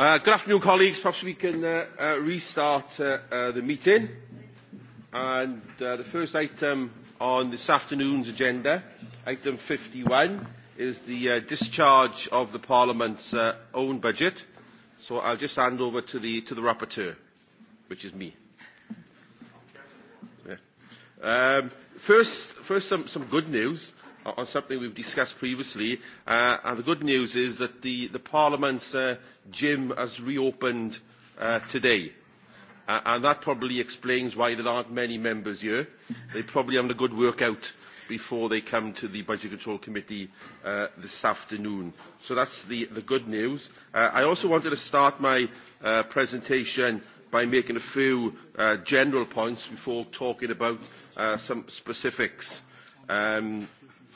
Uh, good afternoon, colleagues. Perhaps we can uh, uh, restart uh, uh, the meeting. And uh, the first item on this afternoon's agenda, item 51, is the uh, discharge of the Parliament's uh, own budget. So I'll just hand over to the, to the rapporteur, which is me. Yeah. Um, first, first some, some good news on something we've discussed previously, uh, and the good news is that the, the Parliament's uh, gym has reopened uh, today. Uh, and that probably explains why there aren't many members here. They probably having a good workout before they come to the Budget Control Committee uh, this afternoon. So that's the, the good news. Uh, I also wanted to start my uh, presentation by making a few uh, general points before talking about uh, some specifics. Um,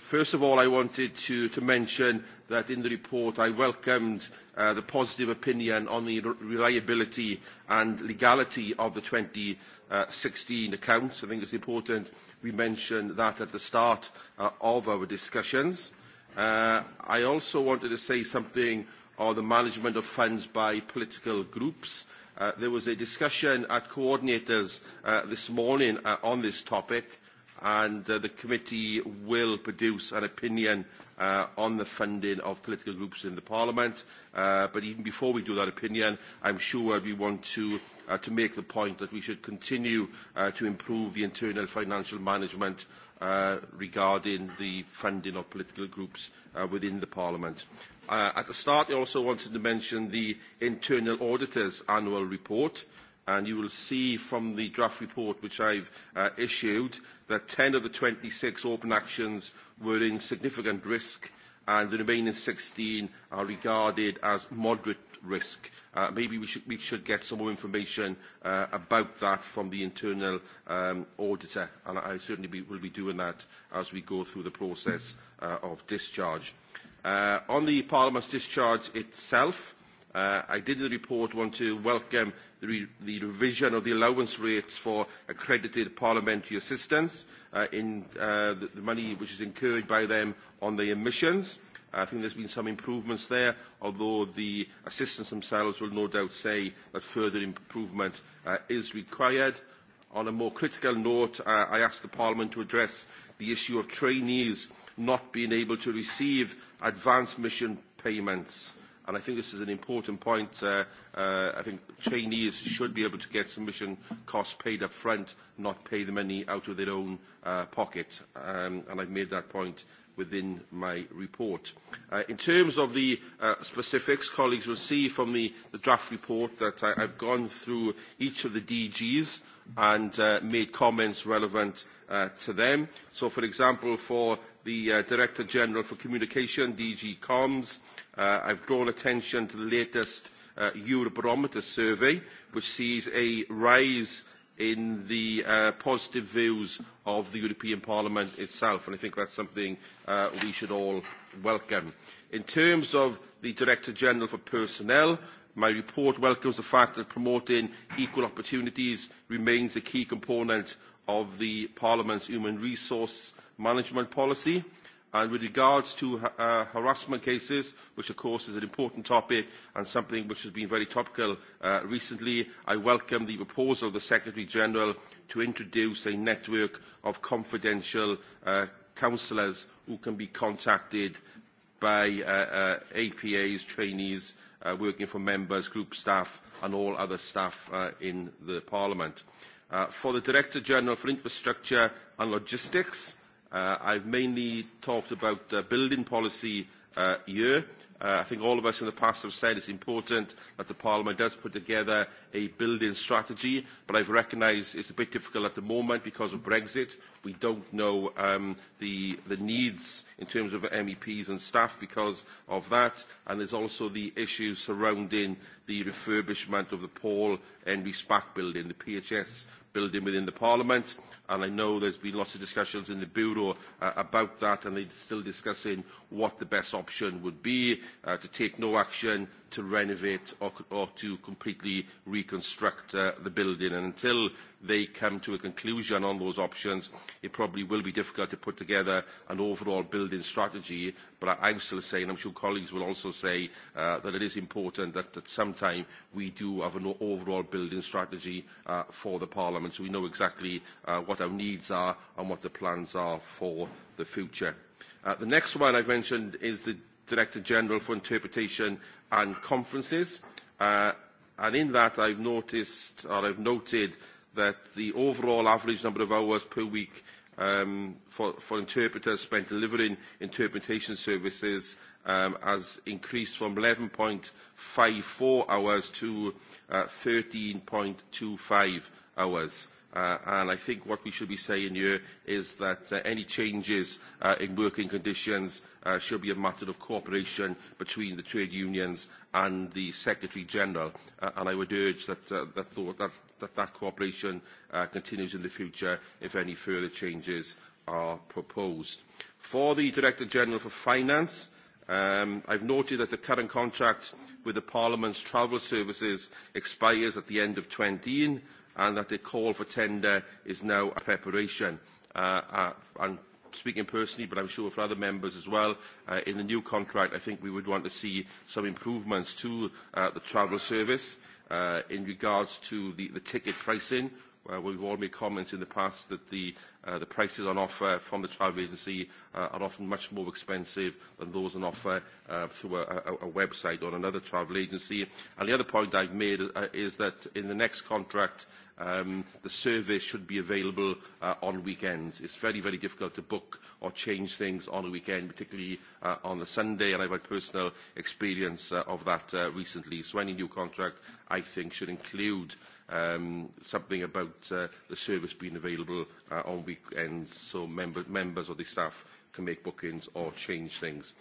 First of all, I wanted to, to mention that in the report I welcomed uh, the positive opinion on the reliability and legality of the 2016 accounts. I think it's important we mention that at the start uh, of our discussions. Uh, I also wanted to say something on the management of funds by political groups. Uh, there was a discussion at coordinators uh, this morning uh, on this topic and uh, the committee will produce an opinion uh, on the funding of political groups in the Parliament. Uh, but even before we do that opinion, I'm sure we want to, uh, to make the point that we should continue uh, to improve the internal financial management uh, regarding the funding of political groups uh, within the Parliament. Uh, at the start, I also wanted to mention the Internal Auditor's Annual Report. Uh, and you will see from the draft report which I've uh, issued that 10 of the 26 open actions were in significant risk and the remaining 16 are regarded as moderate risk. Uh, maybe we should, we should get some more information uh, about that from the internal um, auditor, and I certainly be, will be doing that as we go through the process uh, of discharge. Uh, on the Parliament's discharge itself, Uh, I did in the report want to welcome the, re the revision of the allowance rates for accredited parliamentary assistance uh, in uh, the, the money which is incurred by them on the emissions. I think there's been some improvements there, although the assistants themselves will no doubt say that further improvement uh, is required. On a more critical note, uh, I asked the Parliament to address the issue of trainees not being able to receive advance mission payments and I think this is an important point. Uh, uh, I think trainees should be able to get submission costs paid up front, not pay the money out of their own uh, pocket, um, and I've made that point within my report. Uh, in terms of the uh, specifics, colleagues will see from the, the draft report that I, I've gone through each of the DGs and uh, made comments relevant uh, to them. So, for example, for the uh, Director General for Communication, DG Comms, uh, Uh, I've drawn attention to the latest uh, Eurobarometer survey, which sees a rise in the uh, positive views of the European Parliament itself, and I think that's something uh, we should all welcome. In terms of the Director General for Personnel, my report welcomes the fact that promoting equal opportunities remains a key component of the Parliament's human resource management policy. And with regards to uh, harassment cases, which of course is an important topic and something which has been very topical uh, recently, I welcome the proposal of the Secretary-General to introduce a network of confidential uh, counsellors who can be contacted by uh, uh, APAs, trainees, uh, working for members, group staff and all other staff uh, in the Parliament. Uh, for the Director-General for Infrastructure and Logistics, Uh, I've mainly talked about uh, building policy uh, year. Uh, I think all of us in the past have said it's important that the Parliament does put together a building strategy, but I've recognised it's a bit difficult at the moment because of Brexit. We don't know um, the, the needs in terms of MEPs and staff because of that, and there's also the issues surrounding the refurbishment of the Paul Henry SPAC building, the PHS building within the Parliament, and I know there's been lots of discussions in the Bureau uh, about that, and they're still discussing what the best option would be, uh, to take no action, to renovate or, or to completely reconstruct uh, the building. And until they come to a conclusion on those options, it probably will be difficult to put together an overall building strategy. But I, I'm still saying, I'm sure colleagues will also say, uh, that it is important that at some time we do have an overall building strategy uh, for the Parliament so we know exactly uh, what our needs are and what the plans are for the future. Uh, the next one I've mentioned is the Director General for Interpretation and conferences. Uh, and in that, I've noticed, or I've noted, that the overall average number of hours per week um, for, for interpreters spent delivering interpretation services um, has increased from 11.54 hours to uh, 13.25 hours Uh, and I think what we should be saying here is that uh, any changes uh, in working conditions uh, should be a matter of cooperation between the trade unions and the Secretary General. Uh, and I would urge that uh, that, thought, that, that, that cooperation uh, continues in the future if any further changes are proposed. For the Director General for Finance, Um, I've noted that the current contract with the Parliament's travel services expires at the end of 2020 and that a call for tender is now a preparation. Uh, uh, and speaking personally, but I'm sure for other members as well, uh, in the new contract, I think we would want to see some improvements to uh, the travel service uh, in regards to the, the ticket pricing. Uh, we've all made comments in the past that the, uh, the prices on offer from the travel agency uh, are often much more expensive than those on offer uh, through a, a, a website or another travel agency. And the other point I've made uh, is that in the next contract, Um, the service should be available uh, on weekends. It's very, very difficult to book or change things on a weekend, particularly uh, on the Sunday, and I've had personal experience uh, of that uh, recently. So any new contract, I think, should include um, something about uh, the service being available uh, on weekends so member, members or the staff can make bookings or change things.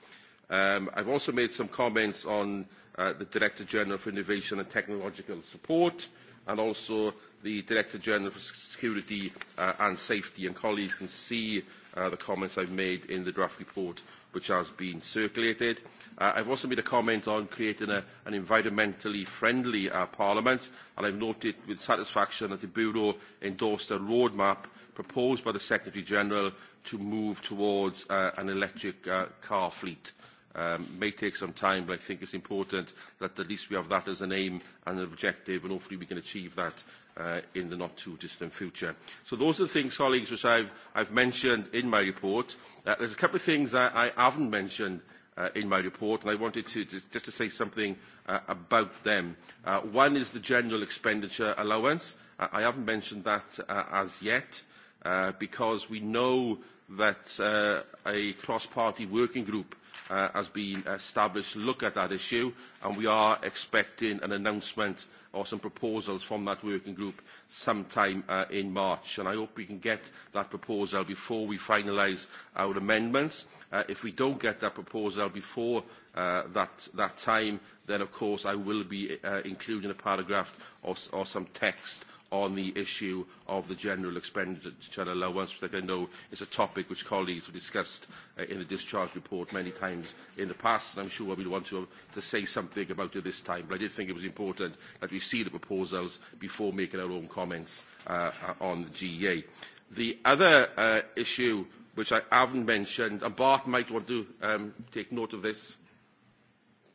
Um, I've also made some comments on uh, the Director General for Innovation and Technological Support and also the Director General for Security uh, and Safety, and colleagues can see uh, the comments I've made in the draft report which has been circulated. Uh, I've also made a comment on creating a, an environmentally friendly uh, parliament, and I've noted with satisfaction that the Bureau endorsed a roadmap proposed by the Secretary General to move towards uh, an electric uh, car fleet. Um, may take some time, but I think it's important that at least we have that as an aim and an objective, and hopefully we can achieve that uh, in the not too distant future. So those are the things, colleagues, which I've, I've mentioned in my report. Uh, there's a couple of things that I haven't mentioned uh, in my report, and I wanted to just, just to say something uh, about them. Uh, one is the general expenditure allowance. Uh, I haven't mentioned that uh, as yet, uh, because we know that uh, a cross-party working group uh, has been established look at that issue and we are expecting an announcement or some proposals from that working group sometime uh, in March and I hope we can get that proposal before we finalise our amendments. Uh, if we don't get that proposal before uh, that, that time then of course I will be uh, including a paragraph or, or some text on the issue of the general expenditure allowance, which no, I know is a topic which colleagues have discussed uh, in the discharge report many times in the past, and I'm sure we'll want to, to say something about it this time. But I did think it was important that we see the proposals before making our own comments uh, on the GEA. The other uh, issue which I haven't mentioned, and Bart might want to um, take note of this,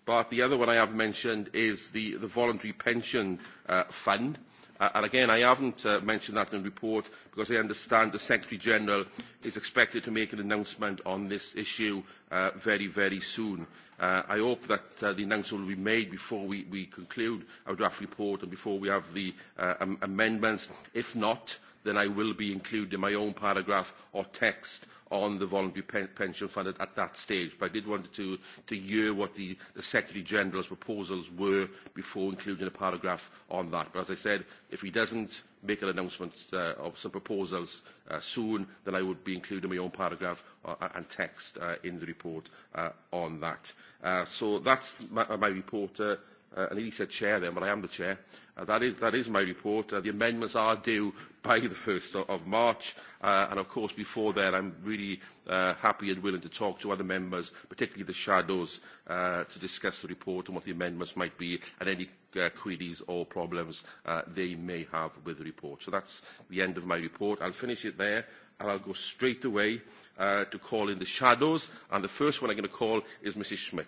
But the other one I have mentioned is the, the voluntary pension uh, fund. Uh, and again, I haven't uh, mentioned that in the report because I understand the Secretary-General is expected to make an announcement on this issue uh, very, very soon. Uh, I hope that uh, the announcement will be made before we, we conclude our draft report and before we have the uh, am amendments. If not, then I will be including my own paragraph or text on the voluntary pe pension fund at, at that stage. But I did want to, to hear what the, the Secretary General's proposals were before including a paragraph on that. But as I said, if he doesn't make an announcement uh, of some proposals uh, soon, then I would be including my own paragraph uh, and text uh, in the report uh, on that. Uh, so that's my, my report. Uh, uh, I think he said chair then, but I am the chair. Uh, that, is, that is my report. Uh, the amendments are due by the 1st of, of March, uh, and of course before then I'm really uh, happy and willing to talk to other members, particularly the shadows, uh, to discuss the report and what the amendments might be and any uh, queries or problems uh, they may have with the report. So that's the end of my report. I'll finish it there and I'll go straight away uh, to call in the shadows. And the first one I'm going to call is Mrs. Schmidt.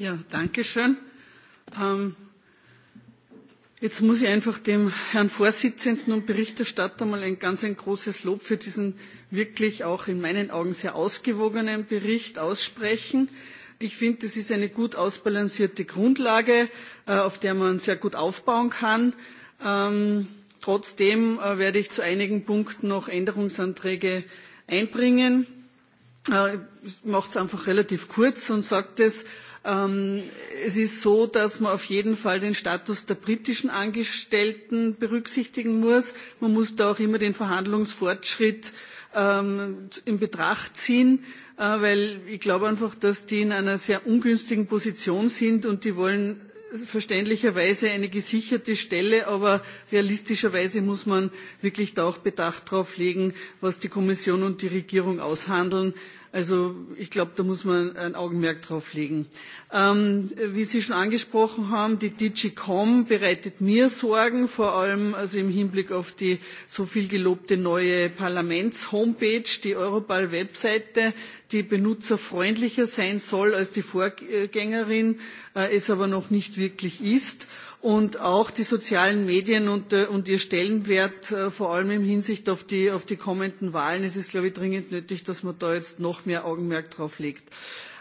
Ja, danke schön. Ähm, jetzt muss ich einfach dem Herrn Vorsitzenden und Berichterstatter mal ein ganz ein großes Lob für diesen wirklich auch in meinen Augen sehr ausgewogenen Bericht aussprechen. Ich finde, das ist eine gut ausbalancierte Grundlage, äh, auf der man sehr gut aufbauen kann. Ähm, trotzdem äh, werde ich zu einigen Punkten noch Änderungsanträge einbringen. Äh, ich mache es einfach relativ kurz und sage das, Ähm, es ist so, dass man auf jeden Fall den Status der britischen Angestellten berücksichtigen muss. Man muss da auch immer den Verhandlungsfortschritt ähm, in Betracht ziehen, äh, weil ich glaube einfach, dass die in einer sehr ungünstigen Position sind und die wollen verständlicherweise eine gesicherte Stelle, aber realistischerweise muss man wirklich da auch Bedacht drauf legen, was die Kommission und die Regierung aushandeln, Also ich glaube, da muss man ein Augenmerk drauf legen. Ähm, wie Sie schon angesprochen haben, die DigiCom bereitet mir Sorgen, vor allem also im Hinblick auf die so viel gelobte neue Parlaments-Homepage, die Europal-Webseite, die benutzerfreundlicher sein soll als die Vorgängerin, äh, es aber noch nicht wirklich ist und auch die sozialen Medien und, äh, und ihr Stellenwert, äh, vor allem in Hinsicht auf die, auf die kommenden Wahlen. Es ist, glaube ich, dringend nötig, dass man da jetzt noch mehr Augenmerk drauf legt.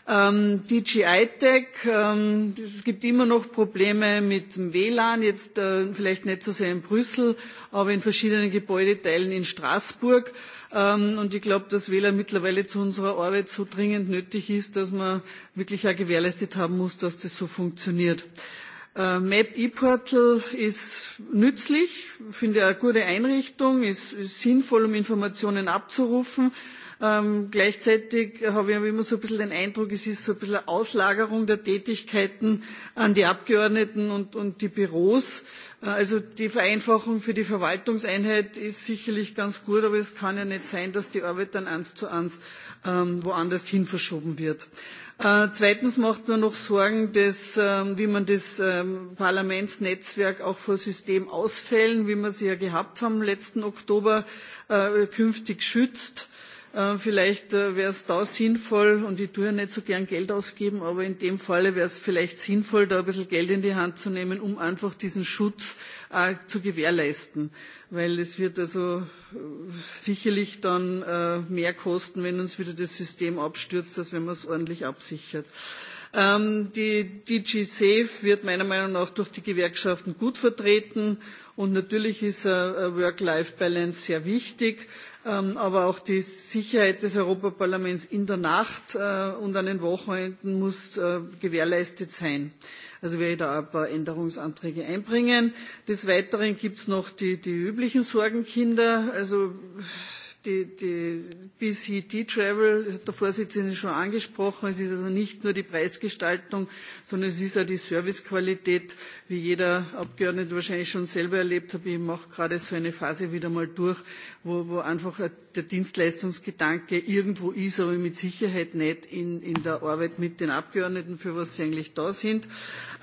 Ähm, DJI Tech, ähm, es gibt immer noch Probleme mit dem WLAN, jetzt äh, vielleicht nicht so sehr in Brüssel, aber in verschiedenen Gebäudeteilen in Straßburg. Ähm, und ich glaube, dass WLAN mittlerweile zu unserer Arbeit so dringend nötig ist, dass man wirklich auch gewährleistet haben muss, dass das so funktioniert. Äh, Äh, Map ePortal ist nützlich, finde eine gute Einrichtung, ist, ist sinnvoll, um Informationen abzurufen. Ähm, gleichzeitig habe ich aber immer so ein bisschen den Eindruck, es ist so ein bisschen eine Auslagerung der Tätigkeiten an die Abgeordneten und, und die Büros. Äh, also die Vereinfachung für die Verwaltungseinheit ist sicherlich ganz gut, aber es kann ja nicht sein, dass die Arbeit dann eins zu eins ähm, woanders hin verschoben wird. Äh, zweitens macht man noch Sorgen, dass, ähm, wie man das ähm, Parlamentsnetzwerk auch vor Systemausfällen, wie wir sie ja gehabt haben letzten Oktober, äh, künftig schützt Äh, vielleicht äh, wäre es da sinnvoll, und ich tue ja nicht so gern Geld ausgeben, aber in dem Falle wäre es vielleicht sinnvoll, da ein bisschen Geld in die Hand zu nehmen, um einfach diesen Schutz äh, zu gewährleisten. Weil es wird also äh, sicherlich dann mehr kosten, wenn uns wieder das System abstürzt, als wenn man es ordentlich absichert. Ähm, die DG Safe wird meiner Meinung nach durch die Gewerkschaften gut vertreten und natürlich ist äh, Work-Life-Balance sehr wichtig Ähm, aber auch die Sicherheit des europäischen parlaments in der Nacht äh, und an den Wochenenden muss äh, gewährleistet sein. Also werde ich da ein paar Änderungsanträge einbringen. Des Weiteren gibt es noch die, die üblichen Sorgenkinder. Also die, die BCD Travel das hat der Vorsitzende schon angesprochen. Es ist also nicht nur die Preisgestaltung, sondern es ist auch die Servicequalität. Wie jeder Abgeordnete wahrscheinlich schon selber erlebt hat, ich mache gerade so eine Phase wieder mal durch, wo, wo einfach der Dienstleistungsgedanke irgendwo ist, aber mit Sicherheit nicht in, in der Arbeit mit den Abgeordneten, für was sie eigentlich da sind.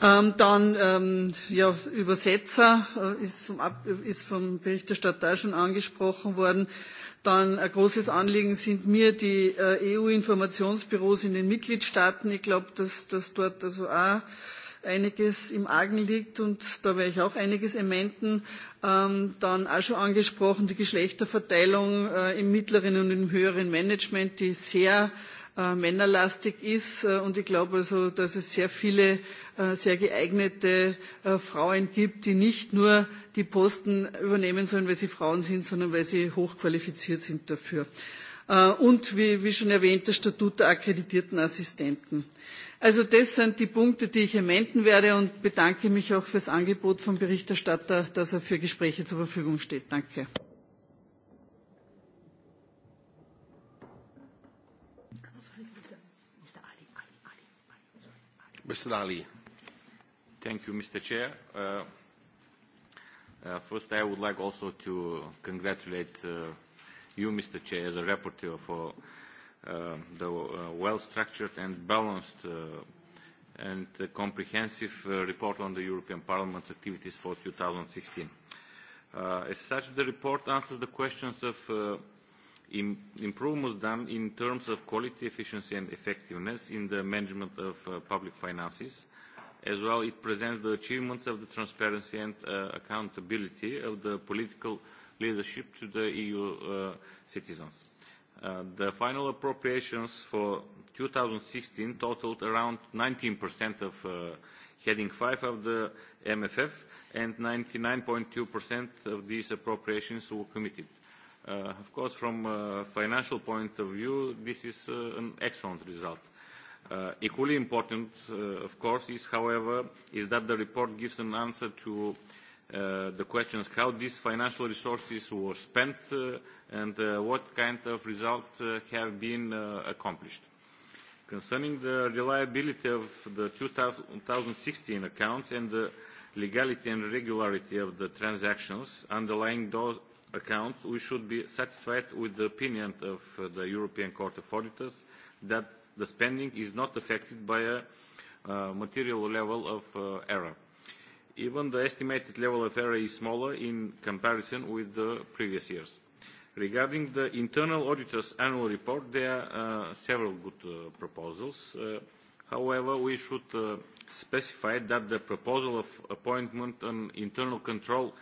Ähm, dann ähm, ja, Übersetzer äh, ist, vom Ab ist vom Berichterstatter schon angesprochen worden. Dann ein großes Anliegen sind mir die äh, EU-Informationsbüros in den Mitgliedstaaten. Ich glaube, dass, dass dort also auch einiges im Argen liegt und da werde ich auch einiges emenden. Ähm, dann auch schon angesprochen die Geschlechterverteilung äh, im mittleren und im höheren Management, die sehr äh, äh, männerlastig ist. Äh, und ich glaube also, dass es sehr viele äh, sehr geeignete äh, Frauen gibt, die nicht nur die Posten übernehmen sollen, weil sie Frauen sind, sondern weil sie hochqualifiziert sind dafür. Äh, und wie, wie schon erwähnt, das Statut der akkreditierten Assistenten. Also das sind die Punkte, die ich emenden werde und bedanke mich auch für das Angebot vom Berichterstatter, dass er für Gespräche zur Verfügung steht. Danke. Mr. Dali. Thank you, Mr. Chair. Uh, uh, first, I would like also to congratulate uh, you, Mr. Chair, as a rapporteur for uh, the uh, well-structured and balanced uh, and uh, comprehensive uh, report on the European Parliament's activities for 2016. Uh, as such, the report answers the questions of uh, improvements done in terms of quality, efficiency and effectiveness in the management of uh, public finances. As well, it presents the achievements of the transparency and uh, accountability of the political leadership to the EU uh, citizens. Uh, the final appropriations for 2016 totaled around 19% of uh, heading 5 of the MFF and 99.2% of these appropriations were committed. Uh, Uh, of course, from a financial point of view, this is uh, an excellent result. Uh, equally important, uh, of course, is, however, is that the report gives an answer to uh, the questions how these financial resources were spent uh, and what kind of results have been accomplished. Concerning the reliability of the 2016 accounts and the legality and regularity of the transactions underlying those accounts, we should be satisfied with the opinion of uh, the European Court of Auditors that the spending is not affected by a uh, material level of uh, error. Even the estimated level of error is smaller in comparison with the previous years. Regarding the internal auditor's annual report, there are several good proposals. However, we should specify that the proposal of appointment an internal control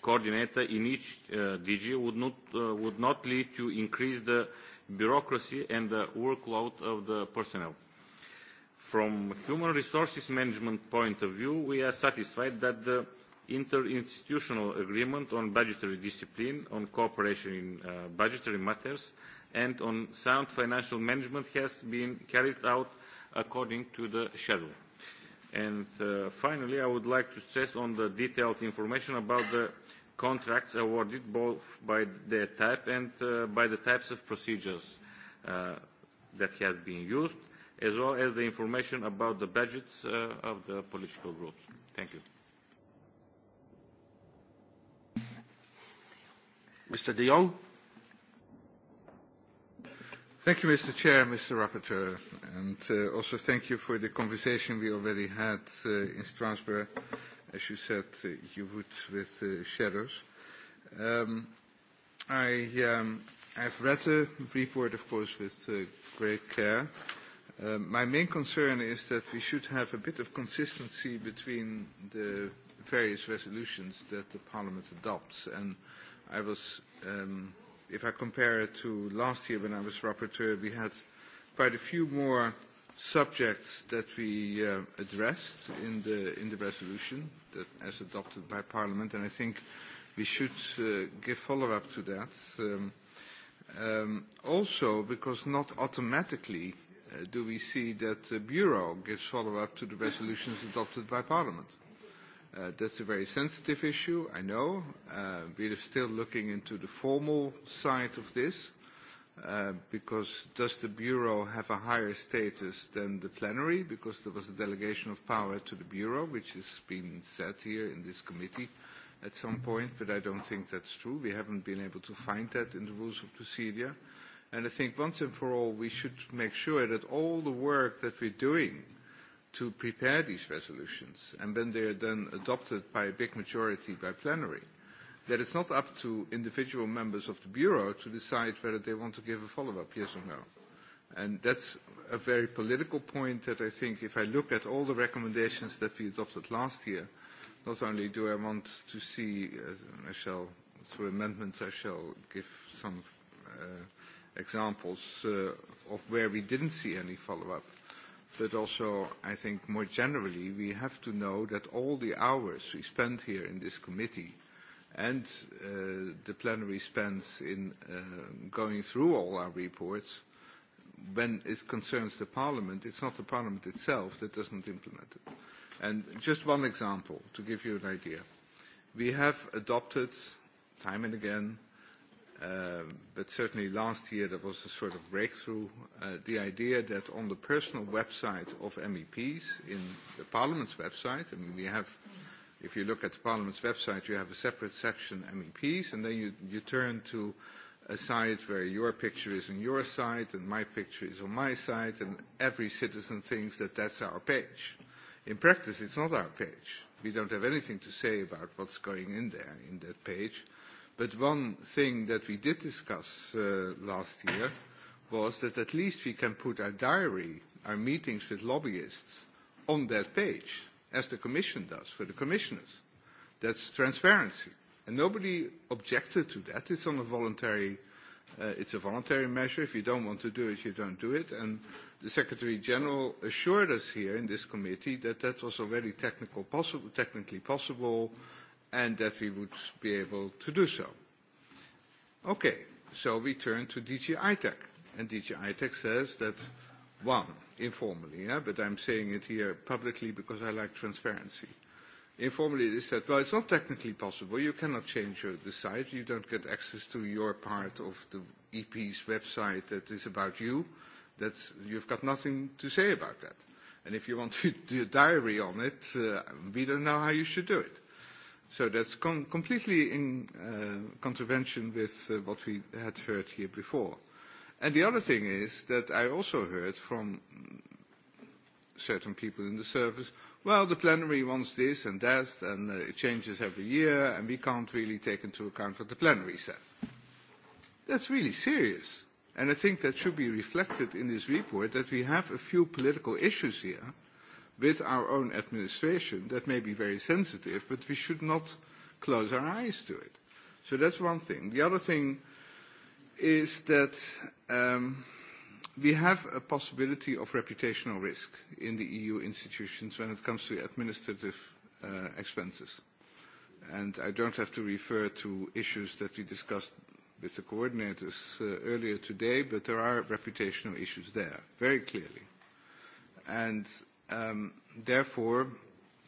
coordinator in each uh, DG would not, uh, would not lead to increase the bureaucracy and the workload of the personnel. From human resources management point of view, we are satisfied that the interinstitutional agreement on budgetary discipline, on cooperation in uh, budgetary matters, and on sound financial management has been carried out according to the schedule. And uh, finally, I would like to stress on the detailed information about the contracts awarded both by their type and uh, by the types of procedures uh, that have been used, as well as the information about the budgets uh, of the political groups. Thank you. Mr. De Jong. Thank you, Mr. Chair, Mr. Rapporteur, and uh, also thank you for the conversation we already had uh, in Strasbourg as you said uh, you would with uh, shadows. Um, I, um, read the report, of course, with uh, great care. Uh, my main concern is that we should have a bit of consistency between the various resolutions that the Parliament adopts. And I was, um, if I compare it to last year when I was rapporteur, we had quite a few more subjects that we uh, addressed in the, in the resolution, that, uh, as adopted by Parliament, and I think we should uh, give follow-up to that. Um, um, also, because not automatically uh, do we see that the Bureau gives follow-up to the resolutions adopted by Parliament. Uh, that's a very sensitive issue, I know. Uh, we are still looking into the formal side of this. Uh, because does the Bureau have a higher status than the plenary? Because there was a delegation of power to the Bureau, which has been said here in this committee at some point, but I don't think that's true. We haven't been able to find that in the rules of procedure. And I think once and for all, we should make sure that all the work that we're doing to prepare these resolutions, and when they are then adopted by a big majority by plenary, that it's not up to individual members of the Bureau to decide whether they want to give a follow-up, yes or no. And that's a very political point that I think if I look at all the recommendations that we adopted last year, not only do I want to see, uh, I shall, through amendments, I shall give some uh, examples uh, of where we didn't see any follow-up, but also I think more generally we have to know that all the hours we spend here in this committee and uh, the plenary spends in uh, going through all our reports, when it concerns the parliament, it's not the parliament itself that doesn't implement it. And just one example to give you an idea. We have adopted, time and again, uh, but certainly last year there was a sort of breakthrough, uh, the idea that on the personal website of MEPs, in the parliament's website, I mean we have if you look at the Parliament's website, you have a separate section MEPs, and then you, you turn to a site where your picture is on your site and my picture is on my site, and every citizen thinks that that's our page. In practice, it's not our page. We don't have anything to say about what's going in there in that page. But one thing that we did discuss uh, last year was that at least we can put our diary, our meetings with lobbyists, on that page as the Commission does for the commissioners. That's transparency. And nobody objected to that. It's on a voluntary, uh, it's a voluntary measure. If you don't want to do it, you don't do it. And the Secretary General assured us here in this committee that that was already technical possible, technically possible and that we would be able to do so. Okay, so we turn to DG ITEC. And DG ITEC says that one, informally, yeah, but I'm saying it here publicly because I like transparency. Informally, they said, well, it's not technically possible. You cannot change your, the site. You don't get access to your part of the EP's website that is about you. That's, you've got nothing to say about that. And if you want to do a diary on it, uh, we don't know how you should do it. So that's com- completely in uh, contravention with uh, what we had heard here before. And the other thing is that I also heard from certain people in the service, well, the plenary wants this and that, and uh, it changes every year, and we can't really take into account what the plenary says. That's really serious. And I think that should be reflected in this report that we have a few political issues here with our own administration that may be very sensitive, but we should not close our eyes to it. So that's one thing. The other thing is that Um, we have a possibility of reputational risk in the EU institutions when it comes to administrative uh, expenses. And I don't have to refer to issues that we discussed with the coordinators uh, earlier today, but there are reputational issues there, very clearly. And um, therefore,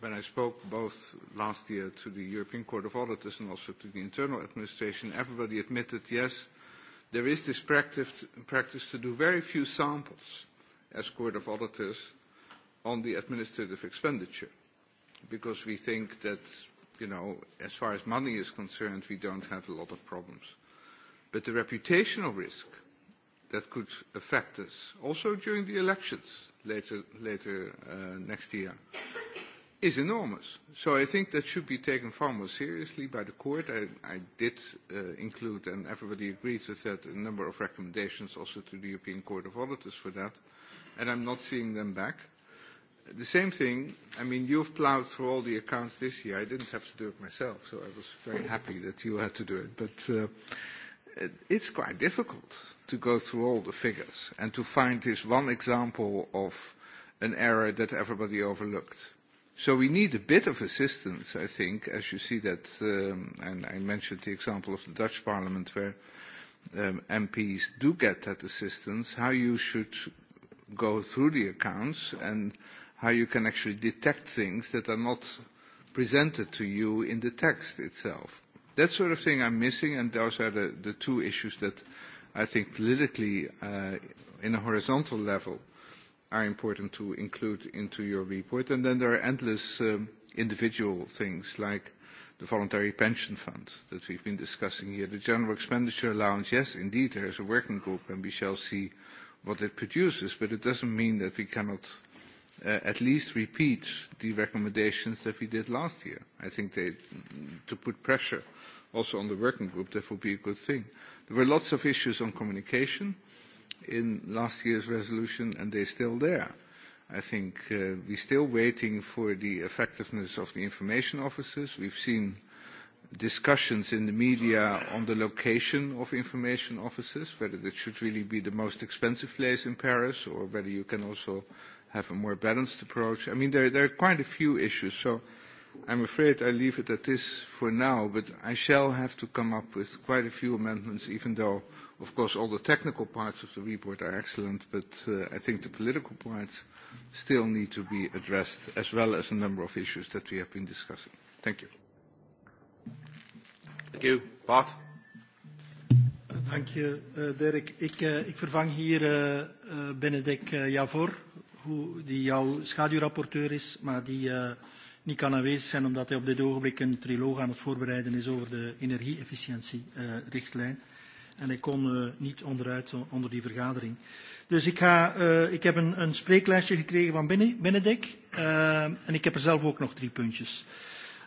when I spoke both last year to the European Court of Auditors and also to the internal administration, everybody admitted, yes, There is this practice, practice to do very few samples as Court of Auditors on the administrative expenditure because we think that, you know, as far as money is concerned, we don't have a lot of problems. But the reputational risk that could affect us, also during the elections later, later uh, next year, is enormous. So I think that should be taken far more seriously by the court. I, I did uh, include, and everybody agrees with that, a number of recommendations also to the European Court of Auditors for that, and I'm not seeing them back. The same thing, I mean, you've plowed through all the accounts this year. I didn't have to do it myself, so I was very happy that you had to do it. But uh, it's quite difficult to go through all the figures and to find this one example of an error that everybody overlooked. So we need a bit of assistance, I think, as you see that, um, and I mentioned the example of the Dutch parliament where um, MPs do get that assistance, how you should go through the accounts and how you can actually detect things that are not presented to you in the text itself. That sort of thing I'm missing, and those are the, the two issues that I think politically, uh, in a horizontal level, are important to include into your report. And then there are endless um, individual things like the voluntary pension fund that we've been discussing here. The general expenditure allowance, yes, indeed, there is a working group and we shall see what it produces, but it doesn't mean that we cannot uh, at least repeat the recommendations that we did last year. I think they, to put pressure also on the working group, that would be a good thing. There were lots of issues on communication in last year's resolution, and they're still there. I think uh, we're still waiting for the effectiveness of the information officers. We've seen discussions in the media on the location of information offices, whether it should really be the most expensive place in Paris or whether you can also have a more balanced approach. I mean, there, there are quite a few issues, so I'm afraid I leave it at this for now, but I shall have to come up with quite a few amendments, even though Of course, all the technical parts of the report are excellent, but uh, I think the political parts still need to be addressed, as well as a number of issues that we have been discussing. Thank you. Thank you. Bart? Thank you, uh, Dirk. Ik, uh, vervang hier uh, uh, Benedek uh, Javor, who die jouw schaduwrapporteur is, maar die uh, niet kan aanwezig zijn omdat hij op dit ogenblik een triloog aan het voorbereiden is over de energie Uh, richtlijn. En ik kon uh, niet onderuit onder die vergadering. Dus ik, ga, uh, ik heb een, een spreeklijstje gekregen van Benedek. Uh, en ik heb er zelf ook nog drie puntjes.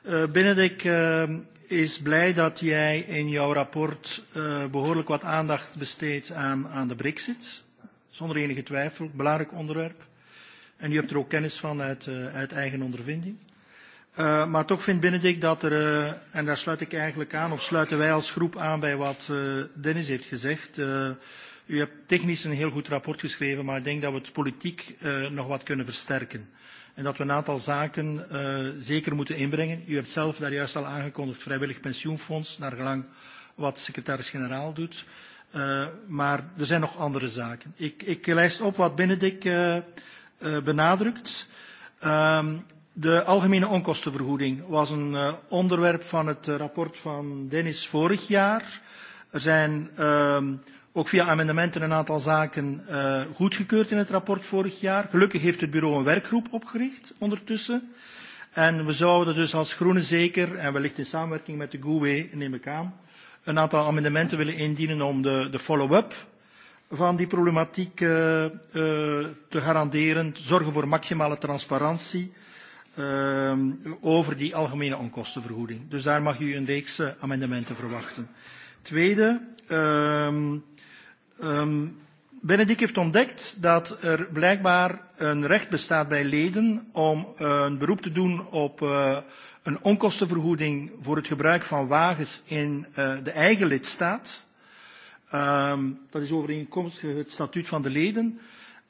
Uh, Benedek uh, is blij dat jij in jouw rapport uh, behoorlijk wat aandacht besteedt aan, aan de brexit. Zonder enige twijfel, belangrijk onderwerp. En je hebt er ook kennis van uit, uh, uit eigen ondervinding. Uh, maar toch vindt Benedict dat er, uh, en daar sluit ik eigenlijk aan, of sluiten wij als groep aan bij wat uh, Dennis heeft gezegd. Uh, u hebt technisch een heel goed rapport geschreven, maar ik denk dat we het politiek uh, nog wat kunnen versterken. En dat we een aantal zaken uh, zeker moeten inbrengen. U hebt zelf daar juist al aangekondigd, vrijwillig pensioenfonds, naar gelang wat de secretaris-generaal doet. Uh, maar er zijn nog andere zaken. Ik, ik lijst op wat Benedict uh, uh, benadrukt. Um, De algemene onkostenvergoeding was een uh, onderwerp van het uh, rapport van Dennis vorig jaar. Er zijn uh, ook via amendementen een aantal zaken uh, goedgekeurd in het rapport vorig jaar. Gelukkig heeft het bureau een werkgroep opgericht ondertussen. En we zouden dus als Groenen zeker, en wellicht in samenwerking met de GUE, neem ik aan, een aantal amendementen willen indienen om de, de follow-up van die problematiek uh, uh, te garanderen, zorgen voor maximale transparantie uh, over die algemene onkostenvergoeding. Dus daar mag u een reeks uh, amendementen verwachten. Tweede, um, um, Benedict heeft ontdekt dat er blijkbaar een recht bestaat bij leden om uh, een beroep te doen op uh, een onkostenvergoeding voor het gebruik van wagens in uh, de eigen lidstaat. Um, dat is overeenkomstig het statuut van de leden.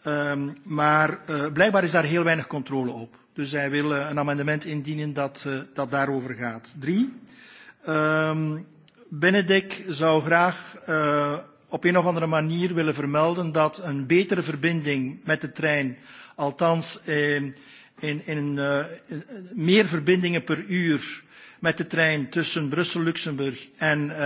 Um, maar uh, blijkbaar is daar heel weinig controle op. Dus hij wil uh, een amendement indienen dat, uh, dat daarover gaat. Drie. Um, Benedek zou graag uh, op een of andere manier willen vermelden dat een betere verbinding met de trein, althans uh, in, in, uh, in meer verbindingen per uur met de trein tussen Brussel-Luxemburg en uh,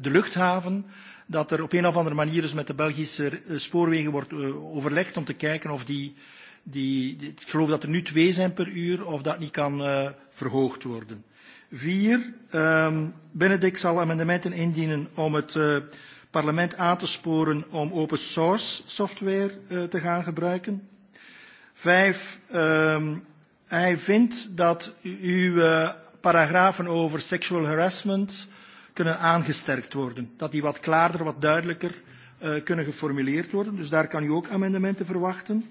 de luchthaven, dat er op een of andere manier eens met de Belgische spoorwegen wordt uh, overlegd om te kijken of die uh, die, die, ik geloof dat er nu twee zijn per uur, of dat niet kan uh, verhoogd worden. Vier, um, Benedict zal amendementen indienen om het uh, parlement aan te sporen om open source software uh, te gaan gebruiken. Vijf, um, hij vindt dat uw uh, paragrafen over sexual harassment kunnen aangesterkt worden. Dat die wat klaarder, wat duidelijker uh, kunnen geformuleerd worden. Dus daar kan u ook amendementen verwachten.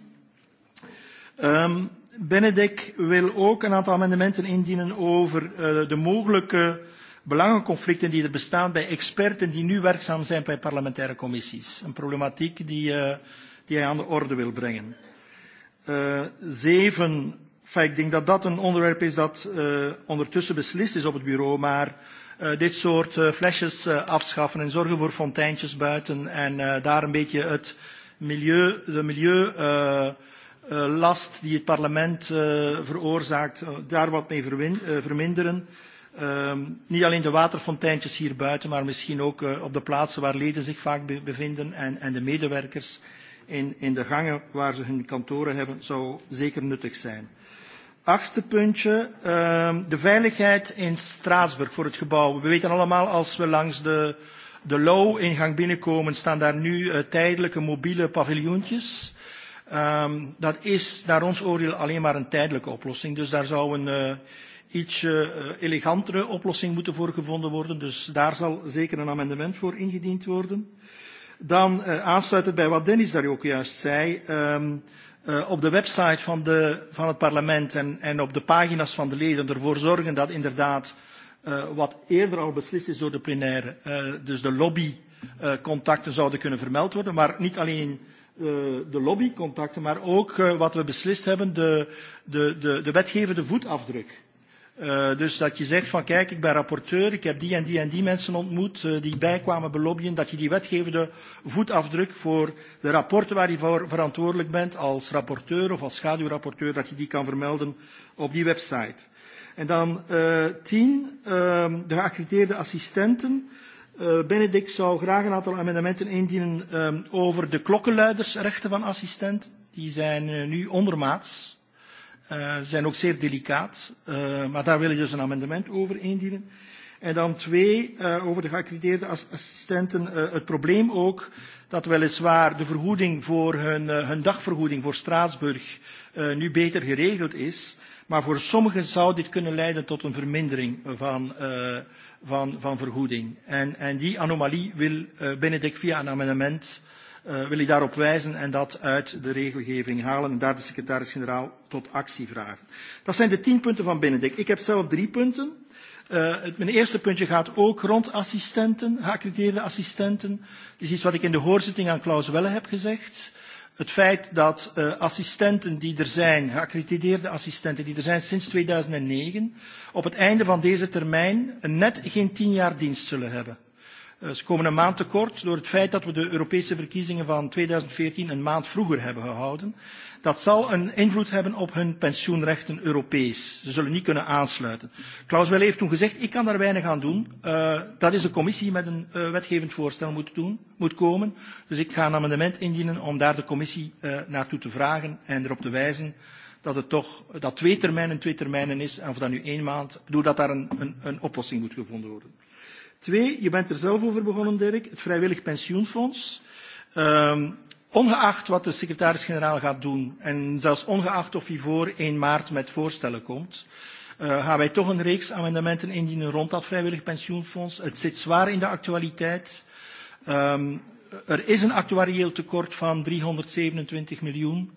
Um, Benedek wil ook een aantal amendementen indienen over uh, de mogelijke belangenconflicten die er bestaan bij experten die nu werkzaam zijn bij parlementaire commissies. Een problematiek die, uh, die hij aan de orde wil brengen. Uh, zeven, enfin, ik denk dat dat een onderwerp is dat uh, ondertussen beslist is op het bureau, maar uh, dit soort uh, flesjes uh, afschaffen en zorgen voor fonteintjes buiten en uh, daar een beetje het milieu, de milieu... Uh, Eh, last die het parlement eh, veroorzaakt, eh, daar wat mee verminderen. Ehm, niet alleen de waterfonteintjes hier buiten, maar misschien ook op de plaatsen waar leden zich vaak bevinden en de medewerkers in de gangen waar ze hun kantoren hebben, zou zeker nuttig zijn. Achtste puntje, ehm, de veiligheid in Straatsburg voor het gebouw. We weten allemaal als we langs de, de Low-ingang binnenkomen, staan daar nu tijdelijke mobiele paviljoentjes Um, dat is naar ons oordeel alleen maar een tijdelijke oplossing. Dus daar zou een uh, iets uh, elegantere oplossing moeten voor gevonden worden. Dus daar zal zeker een amendement voor ingediend worden. Dan uh, aansluitend bij wat Dennis daar ook juist zei. Um, uh, op de website van, de, van het parlement en, en op de pagina's van de leden ervoor zorgen dat inderdaad uh, wat eerder al beslist is door de plenaire, uh, dus de lobbycontacten uh, zouden kunnen vermeld worden. Maar niet alleen Eh, de lobbycontacten, maar ook eh, wat we beslist hebben, de, de, de, de wetgevende voetafdruk. Uh, dus dat je zegt van kijk, ik ben rapporteur, ik heb die en die en die mensen ontmoet uh, die bijkwamen belobbyen, dat je die wetgevende voetafdruk voor de rapporten waar je voor verantwoordelijk bent als rapporteur of als schaduwrapporteur, dat je die kan vermelden op die website. En dan uh, tien, uh, de geaccrediteerde assistenten. Eh, Benedict zou graag een aantal amendementen indienen ehm, over de klokkenluidersrechten van assistenten. Die zijn uh, nu ondermaats, uh, zijn ook zeer delicaat, uh, maar daar wil je dus een amendement over indienen. En dan twee, uh, over de geaccrediteerde assistenten, uh, het probleem ook dat weliswaar de vergoeding voor hun, uh, hun dagvergoeding voor Straatsburg uh, nu beter geregeld is, maar voor sommigen zou dit kunnen leiden tot een vermindering van uh, van, van vergoeding. En, en die anomalie wil uh, eh, Benedict via een amendement uh, wil ik daarop wijzen en dat uit de regelgeving halen en daar de secretaris-generaal tot actie vragen. Dat zijn de tien punten van Benedict. Ik heb zelf drie punten. Uh, het, mijn eerste puntje gaat ook rond assistenten, geaccrediteerde assistenten. Dat is iets wat ik in de hoorzitting aan Klaus Welle heb gezegd het feit dat uh, assistenten die er zijn, geaccrediteerde assistenten die er zijn sinds 2009, op het einde van deze termijn net geen tien jaar dienst zullen hebben. Eh, ze komen een maand tekort door het feit dat we de Europese verkiezingen van 2014 een maand vroeger hebben gehouden. Dat zal een invloed hebben op hun pensioenrechten Europees. Ze zullen niet kunnen aansluiten. Klaus Welle heeft toen gezegd, ik kan daar weinig aan doen. Uh, dat is de commissie met een uh, wetgevend voorstel moet, doen, moet komen. Dus ik ga een amendement indienen om daar de commissie uh, naartoe te vragen en erop te wijzen dat het toch dat twee termijnen twee termijnen is en of dat nu één maand, doordat daar een, een, een oplossing moet gevonden worden. Twee, je bent er zelf over begonnen, Dirk, het vrijwillig pensioenfonds. Um, ongeacht wat de secretaris-generaal gaat doen en zelfs ongeacht of hij voor 1 maart met voorstellen komt, uh, gaan wij toch een reeks amendementen indienen rond dat vrijwillig pensioenfonds. Het zit zwaar in de actualiteit. Um, er is een actuarieel tekort van 327 miljoen.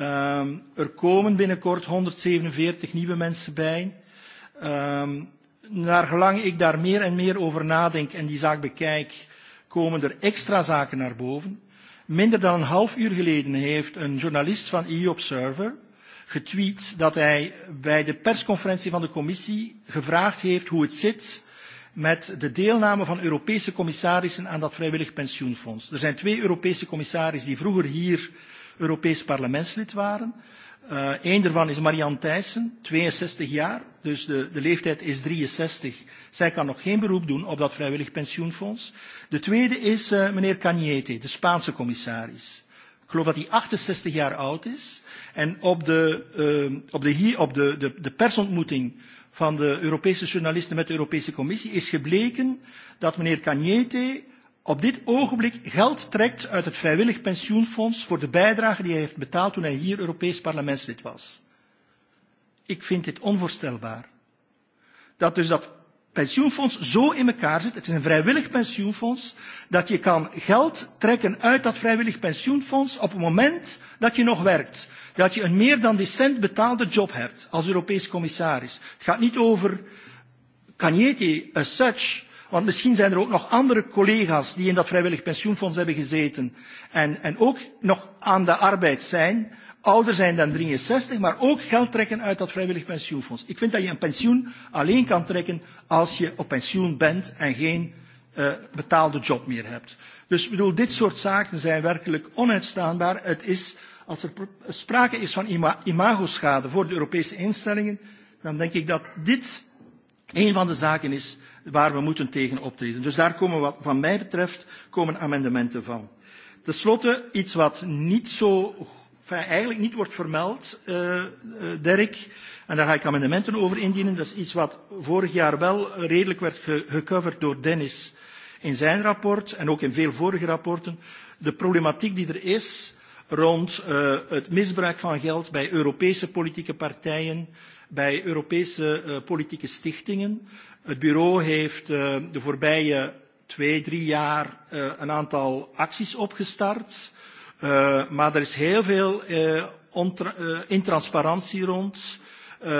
Um, er komen binnenkort 147 nieuwe mensen bij. Um, naar gelang ik daar meer en meer over nadenk en die zaak bekijk, komen er extra zaken naar boven. Minder dan een half uur geleden heeft een journalist van EU Observer getweet dat hij bij de persconferentie van de commissie gevraagd heeft hoe het zit met de deelname van Europese commissarissen aan dat vrijwillig pensioenfonds. Er zijn twee Europese commissarissen die vroeger hier Europees parlementslid waren. Uh, eh, Eén daarvan is Marianne Thijssen, 62 jaar, dus de, de leeftijd is 63. Zij kan nog geen beroep doen op dat vrijwillig pensioenfonds. De tweede is uh, meneer Cagnete, de Spaanse commissaris. Ik geloof dat hij 68 jaar oud is. En op de, uh, op de, hier, op de, de, de persontmoeting van de Europese journalisten met de Europese Commissie is gebleken dat meneer Cagnete op dit ogenblik geld trekt uit het vrijwillig pensioenfonds voor de bijdrage die hij heeft betaald toen hij hier Europees parlementslid was. Ik vind dit onvoorstelbaar. Dat dus dat pensioenfonds zo in elkaar zit, het is een vrijwillig pensioenfonds, dat je kan geld trekken uit dat vrijwillig pensioenfonds op het moment dat je nog werkt. Dat je een meer dan decent betaalde job hebt als Europees commissaris. Het gaat niet over Cagnete as such, Want misschien zijn er ook nog andere collega's die in dat vrijwillig pensioenfonds hebben gezeten en, en ook nog aan de arbeid zijn, ouder zijn dan 63, maar ook geld trekken uit dat vrijwillig pensioenfonds. Ik vind dat je een pensioen alleen kan trekken als je op pensioen bent en geen uh, betaalde job meer hebt. Dus bedoel, dit soort zaken zijn werkelijk onuitstaanbaar. Het is, als er sprake is van ima imagoschade voor de Europese instellingen, dan denk ik dat dit een van de zaken is waar we moeten tegen optreden. Dus daar komen wat, van mij betreft komen amendementen van. Ten slotte iets wat niet zo, enfin, eigenlijk niet wordt vermeld, uh, eh, uh, eh, Dirk. En daar ga ik amendementen over indienen. Dat is iets wat vorig jaar wel redelijk werd ge gecoverd door Dennis in zijn rapport en ook in veel vorige rapporten. De problematiek die er is rond uh, het misbruik van geld bij Europese politieke partijen, bij Europese uh, politieke stichtingen. Het bureau heeft uh, de voorbije twee, drie jaar uh, een aantal acties opgestart. Uh, maar er is heel veel uh, uh, intransparantie rond. Uh,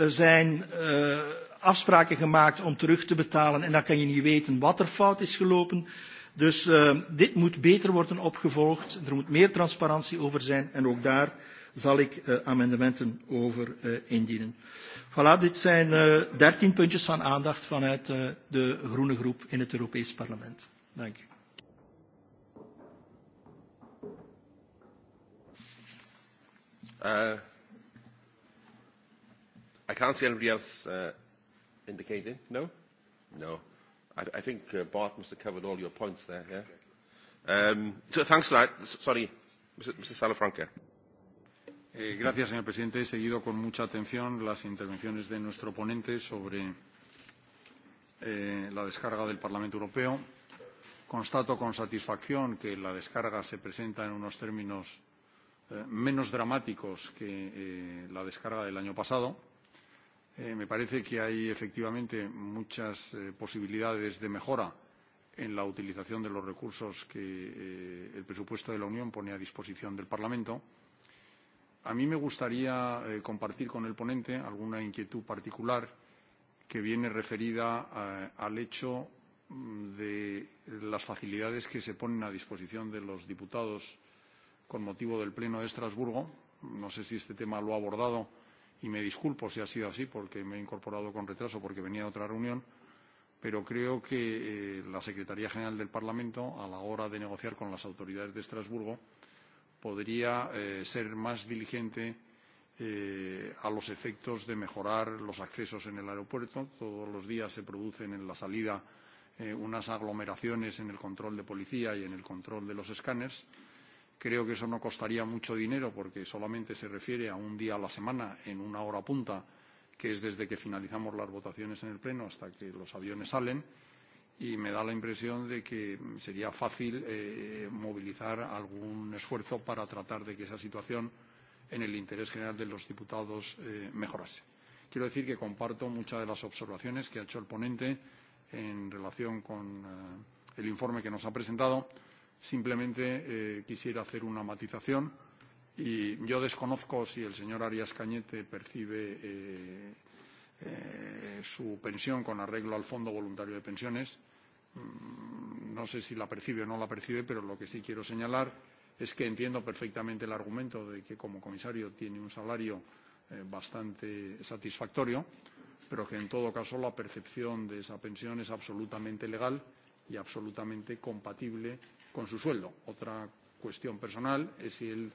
er zijn uh, afspraken gemaakt om terug te betalen en dan kan je niet weten wat er fout is gelopen. Dus uh, dit moet beter worden opgevolgd. Er moet meer transparantie over zijn en ook daar zal ik eh, amendementen over eh, indienen. Voilà, dit zijn eh, dertien puntjes van aandacht vanuit de groene groep in het Europees Parlement. Dank u. Uh, I can't see anybody else uh, indicating. No? No. I, I think uh, Bart must have covered all your points there, yeah? Um, so thanks for that. S sorry, Mr. Mr. Salafranca. Eh, señor presidente. He seguido con mucha atención las intervenciones de nuestro ponente sobre eh, la descarga del Parlamento Europeo. Constato con satisfacción que la descarga se presenta en unos términos eh, menos dramáticos que la descarga del año pasado. me parece que hay efectivamente muchas posibilidades de mejora en la utilización de los recursos que el presupuesto de la Unión pone a disposición del Parlamento. A mí me gustaría eh, compartir con el ponente alguna inquietud particular que viene referida eh, al hecho mm, de las facilidades que se ponen a disposición de los diputados con motivo del Pleno de Estrasburgo. No sé si este tema lo ha abordado y me disculpo si ha sido así porque me he incorporado con retraso porque venía de otra reunión, pero creo que eh, la Secretaría General del Parlamento, a la hora de negociar con las autoridades de Estrasburgo, eh, podría eh, ser más diligente eh, a los efectos de mejorar los accesos en el aeropuerto. Todos los días se producen en la salida eh, unas aglomeraciones en el control de policía y en el control de los escáneres. Creo que eso no costaría mucho dinero porque solamente se refiere a un día a la semana en una hora punta, que es desde que finalizamos las votaciones en el Pleno hasta que los aviones salen y me da la impresión de que sería fácil eh, movilizar algún esfuerzo para tratar de que esa situación, en el interés general de los diputados, eh, mejorase. Quiero decir que comparto muchas de las observaciones que ha hecho el ponente en relación con eh, el informe que nos ha presentado. Simplemente eh, quisiera hacer una matización y yo desconozco si el señor Arias Cañete percibe eh, Eh, su pensión con arreglo al Fondo Voluntario de Pensiones. Mm, no sé si la percibe o no la percibe, pero lo que sí quiero señalar es que entiendo perfectamente el argumento de que como comisario tiene un salario eh, bastante satisfactorio, pero que en todo caso la percepción de esa pensión es absolutamente legal y absolutamente compatible con su sueldo. Otra cuestión personal es si él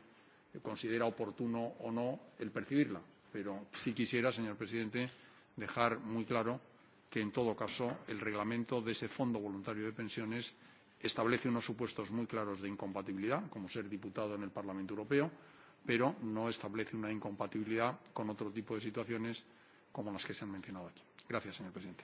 considera oportuno o no el percibirla. Pero sí quisiera, señor presidente, dejar muy claro que, en todo caso, el reglamento de ese Fondo Voluntario de Pensiones establece unos supuestos muy claros de incompatibilidad, como ser diputado en el Parlamento Europeo, pero no establece una incompatibilidad con otro tipo de situaciones como las que se han mencionado aquí. Gracias, señor presidente.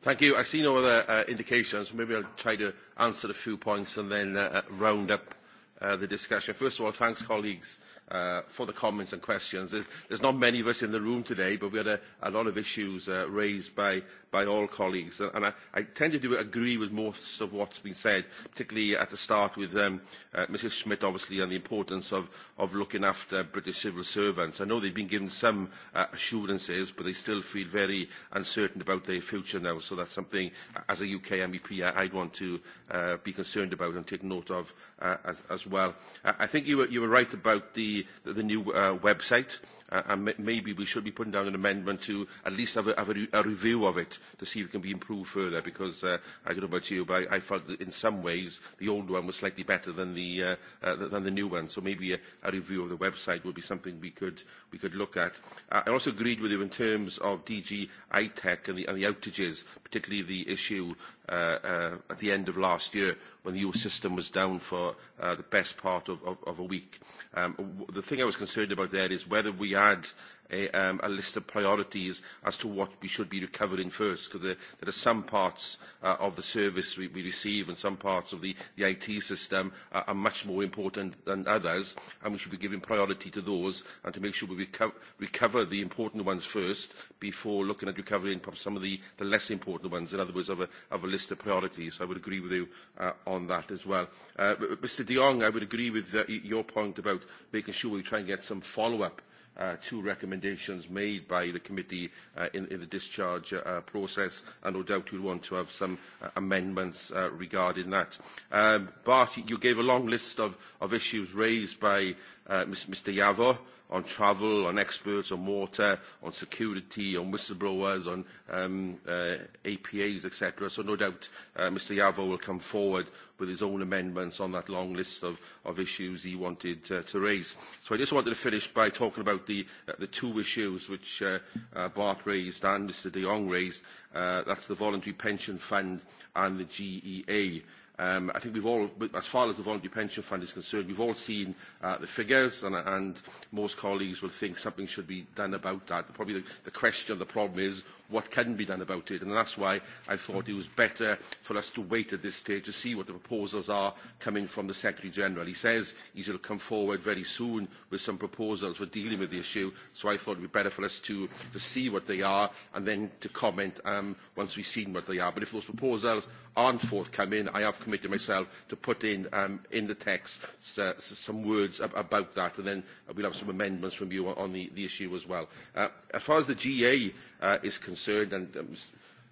Thank you. I see no other uh, indications. Maybe I'll try to answer a few points and then uh, round up Uh, the discussion. First of all, thanks, colleagues, uh, for the comments and questions. There's, there's not many of us in the room today, but we had a, a lot of issues uh, raised by, by all colleagues. And I, I tend to do agree with most of what's been said, particularly at the start with um, uh, Mrs Schmidt, obviously, on the importance of, of looking after British civil servants. I know they've been given some uh, assurances, but they still feel very uncertain about their future now. So that's something, as a UK MEP, I, I'd want to uh, be concerned about and take note of uh, as, as well. I, I think you were, you were right about the the, new uh, website uh, and maybe we should be putting down an amendment to at least have a, have a, re a review of it to see if it can be improved further because uh, I don't know about you but I, I felt that in some ways the old one was slightly better than the, uh, uh, than the new one so maybe a, a review of the website would be something we could, we could look at. Uh, I also agreed with you in terms of DG ITEC and the, and the outages particularly the issue uh, uh, at the end of last year when the EU system was down for uh, the best part of, of, of a week. Um, the thing I was concerned about there is whether we had a, um, a list of priorities as to what we should be recovering first, because there, there are some parts uh, of the service we, we receive and some parts of the, the IT system are, are much more important than others, and we should be giving priority to those and to make sure we reco recover the important ones first before looking at recovering perhaps some of the, the less important ones, in other words, of a, of a list of priorities. So I would agree with you uh, on that as well. Uh, Mr de Jong, I would agree with uh, your point about making sure we try and get some follow-up uh, two recommendations made by the committee uh, in, in the discharge uh, process, and no doubt you'll want to have some uh, amendments uh, regarding that. Um, Bart, you gave a long list of, of issues raised by uh, Mr. Yavor on travel, on experts, on water, on security, on whistleblowers, on um, uh, APAs, etc. So no doubt uh, Mr Yavo will come forward with his own amendments on that long list of, of issues he wanted uh, to raise. So I just wanted to finish by talking about the, uh, the two issues which uh, uh, Bart raised and Mr de Jong raised. Uh, that's the Voluntary Pension Fund and the GEA. Um, I think we've all, as far as the voluntary pension fund is concerned, we've all seen uh, the figures, and, and most colleagues will think something should be done about that. Probably the, the question, the problem is, what can be done about it. And that's why I thought it was better for us to wait at this stage to see what the proposals are coming from the Secretary General. He says he's going to come forward very soon with some proposals for dealing with the issue, so I thought it would be better for us to, to see what they are and then to comment um, once we've seen what they are. But if those proposals aren't forthcoming, I have committed myself to put in, um, in the text uh, some words ab about that, and then we'll have some amendments from you on the, the issue as well. Uh, as far as the GA uh, is concerned, concerned, and um,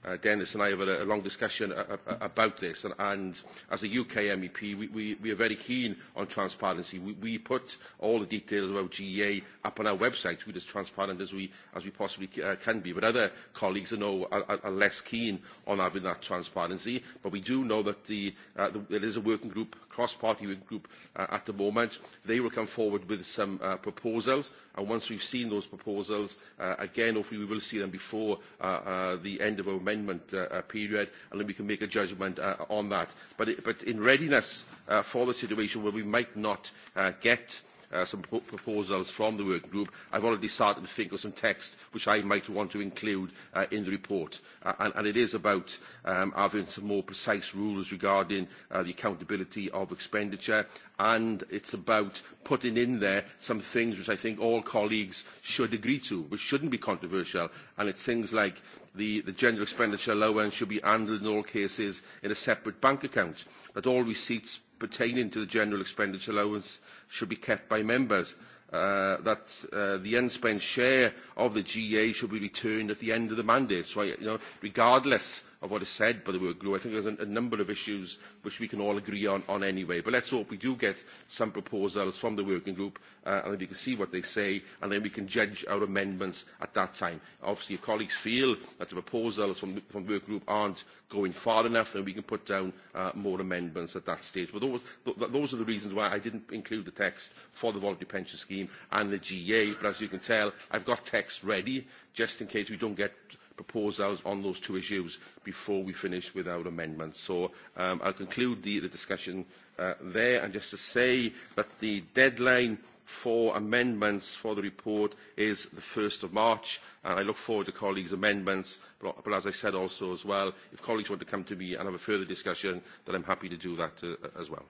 uh, Dennis and I have had a, a long discussion a, uh, a, uh, uh, about this, and, and as a UK MEP, we, we, we are very keen on transparency. We, we put all the details about GEA up on our website. We're as transparent as we, as we possibly uh, can be, but other colleagues I know are, are, less keen on having that transparency, but we do know that the, uh, the, there is a working group cross-party group uh, at the moment. They will come forward with some uh, proposals, and once we've seen those proposals, uh, again, hopefully we will see them before uh, uh, the end of our amendment uh, uh, period, and then we can make a judgment uh, on that. But, it, but in readiness uh, for the situation where we might not uh, get uh, uh, some pro proposals from the working group. I've already started to think of some text which I might want to include uh, in the report. Uh, and, and it is about um, having some more precise rules regarding uh, the accountability of expenditure. And it's about putting in there some things which I think all colleagues should agree to, which shouldn't be controversial. And it's things like the, the general expenditure allowance should be handled in all cases in a separate bank account, that all receipts pertaining to the general expenditure allowance should be kept by members. Uh, that uh, the unspent share of the GA should be returned at the end of the mandate. So, you know, regardless of what is said by the word workgroup. I think there's a, a number of issues which we can all agree on, on anyway. But let's hope we do get some proposals from the working group uh, and then we can see what they say and then we can judge our amendments at that time. Obviously, if colleagues feel that the proposals from, from the working group aren't going far enough, then we can put down uh, more amendments at that stage. But those, th those are the reasons why I didn't include the text for the voluntary pension scheme and the GA. But as you can tell, I've got text ready just in case we don't get proposals on those two issues before we finish with our amendments. So um, I'll conclude the, the discussion uh, there and just to say that the deadline for amendments for the report is the 1st of March and I look forward to colleagues' amendments but, but as I said also as well if colleagues want to come to me and have a further discussion then I'm happy to do that uh, as well.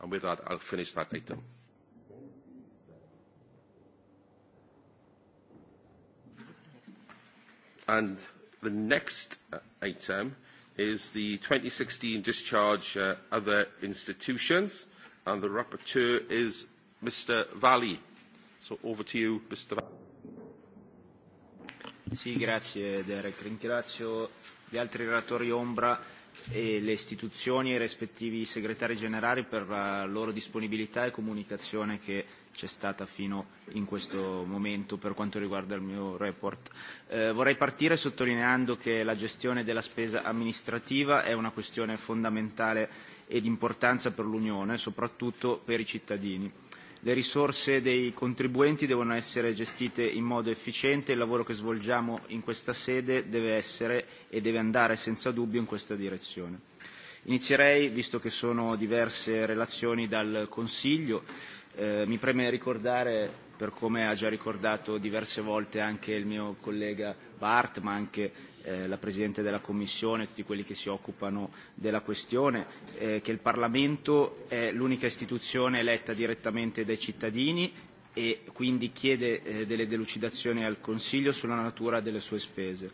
And with that I'll finish that item. And the next uh, item is the 2016 discharge uh, other institutions, and the rapporteur is Mr. Valli. So over to you, Mr. Valli. Sì, grazie Derek. Ringrazio gli altri relatori ombra e le istituzioni e i rispettivi segretari generali per la loro disponibilità e comunicazione che c'è stata fino in questo momento per quanto riguarda il mio report. Eh, vorrei partire sottolineando che la gestione della spesa amministrativa è una questione fondamentale e di importanza per l'Unione, soprattutto per i cittadini. Le risorse dei contribuenti devono essere gestite in modo efficiente e il lavoro che svolgiamo in questa sede deve essere e deve andare senza dubbio in questa direzione. Inizierei, visto che sono diverse relazioni dal Consiglio, Eh, mi preme ricordare, per come ha già ricordato diverse volte anche il mio collega Bart, ma anche eh, la Presidente della Commissione, e tutti quelli che si occupano della questione, eh, che il Parlamento è l'unica istituzione eletta direttamente dai cittadini e quindi chiede eh, delle delucidazioni al Consiglio sulla natura delle sue spese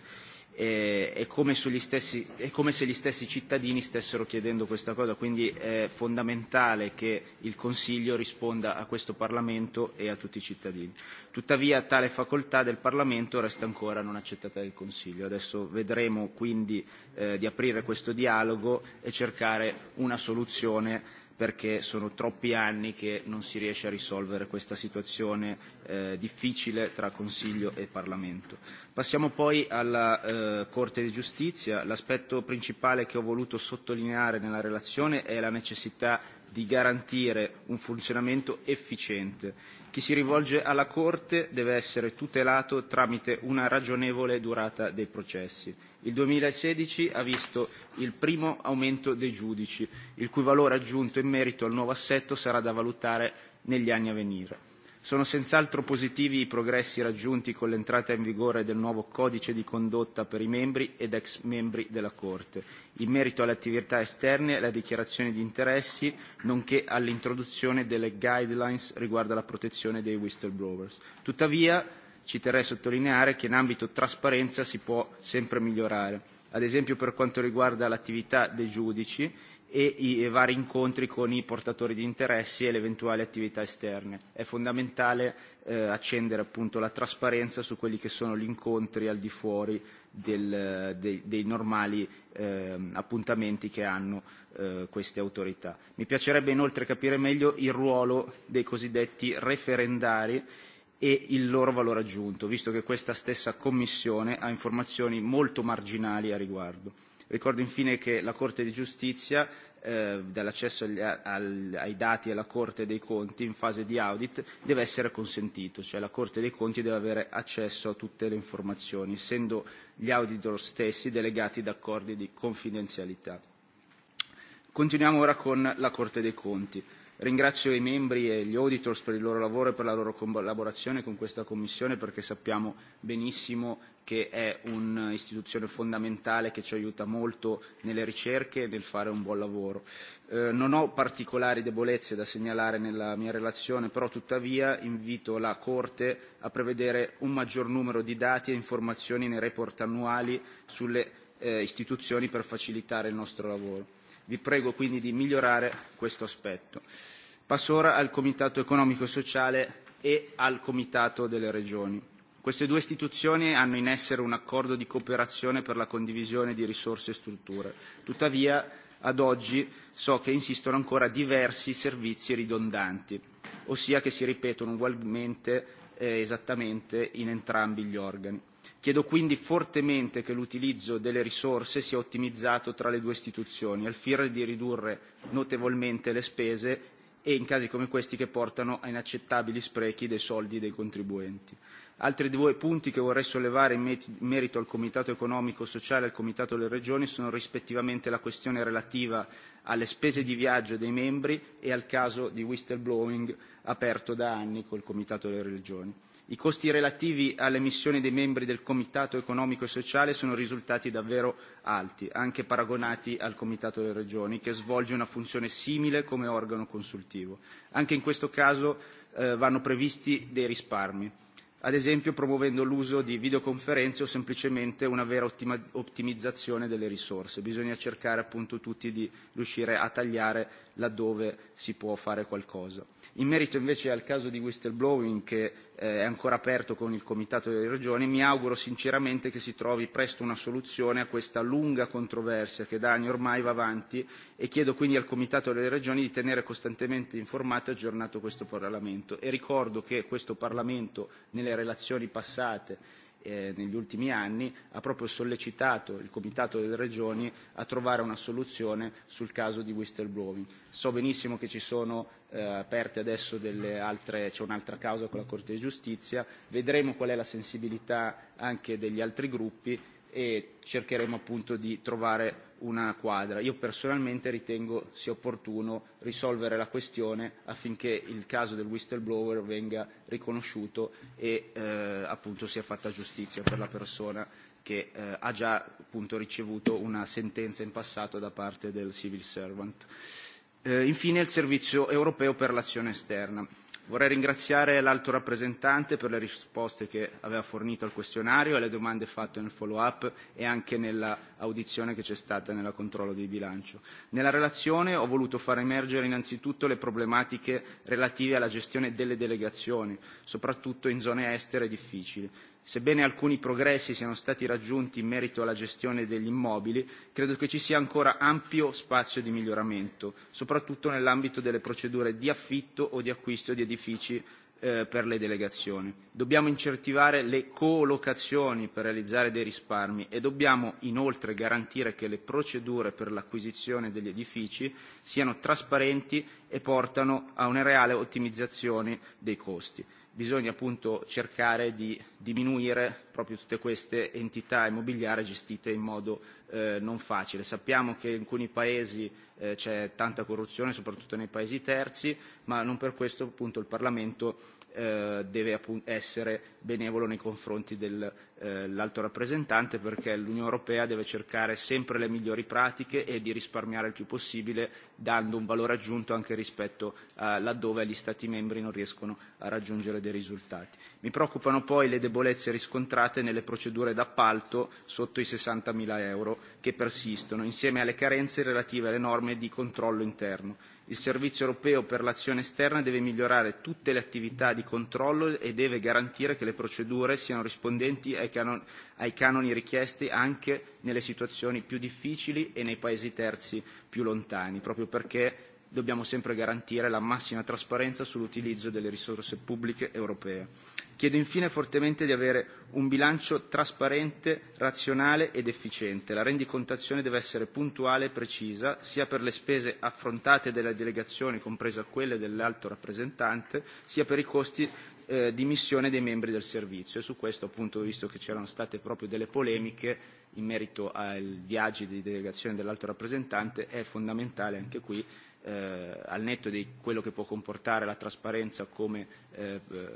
eh, è, e come sugli stessi, è e come se gli stessi cittadini stessero chiedendo questa cosa, quindi è fondamentale che il Consiglio risponda a questo Parlamento e a tutti i cittadini. Tuttavia tale facoltà del Parlamento resta ancora non accettata dal Consiglio. Adesso vedremo quindi eh, di aprire questo dialogo e cercare una soluzione perché sono troppi anni che non si riesce a risolvere questa situazione eh, difficile tra Consiglio e Parlamento. Passiamo poi alla eh, Corte di Giustizia. L'aspetto principale che ho voluto sottolineare nella relazione è la necessità di garantire un funzionamento efficiente. Chi si rivolge alla Corte deve essere tutelato tramite una ragionevole durata dei processi Il 2016 ha visto il primo aumento dei giudici, il cui valore aggiunto in merito al nuovo assetto sarà da valutare negli anni a venire. Sono senz'altro positivi i progressi raggiunti con l'entrata in vigore del nuovo codice di condotta per i membri ed ex membri della Corte, in merito alle attività esterne e alle dichiarazioni di interessi, nonché all'introduzione delle guidelines riguardo alla protezione dei whistleblowers. Tuttavia, ci terrei a sottolineare che in ambito trasparenza si può sempre migliorare, ad esempio per quanto riguarda l'attività dei giudici e i e vari incontri con i portatori di interessi e le eventuali attività esterne. È fondamentale eh, accendere appunto la trasparenza su quelli che sono gli incontri al di fuori del, dei, dei normali eh, appuntamenti che hanno eh, queste autorità. Mi piacerebbe inoltre capire meglio il ruolo dei cosiddetti referendari e il loro valore aggiunto, visto che questa stessa Commissione ha informazioni molto marginali a riguardo. Ricordo infine che la Corte di Giustizia eh, dall'accesso ai dati alla Corte dei Conti in fase di audit deve essere consentito, cioè la Corte dei Conti deve avere accesso a tutte le informazioni, essendo gli auditor stessi delegati da accordi di confidenzialità. Continuiamo ora con la Corte dei Conti. Ringrazio i membri e gli auditors per il loro lavoro e per la loro collaborazione con questa Commissione perché sappiamo benissimo che è un'istituzione fondamentale che ci aiuta molto nelle ricerche e nel fare un buon lavoro. Eh, non ho particolari debolezze da segnalare nella mia relazione, però tuttavia invito la Corte a prevedere un maggior numero di dati e informazioni nei report annuali sulle eh, istituzioni per facilitare il nostro lavoro Vi prego quindi di migliorare questo aspetto. Passo ora al Comitato economico e sociale e al Comitato delle regioni. Queste due istituzioni hanno in essere un accordo di cooperazione per la condivisione di risorse e strutture. Tuttavia, ad oggi so che insistono ancora diversi servizi ridondanti, ossia che si ripetono ugualmente eh, esattamente in entrambi gli organi. Chiedo quindi fortemente che l'utilizzo delle risorse sia ottimizzato tra le due istituzioni, al fine di ridurre notevolmente le spese e in casi come questi che portano a inaccettabili sprechi dei soldi dei contribuenti. Altri due punti che vorrei sollevare in merito al Comitato economico sociale e al Comitato delle regioni sono rispettivamente la questione relativa alle spese di viaggio dei membri e al caso di whistleblowing aperto da anni col Comitato delle regioni. I costi relativi alle missioni dei membri del Comitato economico e sociale sono risultati davvero alti, anche paragonati al Comitato delle Regioni, che svolge una funzione simile come organo consultivo. Anche in questo caso eh, vanno previsti dei risparmi ad esempio promuovendo l'uso di videoconferenze o semplicemente una vera ottimizzazione delle risorse. Bisogna cercare appunto tutti di riuscire a tagliare laddove si può fare qualcosa. In merito invece al caso di whistleblowing che eh, è ancora aperto con il Comitato delle Regioni, mi auguro sinceramente che si trovi presto una soluzione a questa lunga controversia che da anni ormai va avanti e chiedo quindi al Comitato delle Regioni di tenere costantemente informato e aggiornato questo Parlamento. E ricordo che questo Parlamento nelle relazioni passate eh, negli ultimi anni ha proprio sollecitato il Comitato delle Regioni a trovare una soluzione sul caso di whistleblowing. So benissimo che ci sono eh, aperte adesso delle altre, c'è un'altra causa con la Corte di Giustizia, vedremo qual è la sensibilità anche degli altri gruppi e cercheremo appunto di trovare una quadra. Io personalmente ritengo sia opportuno risolvere la questione affinché il caso del whistleblower venga riconosciuto e eh, appunto sia fatta giustizia per la persona che eh, ha già appunto ricevuto una sentenza in passato da parte del civil servant. Eh, infine il servizio europeo per l'azione esterna Vorrei ringraziare l'alto rappresentante per le risposte che aveva fornito al questionario e alle domande fatte nel follow-up e anche nell'audizione che c'è stata nella controllo di bilancio. Nella relazione ho voluto far emergere innanzitutto le problematiche relative alla gestione delle delegazioni, soprattutto in zone estere difficili. Sebbene alcuni progressi siano stati raggiunti in merito alla gestione degli immobili, credo che ci sia ancora ampio spazio di miglioramento, soprattutto nell'ambito delle procedure di affitto o di acquisto di edifici eh, per le delegazioni. Dobbiamo incentivare le colocazioni per realizzare dei risparmi e dobbiamo inoltre garantire che le procedure per l'acquisizione degli edifici siano trasparenti e portano a una reale ottimizzazione dei costi bisogna appunto cercare di diminuire proprio tutte queste entità immobiliari gestite in modo eh, non facile. Sappiamo che in alcuni paesi eh, c'è tanta corruzione, soprattutto nei paesi terzi, ma non per questo appunto il Parlamento Eh, deve essere benevolo nei confronti dell'alto eh, rappresentante perché l'Unione Europea deve cercare sempre le migliori pratiche e di risparmiare il più possibile dando un valore aggiunto anche rispetto a laddove gli Stati membri non riescono a raggiungere dei risultati. Mi preoccupano poi le debolezze riscontrate nelle procedure d'appalto sotto i 60.000 euro che persistono insieme alle carenze relative alle norme di controllo interno Il Servizio europeo per l'azione esterna deve migliorare tutte le attività di controllo e deve garantire che le procedure siano rispondenti ai, canon- ai canoni richiesti anche nelle situazioni più difficili e nei paesi terzi più lontani, proprio perché dobbiamo sempre garantire la massima trasparenza sull'utilizzo delle risorse pubbliche europee. Chiedo infine fortemente di avere un bilancio trasparente, razionale ed efficiente. La rendicontazione deve essere puntuale e precisa, sia per le spese affrontate dalle delegazioni, compresa quelle dell'alto rappresentante, sia per i costi eh, di missione dei membri del servizio. E su questo, appunto, visto che c'erano state proprio delle polemiche in merito ai viaggi di delegazione dell'alto rappresentante, è fondamentale anche qui eh, al netto di quello che può comportare la trasparenza come eh, eh,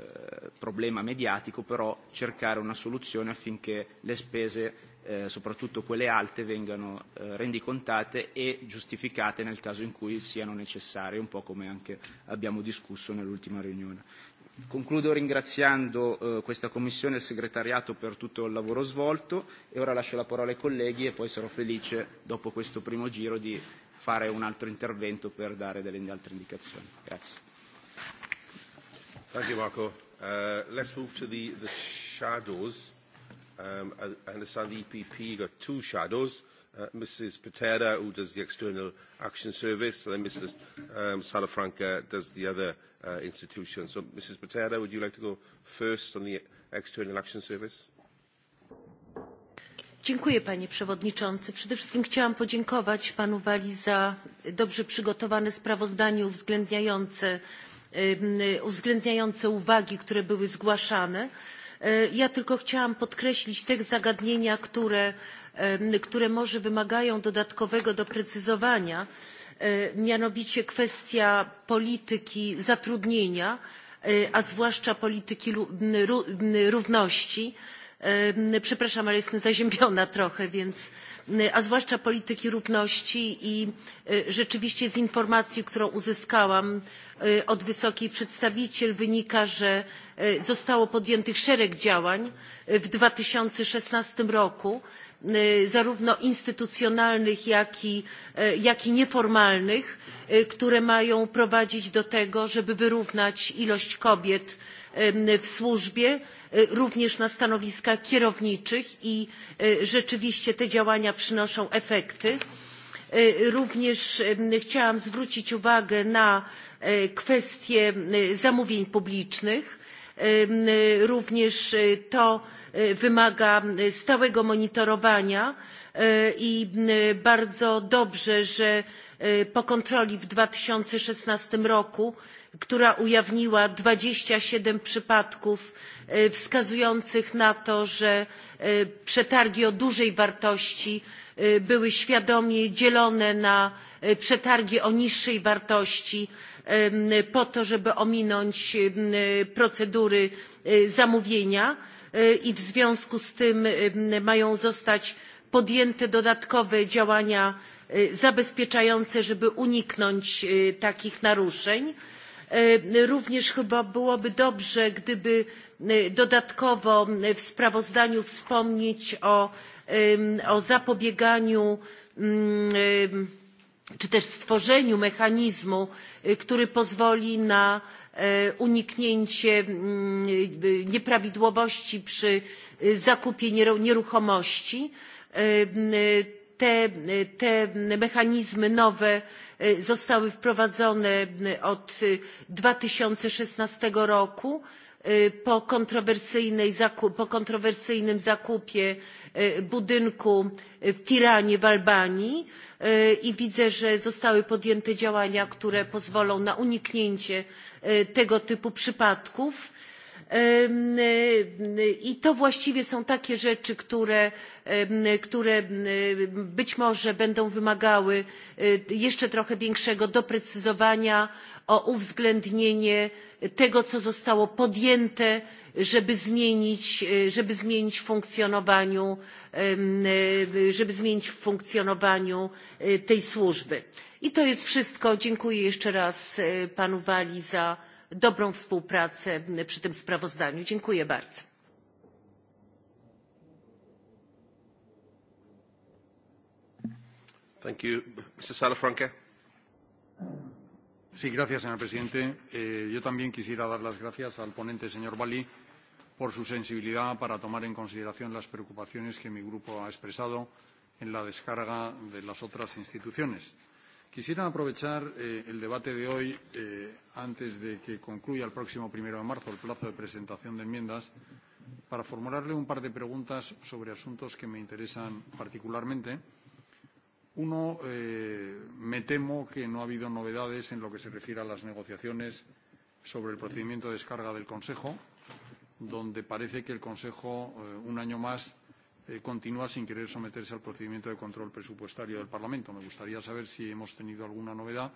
problema mediatico, però cercare una soluzione affinché le spese, eh, soprattutto quelle alte, vengano eh, rendicontate e giustificate nel caso in cui siano necessarie, un po' come anche abbiamo discusso nell'ultima riunione. Concludo ringraziando eh, questa Commissione e il segretariato per tutto il lavoro svolto e ora lascio la parola ai colleghi e poi sarò felice, dopo questo primo giro, di fare un altro intervento per dare delle altre indicazioni. Grazie. Thank you, Marco. Uh, let's move to the, the shadows. Um, I understand the EPP got two shadows. Uh, Mrs. Patera, who does the External Action Service, and then Mrs. Um, Salafranca does the other uh, institution. So, Mrs. Patera, would you like to go first on the External Action Service? panie przewodniczący. Przede wszystkim chciałam podziękować panu valli za dobrze przygotowane sprawozdanie uwzględniające, uwagi, które były zgłaszane. E, ja tylko chciałam podkreślić te zagadnienia, które, może wymagają dodatkowego doprecyzowania, e, mianowicie kwestia polityki zatrudnienia, e, a zwłaszcza polityki równości. Ru, przepraszam ale jestem zaziębiona trochę więc a zwłaszcza polityki równości i rzeczywiście z informacji którą uzyskałam od wysokiej przedstawiciel wynika że zostało podjętych szereg działań w dwa tysiące szesnaście roku zarówno instytucjonalnych jak i nieformalnych które mają prowadzić do tego żeby wyrównać ilość kobiet w służbie E, również na stanowiska kierowniczych i e, rzeczywiście te działania przynoszą efekty. E, również chciałam zwrócić uwagę na kwestię zamówień publicznych również to wymaga stałego monitorowania i bardzo dobrze że po kontroli w dwa tysiące szesnaście roku która ujawniła dwadzieścia siedem przypadków E, wskazujących na to że e, przetargi o dużej wartości e, były świadomie dzielone na przetargi o niższej wartości po to żeby ominąć procedury zamówienia i w związku z tym mają zostać podjęte dodatkowe działania zabezpieczające żeby uniknąć takich naruszeń. E, również chyba byłoby dobrze gdyby e, dodatkowo e, w sprawozdaniu wspomnieć o, zapobieganiu mm, czy też stworzeniu mechanizmu który pozwoli na uniknięcie mm, nieprawidłowości przy zakupie nieruchomości te, mechanizmy nowe e, zostały wprowadzone e, od e, dwa tysiące szesnaście roku po, po kontrowersyjnym zakupie budynku w tiranie w albanii i widzę że zostały podjęte działania które pozwolą na uniknięcie tego typu przypadków i to właściwie są takie rzeczy które, być może będą wymagały e, jeszcze trochę większego doprecyzowania o uwzględnienie tego co zostało podjęte żeby zmienić, e, żeby zmienić w funkcjonowaniu e, tej służby. i to jest wszystko. dziękuję jeszcze raz panu valli za dobrą współpracę przy tym sprawozdaniu. dziękuję bardzo. Sí, gracias, eh, yo también quisiera dar las gracias al ponente señor valli por su sensibilidad para tomar en consideración las preocupaciones que mi grupo ha expresado en la descarga de las otras instituciones. Quisiera aprovechar eh, el debate de hoy, eh, antes de que concluya el próximo primero de marzo el plazo de presentación de enmiendas, para formularle un par de preguntas sobre asuntos que me interesan particularmente. Uno, eh, me temo que no ha habido novedades en lo que se refiere a las negociaciones sobre el procedimiento de descarga del Consejo, donde parece que el Consejo, eh, un año más, eh, continúa sin querer someterse al procedimiento de control presupuestario del Parlamento. Me gustaría saber si hemos tenido alguna novedad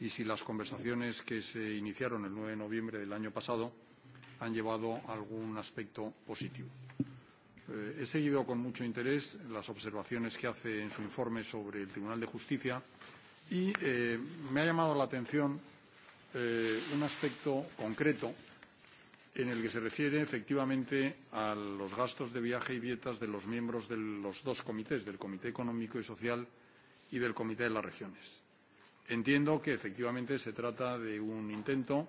y si las conversaciones que se iniciaron el 9 de noviembre del año pasado han llevado a algún aspecto positivo. Eh, he seguido con mucho interés las observaciones que hace en su informe sobre el Tribunal de Justicia y eh, me ha llamado la atención eh, un aspecto concreto en el que se refiere efectivamente a los gastos de viaje y dietas de los miembros de los dos comités, del Comité Económico y Social y del Comité de las Regiones. Entiendo que efectivamente se trata de un intento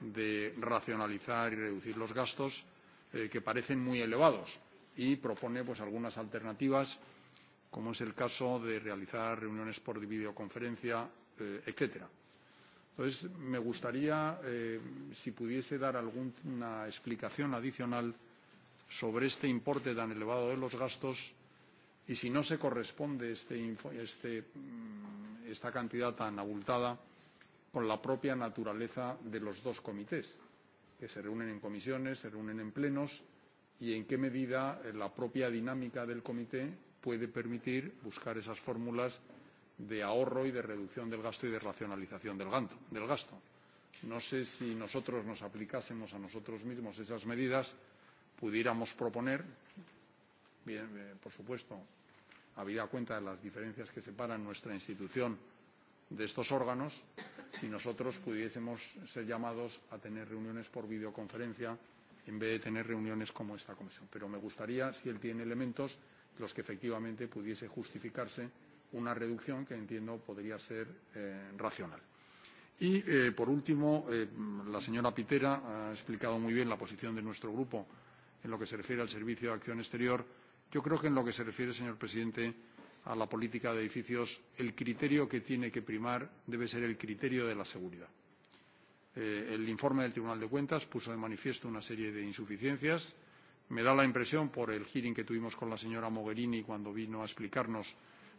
de racionalizar y reducir los gastos eh, que parecen muy elevados y propone pues, algunas alternativas, como es el caso de realizar reuniones por videoconferencia, eh, etcétera Entonces, me gustaría, eh, si pudiese dar alguna explicación adicional sobre este importe tan elevado de los gastos y si no se corresponde este, este, mm, esta cantidad tan abultada con la propia naturaleza de los dos comités, que se reúnen en comisiones, se reúnen en plenos, y en qué medida eh, la propia dinámica del comité puede permitir buscar esas fórmulas de ahorro y de reducción del gasto y de racionalización del, ganto, del gasto. No sé si nosotros nos aplicásemos a nosotros mismos esas medidas, pudiéramos proponer, bien, eh, por supuesto, habida cuenta de las diferencias que separan nuestra institución de estos órganos, si nosotros pudiésemos ser llamados a tener reuniones por videoconferencia en vez de tener reuniones como esta comisión. Pero me gustaría, si él tiene elementos, los que efectivamente pudiese justificarse una reducción que entiendo podría ser eh, racional. Y, eh, por último, eh, la señora Pitera ha explicado muy bien la posición de nuestro grupo en lo que se refiere al Servicio de Acción Exterior. Yo creo que en lo que se refiere, señor presidente, a la política de edificios, el criterio que tiene que primar debe ser el criterio de la seguridad. Eh, el informe del Tribunal de Cuentas puso de manifiesto una serie de insuficiencias. Me da la impresión, por el hearing que tuvimos con la señora Mogherini cuando vino a explicarnos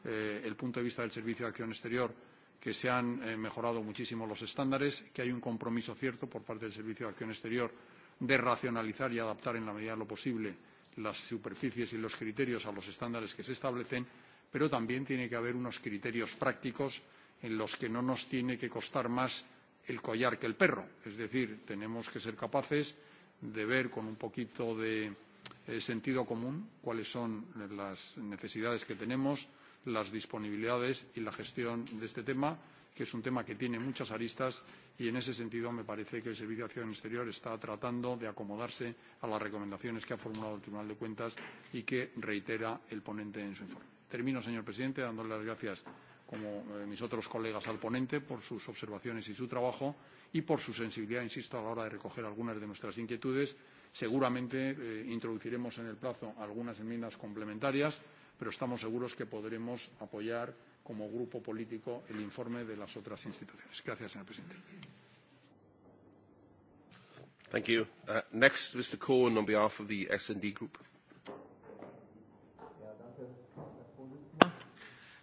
eh, el punto de vista del Servicio de Acción Exterior, que se han eh, mejorado muchísimo los estándares, que hay un compromiso cierto por parte del Servicio de Acción Exterior de racionalizar y adaptar en la medida de lo posible las superficies y los criterios a los estándares que se establecen, pero también tiene que haber unos criterios prácticos en los que no nos tiene que costar más el collar que el perro. Es decir, tenemos que ser capaces de ver con un poquito de eh, sentido común cuáles son las necesidades que tenemos, las disponibilidades y la gestión de este tema, que es un tema que tiene muchas aristas y en ese sentido me parece que el Servicio de Acción Exterior está tratando de acomodarse a las recomendaciones que ha formulado el Tribunal de Cuentas y que reitera el ponente en su informe. Termino, señor presidente, dándole las gracias, como eh, mis otros colegas, al ponente por sus observaciones y su trabajo y por su sensibilidad, insisto, a la hora de recoger algunas de nuestras inquietudes. Seguramente eh, introduciremos en el plazo algunas enmiendas complementarias pero estamos seguros que podremos apoyar como grupo político el informe de las otras instituciones. Gracias, señor presidente. Thank you. Uh, next, Mr. Cohen, on behalf of the S&D Group.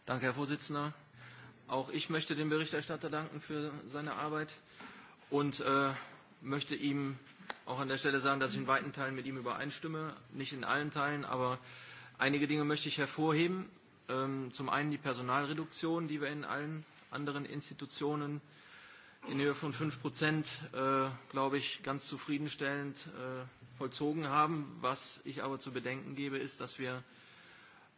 Danke, Herr Vorsitzender. Auch ich möchte dem Berichterstatter danken für seine Arbeit und äh, möchte ihm auch an der Stelle sagen, dass ich in weiten Teilen mit ihm übereinstimme. Nicht in allen Teilen, aber äh, Einige Dinge möchte ich hervorheben. Ähm, zum einen die Personalreduktion, die wir in allen anderen Institutionen in Höhe von 5 Prozent, äh, glaube ich, ganz zufriedenstellend äh, vollzogen haben. Was ich aber zu bedenken gebe, ist, dass wir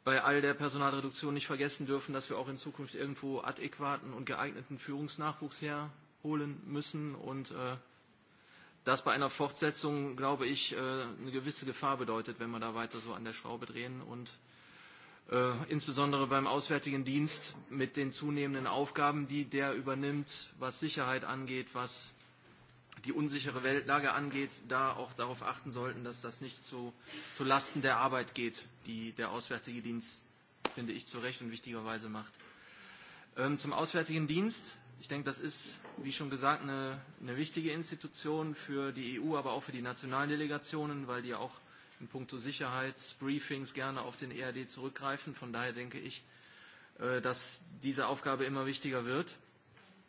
bei all der Personalreduktion nicht vergessen dürfen, dass wir auch in Zukunft irgendwo adäquaten und geeigneten Führungsnachwuchs herholen müssen. Und äh, das bei einer Fortsetzung, glaube ich, äh, eine gewisse Gefahr bedeutet, wenn wir da weiter so an der Schraube drehen und äh, insbesondere beim Auswärtigen Dienst mit den zunehmenden Aufgaben, die der übernimmt, was Sicherheit angeht, was die unsichere Weltlage angeht, da auch darauf achten sollten, dass das nicht zu, zu Lasten der Arbeit geht, die der Auswärtige Dienst, finde ich, zu Recht und wichtigerweise macht. Ähm, zum Auswärtigen Dienst Ich denke, das ist, wie schon gesagt, eine, eine wichtige Institution für die EU, aber auch für die nationalen Delegationen, weil die auch in puncto Sicherheitsbriefings gerne auf den ERD zurückgreifen. Von daher denke ich, äh, dass diese Aufgabe immer wichtiger wird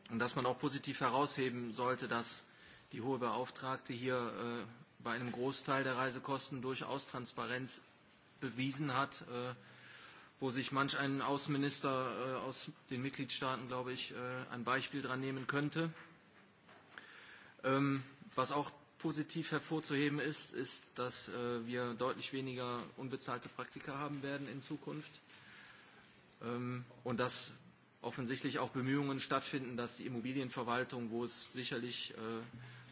und dass man auch positiv herausheben sollte, dass die hohe Beauftragte hier äh, bei einem Großteil der Reisekosten durchaus Transparenz bewiesen hat. Äh, wo sich manch ein Außenminister äh, aus den Mitgliedstaaten, glaube ich, äh, ein Beispiel dran nehmen könnte. Ähm, Was auch positiv hervorzuheben ist, ist, dass äh, wir deutlich weniger unbezahlte Praktika haben werden in Zukunft ähm, und dass offensichtlich auch Bemühungen stattfinden, dass die Immobilienverwaltung, wo es sicherlich äh,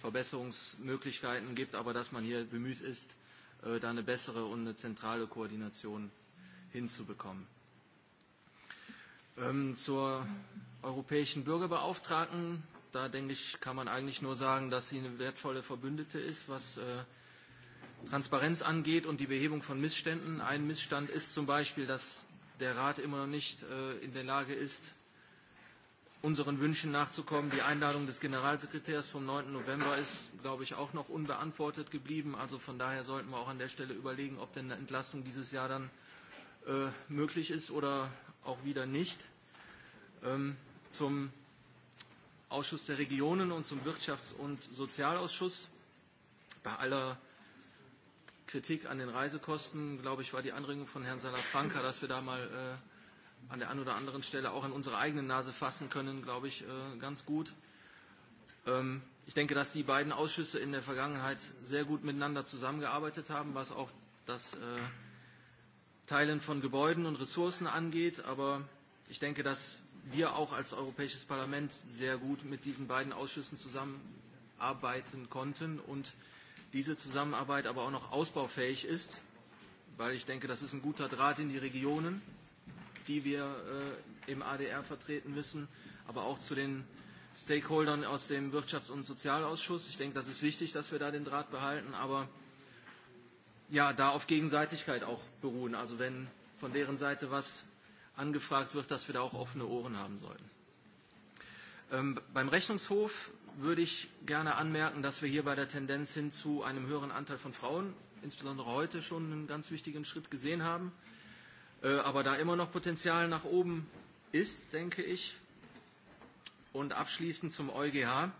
Verbesserungsmöglichkeiten gibt, aber dass man hier bemüht ist, äh, da eine bessere und eine zentrale Koordination hinzubekommen. Ähm, zur europäischen Bürgerbeauftragten, da denke ich, kann man eigentlich nur sagen, dass sie eine wertvolle Verbündete ist, was äh, Transparenz angeht und die Behebung von Missständen. Ein Missstand ist zum Beispiel, dass der Rat immer noch nicht äh, in der Lage ist, unseren Wünschen nachzukommen. Die Einladung des Generalsekretärs vom 9. November ist, glaube ich, auch noch unbeantwortet geblieben. Also von daher sollten wir auch an der Stelle überlegen, ob denn eine Entlastung dieses Jahr dann äh, möglich ist oder auch wieder nicht. Ähm, zum Ausschuss der Regionen und zum Wirtschafts- und Sozialausschuss. Bei aller Kritik an den Reisekosten, glaube ich, war die Anregung von Herrn Salafranca, dass wir da mal äh, an der einen oder anderen Stelle auch an unsere eigene Nase fassen können, glaube ich, äh, ganz gut. Ähm, ich denke, dass die beiden Ausschüsse in der Vergangenheit sehr gut miteinander zusammengearbeitet haben, was auch das äh, Teilen von Gebäuden und Ressourcen angeht. Aber ich denke, dass wir auch als Europäisches Parlament sehr gut mit diesen beiden Ausschüssen zusammenarbeiten konnten und diese Zusammenarbeit aber auch noch ausbaufähig ist, weil ich denke, das ist ein guter Draht in die Regionen, die wir äh, im ADR vertreten müssen, aber auch zu den Stakeholdern aus dem Wirtschafts- und Sozialausschuss. Ich denke, das ist wichtig, dass wir da den Draht behalten, aber ja, da auf Gegenseitigkeit auch beruhen. Also wenn von deren Seite was angefragt wird, dass wir da auch offene Ohren haben sollten. Ähm, beim Rechnungshof würde ich gerne anmerken, dass wir hier bei der Tendenz hin zu einem höheren Anteil von Frauen, insbesondere heute, schon einen ganz wichtigen Schritt gesehen haben. Äh, aber da immer noch Potenzial nach oben ist, denke ich. Und abschließend zum EuGH,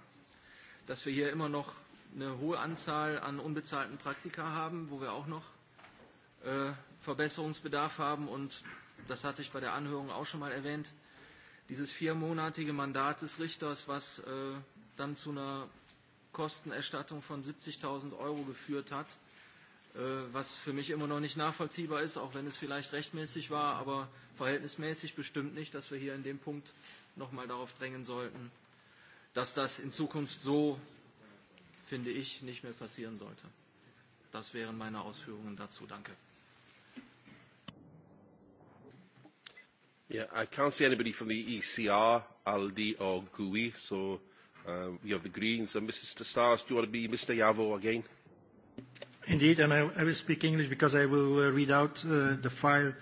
dass wir hier immer noch eine hohe Anzahl an unbezahlten Praktika haben, wo wir auch noch äh, Verbesserungsbedarf haben. Und das hatte ich bei der Anhörung auch schon mal erwähnt. Dieses viermonatige Mandat des Richters, was äh, dann zu einer Kostenerstattung von 70.000 Euro geführt hat, äh, was für mich immer noch nicht nachvollziehbar ist, auch wenn es vielleicht rechtmäßig war, aber verhältnismäßig bestimmt nicht, dass wir hier in dem Punkt nochmal darauf drängen sollten, dass das in Zukunft so finde ich, nicht mehr passieren sollte. Das wären meine Ausführungen dazu. Danke. Yeah, I can't see anybody from the ECR, ALDE or GUI, so uh, we have the Greens. And Mrs. Stars, do you want to be Mr. Yavo again? Indeed, and I, I will speak English because I will uh, read out uh, the file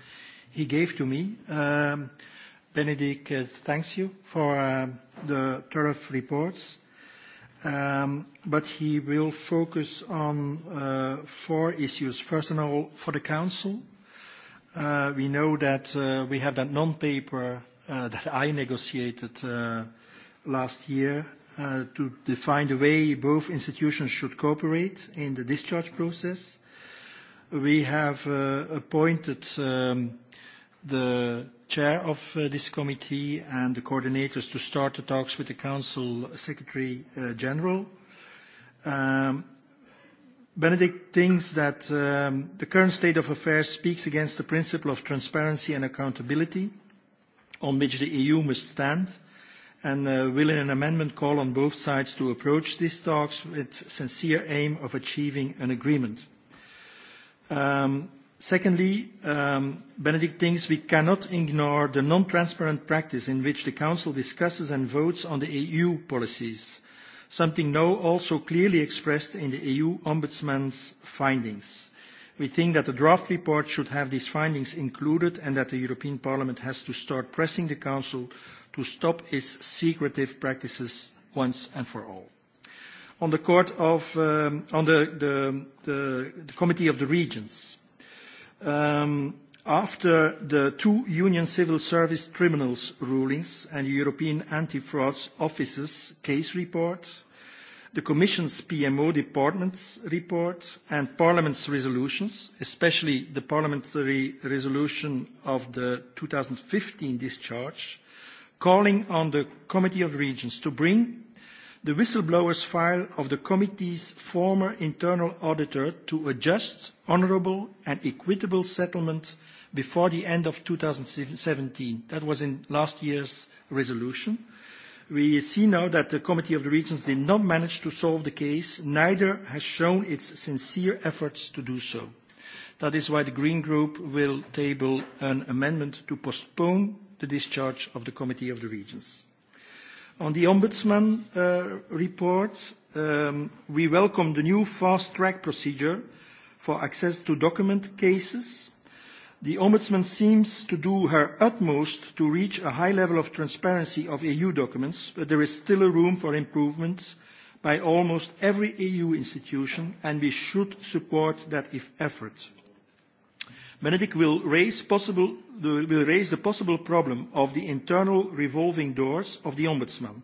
he gave to me. Um, Benedict uh, thanks you for uh, the thorough reports. Um, but he will focus on uh, four issues. First of all, for the council, uh, we know that uh, we have that non-paper uh, that I negotiated uh, last year uh, to define the way both institutions should cooperate in the discharge process. We have appointed um, the chair of uh, this committee and the coordinators to start the talks with the Council Secretary uh, General. Um, Benedict thinks that um, the current state of affairs speaks against the principle of transparency and accountability on which the EU must stand and uh, will in an amendment call on both sides to approach these talks with sincere aim of achieving an agreement. Um, Secondly, um, Benedict thinks we cannot ignore the non-transparent practice in which the Council discusses and votes on the EU policies, something now also clearly expressed in the EU Ombudsman's findings. We think that the draft report should have these findings included and that the European Parliament has to start pressing the Council to stop its secretive practices once and for all. On the um, Committee of the Regions, Um, after the two Union Civil Service Criminals rulings and the European Anti-Fraud Office's case report, the Commission's PMO department's report and Parliament's resolutions, especially the parliamentary resolution of the 2015 discharge, calling on the Committee of Regions to bring the whistleblowers file of the committee's former internal auditor to a just, honourable and equitable settlement before the end of 2017. That was in last year's resolution. We see now that the Committee of the Regions did not manage to solve the case, neither has shown its sincere efforts to do so. That is why the Green Group will table an amendment to postpone the discharge of the Committee of the Regions. On the Ombudsman uh, report, um, we welcome the new fast-track procedure for access to document cases. The Ombudsman seems to do her utmost to reach a high level of transparency of EU documents, but there is still a room for improvement by almost every EU institution, and we should support that effort. Benedict will raise, possible, will raise the possible problem of the internal revolving doors of the Ombudsman.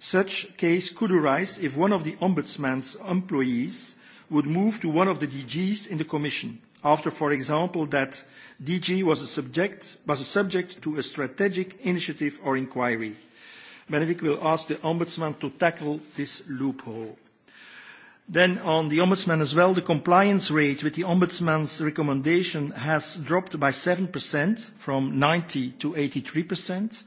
Such case could arise if one of the Ombudsman's employees would move to one of the DGs in the Commission, after, for example, that DG was a subject, was a subject to a strategic initiative or inquiry. Benedict will ask the Ombudsman to tackle this loophole. Then on the Ombudsman as well, the compliance rate with the Ombudsman's recommendation has dropped by 7% from 90 to 83%,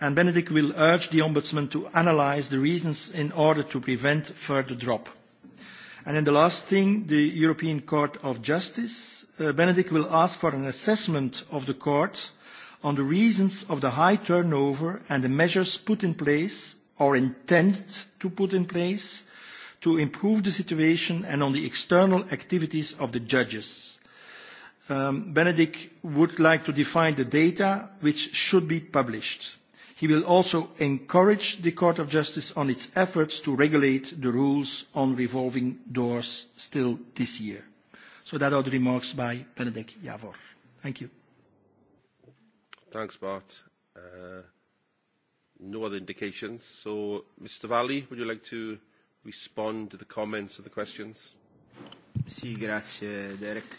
and Benedict will urge the Ombudsman to analyze the reasons in order to prevent further drop. And the last thing, the European Court of Justice. Uh, will ask for an assessment of the court on the reasons of the high turnover and the measures put in place or intended to put in place to improve the situation and on the external activities of the judges. Um, Benedict would like to define the data which should be published. He will also encourage the Court of Justice on its efforts to regulate the rules on revolving doors still this year. So that are the remarks by Benedict Javor. Thank you. Thanks, Bart. Uh, no other indications. So, Mr. Valley, would you like to respond to the comments or the questions? Sì, grazie Derek.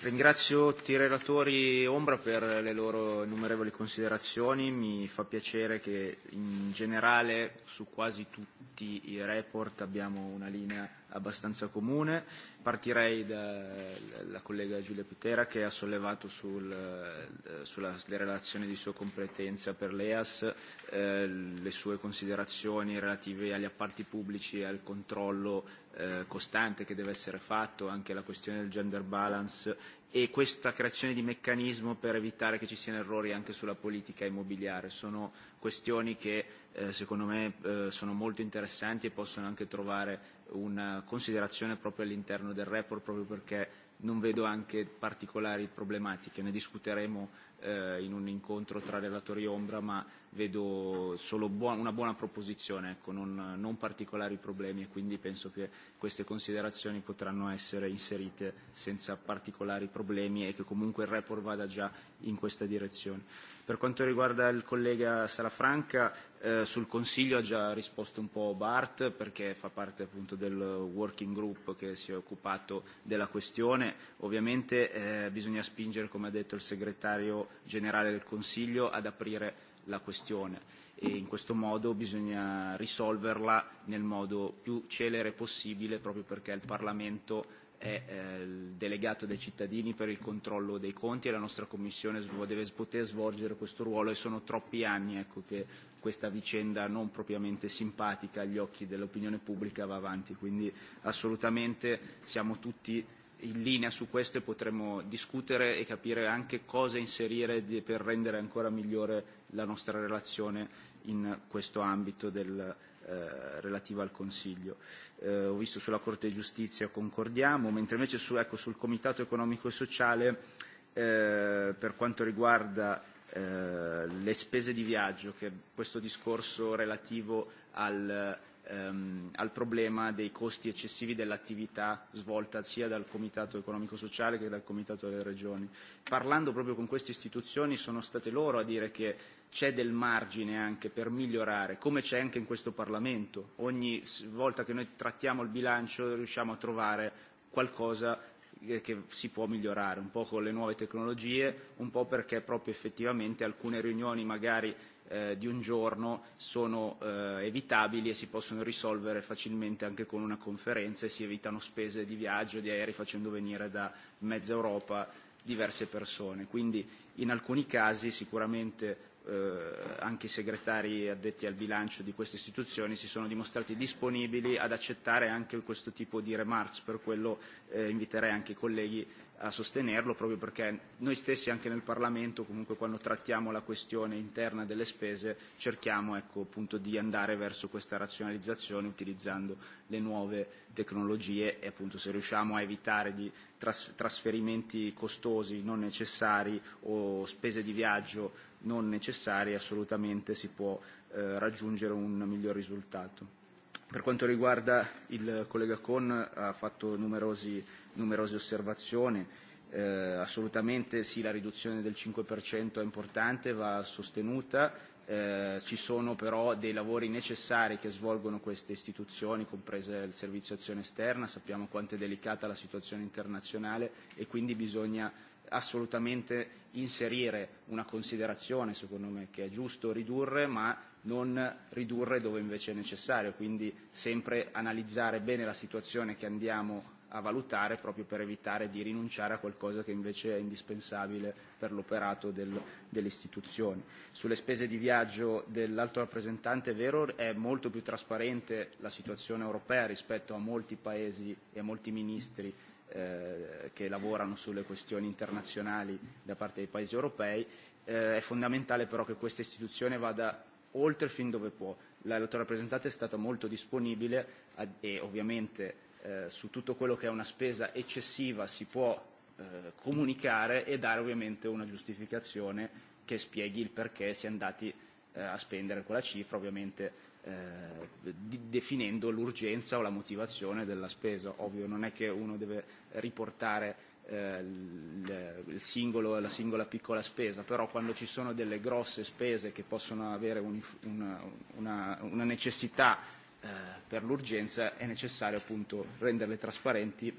Ringrazio tutti i relatori Ombra per le loro innumerevoli considerazioni, mi fa piacere che in generale su quasi tutti i report abbiamo una linea abbastanza comune. Partirei dalla collega Giulia Pitera che ha sollevato sul, eh, sulla relazioni di sua competenza per l'EAS eh, le sue considerazioni relative agli appalti pubblici e al controllo eh, costante che deve essere fatto, anche la questione del gender balance e questa creazione di meccanismo per evitare che ci siano errori anche sulla politica immobiliare. Sono questioni che eh, secondo me eh, sono molto interessanti e possono anche trovare una considerazione proprio all'interno del report, proprio perché non vedo anche particolari problematiche. Ne discuteremo eh, in un incontro tra relatori ombra, ma vedo solo buon, una buona proposizione, ecco, non, non particolari problemi e quindi penso che queste considerazioni potranno essere inserite senza particolari problemi e che comunque il report vada già in questa direzione. Per quanto riguarda il collega Salafranca, eh, sul Consiglio ha già risposto un po' Bart perché fa parte appunto del working group che si è occupato della questione. Ovviamente eh, bisogna spingere, come ha detto il segretario generale del Consiglio, ad aprire la questione e in questo modo bisogna risolverla nel modo più celere possibile proprio perché il Parlamento è eh, il delegato dei cittadini per il controllo dei conti e la nostra Commissione deve poter svolgere questo ruolo e sono troppi anni ecco, che questa vicenda non propriamente simpatica agli occhi dell'opinione pubblica va avanti, quindi assolutamente siamo tutti in linea su questo e potremo discutere e capire anche cosa inserire di, per rendere ancora migliore la nostra relazione in questo ambito del, eh, relativo al Consiglio. Eh, ho visto sulla Corte di Giustizia concordiamo, mentre invece su, ecco, sul Comitato economico e sociale eh, per quanto riguarda eh, le spese di viaggio, che questo discorso relativo al ehm, al problema dei costi eccessivi dell'attività svolta sia dal Comitato Economico Sociale che dal Comitato delle Regioni. Parlando proprio con queste istituzioni sono state loro a dire che c'è del margine anche per migliorare, come c'è anche in questo Parlamento. Ogni volta che noi trattiamo il bilancio riusciamo a trovare qualcosa che si può migliorare, un po' con le nuove tecnologie, un po' perché proprio effettivamente alcune riunioni magari eh, di un giorno sono eh, evitabili e si possono risolvere facilmente anche con una conferenza e si evitano spese di viaggio, di aerei facendo venire da mezza Europa diverse persone. Quindi in alcuni casi sicuramente eh, anche i segretari addetti al bilancio di queste istituzioni si sono dimostrati disponibili ad accettare anche questo tipo di remarks, per quello eh, inviterei anche i colleghi a sostenerlo proprio perché noi stessi anche nel Parlamento comunque quando trattiamo la questione interna delle spese cerchiamo ecco, appunto di andare verso questa razionalizzazione utilizzando le nuove tecnologie e appunto se riusciamo a evitare di tras- trasferimenti costosi non necessari o spese di viaggio non necessarie assolutamente si può eh, raggiungere un miglior risultato. Per quanto riguarda il collega Con ha fatto numerosi, numerose osservazioni, eh, assolutamente sì la riduzione del 5% è importante, va sostenuta, eh, ci sono però dei lavori necessari che svolgono queste istituzioni, comprese il servizio azione esterna, sappiamo quanto è delicata la situazione internazionale e quindi bisogna assolutamente inserire una considerazione, secondo me, che è giusto ridurre, ma non ridurre dove invece è necessario, quindi sempre analizzare bene la situazione che andiamo a valutare proprio per evitare di rinunciare a qualcosa che invece è indispensabile per l'operato del, delle istituzioni. Sulle spese di viaggio dell'alto rappresentante è vero, è molto più trasparente la situazione europea rispetto a molti paesi e a molti ministri eh, che lavorano sulle questioni internazionali da parte dei paesi europei. Eh, è fondamentale però che questa istituzione vada oltre fin dove può. La L'alto rappresentante è stata molto disponibile a, e ovviamente eh, su tutto quello che è una spesa eccessiva si può eh, comunicare e dare ovviamente una giustificazione che spieghi il perché si è andati eh, a spendere quella cifra, ovviamente eh, di, definendo l'urgenza o la motivazione della spesa. Ovvio non è che uno deve riportare eh, il singolo, la singola piccola spesa, però quando ci sono delle grosse spese che possono avere un, una, una, una necessità eh, per l'urgenza è necessario appunto renderle trasparenti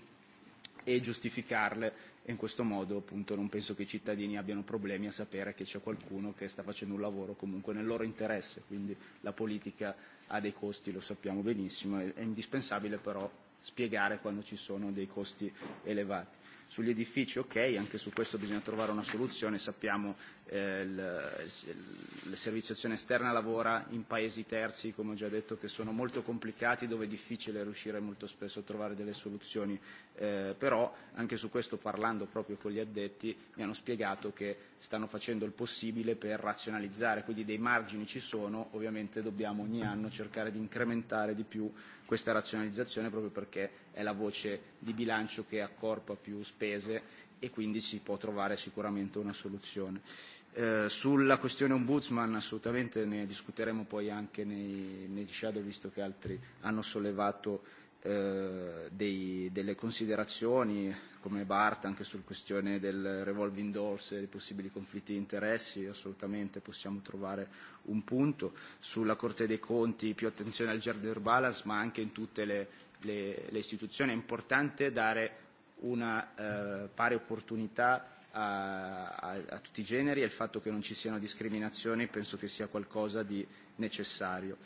e giustificarle e in questo modo appunto non penso che i cittadini abbiano problemi a sapere che c'è qualcuno che sta facendo un lavoro comunque nel loro interesse, quindi la politica ha dei costi, lo sappiamo benissimo, è, è indispensabile però spiegare quando ci sono dei costi elevati. Sugli edifici ok, anche su questo bisogna trovare una soluzione, sappiamo che eh, il, la serviziazione esterna lavora in paesi terzi, come ho già detto, che sono molto complicati, dove è difficile riuscire molto spesso a trovare delle soluzioni, eh, però anche su questo parlando proprio con gli addetti mi hanno spiegato che stanno facendo il possibile per razionalizzare, quindi dei margini ci sono, ovviamente dobbiamo ogni anno cercare di incrementare di più questa razionalizzazione proprio perché è la voce di bilancio che accorpa più spese e quindi si può trovare sicuramente una soluzione. Eh, sulla questione ombudsman assolutamente ne discuteremo poi anche nei, nei shadow visto che altri hanno sollevato eh, dei, delle considerazioni come Bart anche sulla questione del revolving doors e dei possibili conflitti di interessi assolutamente possiamo trovare un punto sulla Corte dei Conti più attenzione al gender balance ma anche in tutte le le, le istituzioni, è importante dare una eh, pari opportunità a, a, a tutti i generi e il fatto che non ci siano discriminazioni penso che sia qualcosa di necessario.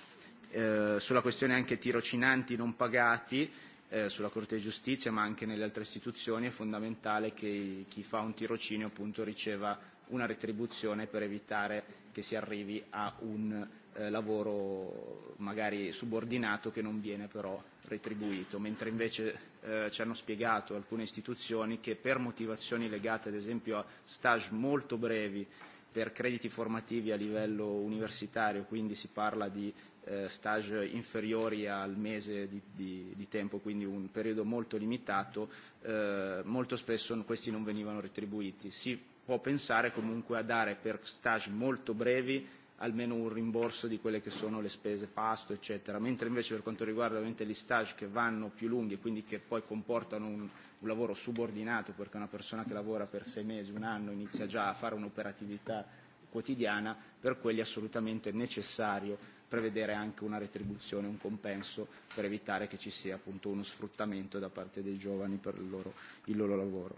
Eh, sulla questione anche tirocinanti non pagati, eh, sulla Corte di Giustizia ma anche nelle altre istituzioni è fondamentale che chi fa un tirocinio appunto riceva una retribuzione per evitare che si arrivi a un eh, lavoro magari subordinato che non viene però retribuito, mentre invece eh, ci hanno spiegato alcune istituzioni che per motivazioni legate ad esempio a stage molto brevi per crediti formativi a livello universitario, quindi si parla di eh, stage inferiori al mese di, di, di tempo, quindi un periodo molto limitato, eh, molto spesso questi non venivano retribuiti. Si può pensare comunque a dare per stage molto brevi almeno un rimborso di quelle che sono le spese pasto, eccetera. Mentre invece per quanto riguarda ovviamente gli stage che vanno più lunghi e quindi che poi comportano un, un lavoro subordinato, perché una persona che lavora per sei mesi, un anno, inizia già a fare un'operatività quotidiana, per quelli è assolutamente necessario prevedere anche una retribuzione, un compenso per evitare che ci sia appunto uno sfruttamento da parte dei giovani per il loro, il loro lavoro.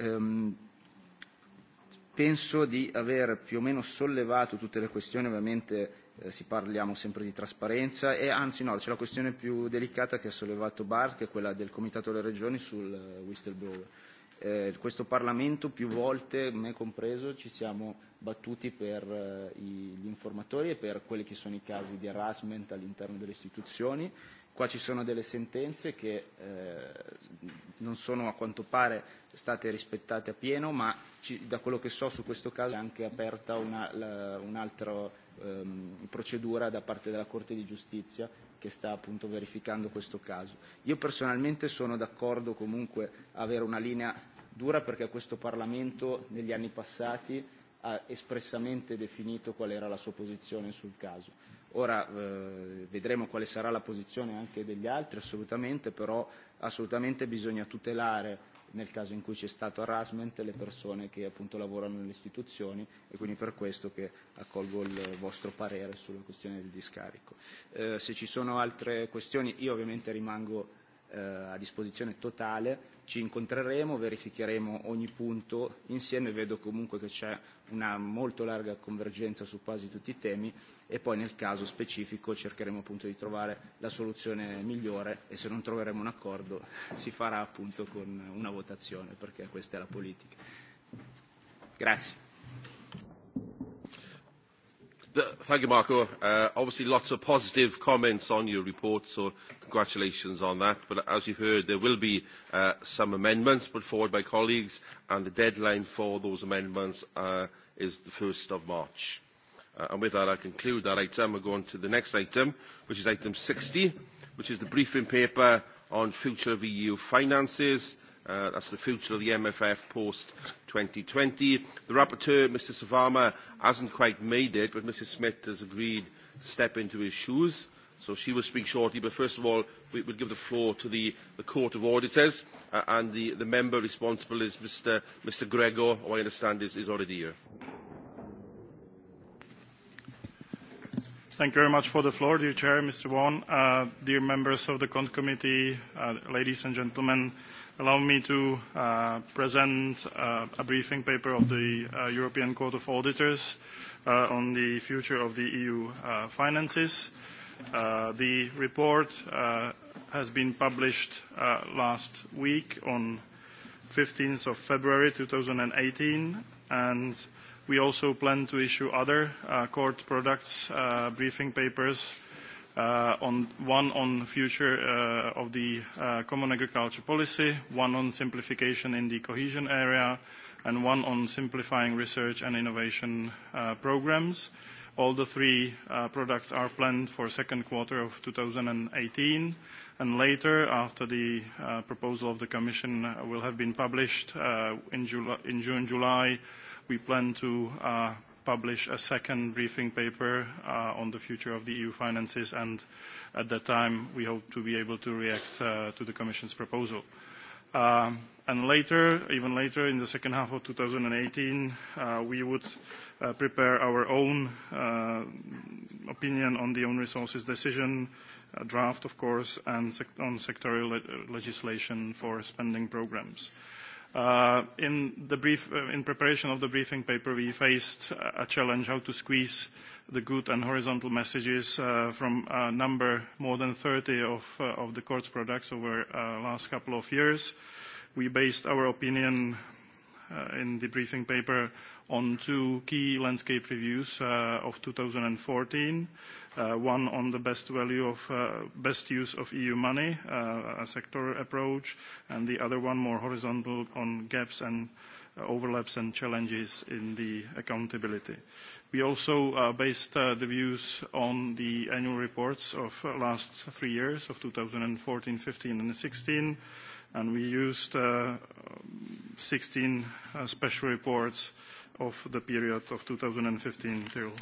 Um, penso di aver più o meno sollevato tutte le questioni, ovviamente eh, si parliamo sempre di trasparenza e anzi no, c'è la questione più delicata che ha sollevato Bart, che è quella del Comitato delle Regioni sul eh, whistleblower. Eh, questo Parlamento più volte, me compreso, ci siamo battuti per eh, gli informatori e per quelli che sono i casi di harassment all'interno delle istituzioni Qua ci sono delle sentenze che eh, non sono a quanto pare state rispettate a pieno, ma ci, da quello che so su questo caso è anche aperta un'altra un un'altra ehm, procedura da parte della Corte di Giustizia che sta appunto verificando questo caso. Io personalmente sono d'accordo comunque a avere una linea dura perché questo Parlamento negli anni passati ha espressamente definito qual era la sua posizione sul caso Ora eh, vedremo quale sarà la posizione anche degli altri, assolutamente, però assolutamente bisogna tutelare nel caso in cui c'è stato harassment le persone che appunto lavorano nelle istituzioni e quindi per questo che accolgo il vostro parere sulla questione del discarico. Eh, se ci sono altre questioni io ovviamente rimango eh, a disposizione totale, ci incontreremo, verificheremo ogni punto insieme, vedo comunque che c'è una molto larga convergenza su quasi tutti i temi e poi nel caso specifico cercheremo appunto di trovare la soluzione migliore e se non troveremo un accordo si farà appunto con una votazione perché questa è la politica. Grazie. Thank you, Marco. Uh, obviously, lots of positive comments on your report, so congratulations on that. But as you've heard, there will be uh, some amendments put forward by colleagues, and the deadline for those amendments uh, is the 1st of March. Uh, and with that, I conclude that item. We'll go on to the next item, which is item 60, which is the briefing paper on future of EU finances Uh, that's the future of the MFF post-2020. The rapporteur, Mr Savama, hasn't quite made it, but Mrs Smith has agreed to step into his shoes. So she will speak shortly, but first of all, we will give the floor to the, the Court of Auditors, uh, and the, the member responsible is Mr, Mr Gregor, who I understand is, is already here. Thank you very much for the floor, dear Chair, Mr. Wong, uh, dear members of the Cont Committee, uh, ladies and gentlemen allow me to uh, present uh, a briefing paper of the uh, European Court of Auditors uh, on the future of the EU uh, finances. Uh, the report has been published last week on 15th of February 2018, and we also plan to issue other court products, briefing papers, Uh, on one on future uh, of the uh, common agriculture policy, one on simplification in the cohesion area, and one on simplifying research and innovation uh, programs. All the three uh, products are planned for second quarter of 2018, and later, after the uh, proposal of the commission uh, will have been published uh, in, Jul in June, July, we plan to uh, publish a second briefing paper uh, on the future of the EU finances, and at that time, we hope to be able to react uh, to the Commission's proposal. Uh, and later, even later, in the second half of 2018, uh, we would uh, prepare our own uh, opinion on the own resources decision, uh, draft, of course, and sec on sectorial le legislation for spending programs. Uh, in, the brief, uh, in preparation of the briefing paper, we faced a challenge how to squeeze the good and horizontal messages uh, from a number more than 30 of, of the court's products over the last couple of years. We based our opinion in the briefing paper on two key landscape reviews of 2014 Uh, one on the best value of uh, best use of EU money, uh, a sector approach, and the other one more horizontal on gaps and overlaps and challenges in the accountability. We also based the views on the annual reports of last three years, of 2014, 15, and 16, and we used 16 special reports of the period of 2015 till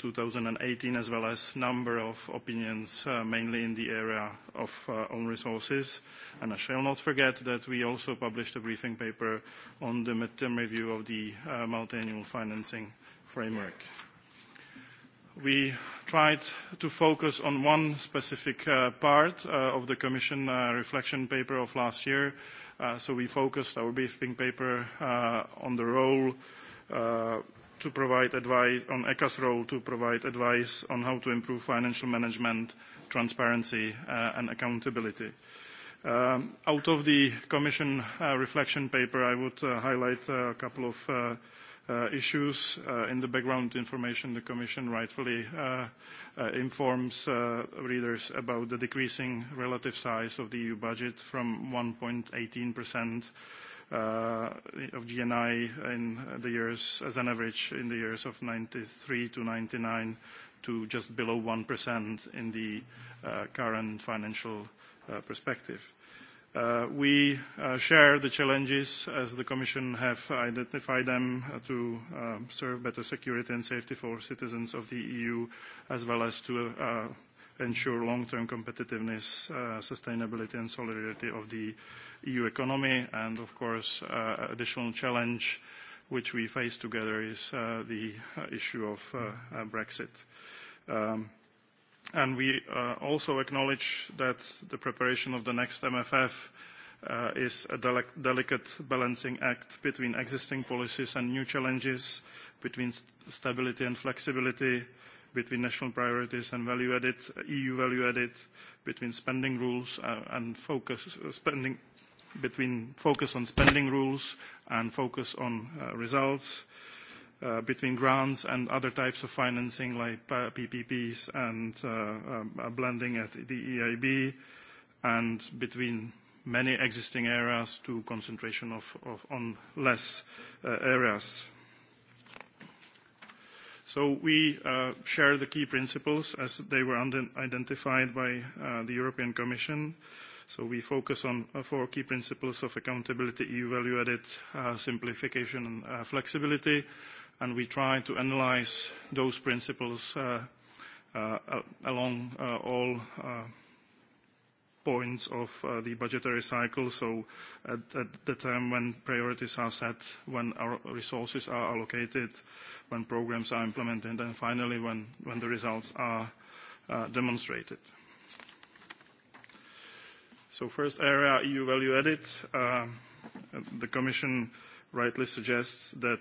2018, as well as number of opinions, uh, mainly in the area of uh, own resources. And I shall not forget that we also published a briefing paper on the midterm review of the uh, multi-annual financing framework. We tried to focus on one specific uh, part uh, of the Commission uh, reflection paper of last year. Uh, so we focused our briefing paper uh, on the role uh, to provide advice on ECA's role to provide advice on how to improve financial management, transparency, uh, and accountability. Um, out of the Commission uh, reflection paper, I would uh, highlight uh, a couple of uh, uh, issues. In the background information, the Commission rightfully informs readers about the decreasing relative size of the EU budget from 1.18% Uh, of GNI in the years as an average in the years of 93 to 99 to just below 1% in the uh, current financial uh, perspective. we share the challenges as the Commission have identified them to serve better security and safety for citizens of the EU, as well as to ensure long-term competitiveness, uh, sustainability, and solidarity of the EU economy. And of course, uh, additional challenge which we face together is uh, the issue of Brexit. Um, and we also acknowledge that the preparation of the next MFF is a delicate balancing act between existing policies and new challenges, between stability and flexibility, between national priorities and value added, uh, EU value added, between spending rules uh, and focus uh, spending between focus on spending rules and focus on results, between grants and other types of financing like PPPs and um, blending at the EIB, and between many existing areas to concentration of, on less areas. So we uh, share the key principles as they were identified by uh, the European Commission. So we focus on uh, four key principles of accountability, EU value added, uh, simplification, and uh, flexibility, and we try to analyze those principles uh, along all points of uh, the budgetary cycle. So at, the time when priorities are set, when our resources are allocated, when programs are implemented, and finally, when, when the results are uh, demonstrated. So first area, EU value added. Uh, the Commission rightly suggests that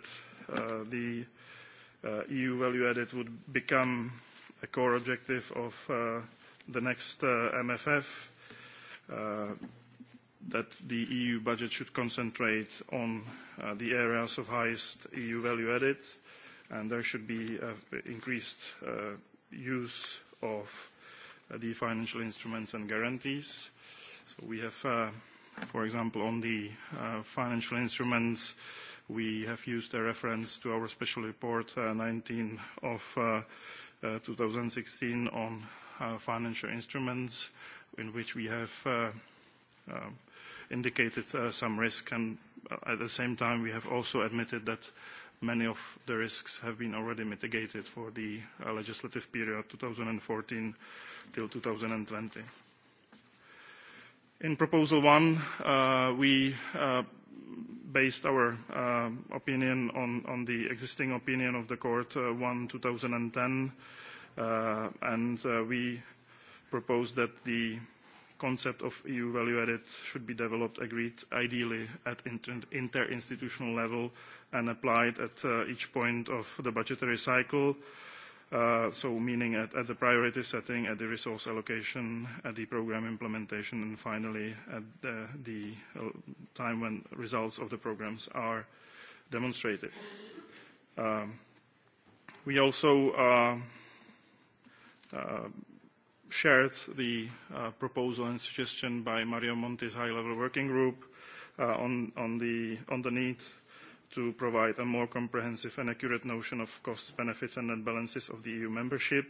the EU value added would become a core objective of the next MFF Uh, that the EU budget should concentrate on uh, the areas of highest EU value added, and there should be uh, increased use of the financial instruments and guarantees. So we have, for example, on the financial instruments, we have used a reference to our special report 19 of 2016 on financial instruments, in which we have uh, uh, indicated uh, some risk, and at the same time, we have also admitted that many of the risks have been already mitigated for the legislative period 2014 till 2020. In proposal one, we based our opinion on, on the existing opinion of the court, 1/2010, and we proposed that the concept of EU value added should be developed, agreed ideally at interinstitutional level and applied at uh, each point of the budgetary cycle. Uh, so meaning at, at the priority setting, at the resource allocation, at the program implementation, and finally at the, the uh, time when results of the programs are demonstrated. Um, we also uh, uh shared the uh, proposal and suggestion by Mario Monti's high-level working group uh, on, on, the, on the need to provide a more comprehensive and accurate notion of costs, benefits, and net balances of the EU membership.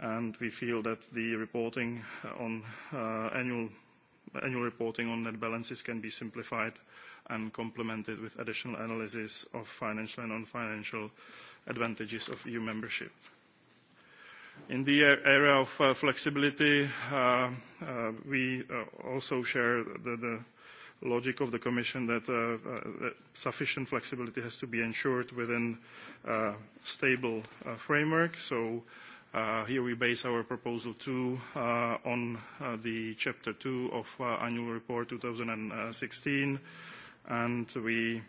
And we feel that the reporting on uh, annual, annual reporting on net balances can be simplified and complemented with additional analysis of financial and non-financial advantages of EU membership. In the area of uh, flexibility, uh, uh, we also share the, logic of the Commission that, sufficient flexibility has to be ensured within a stable framework. So here we base our proposal two on the chapter two of annual report 2016, and we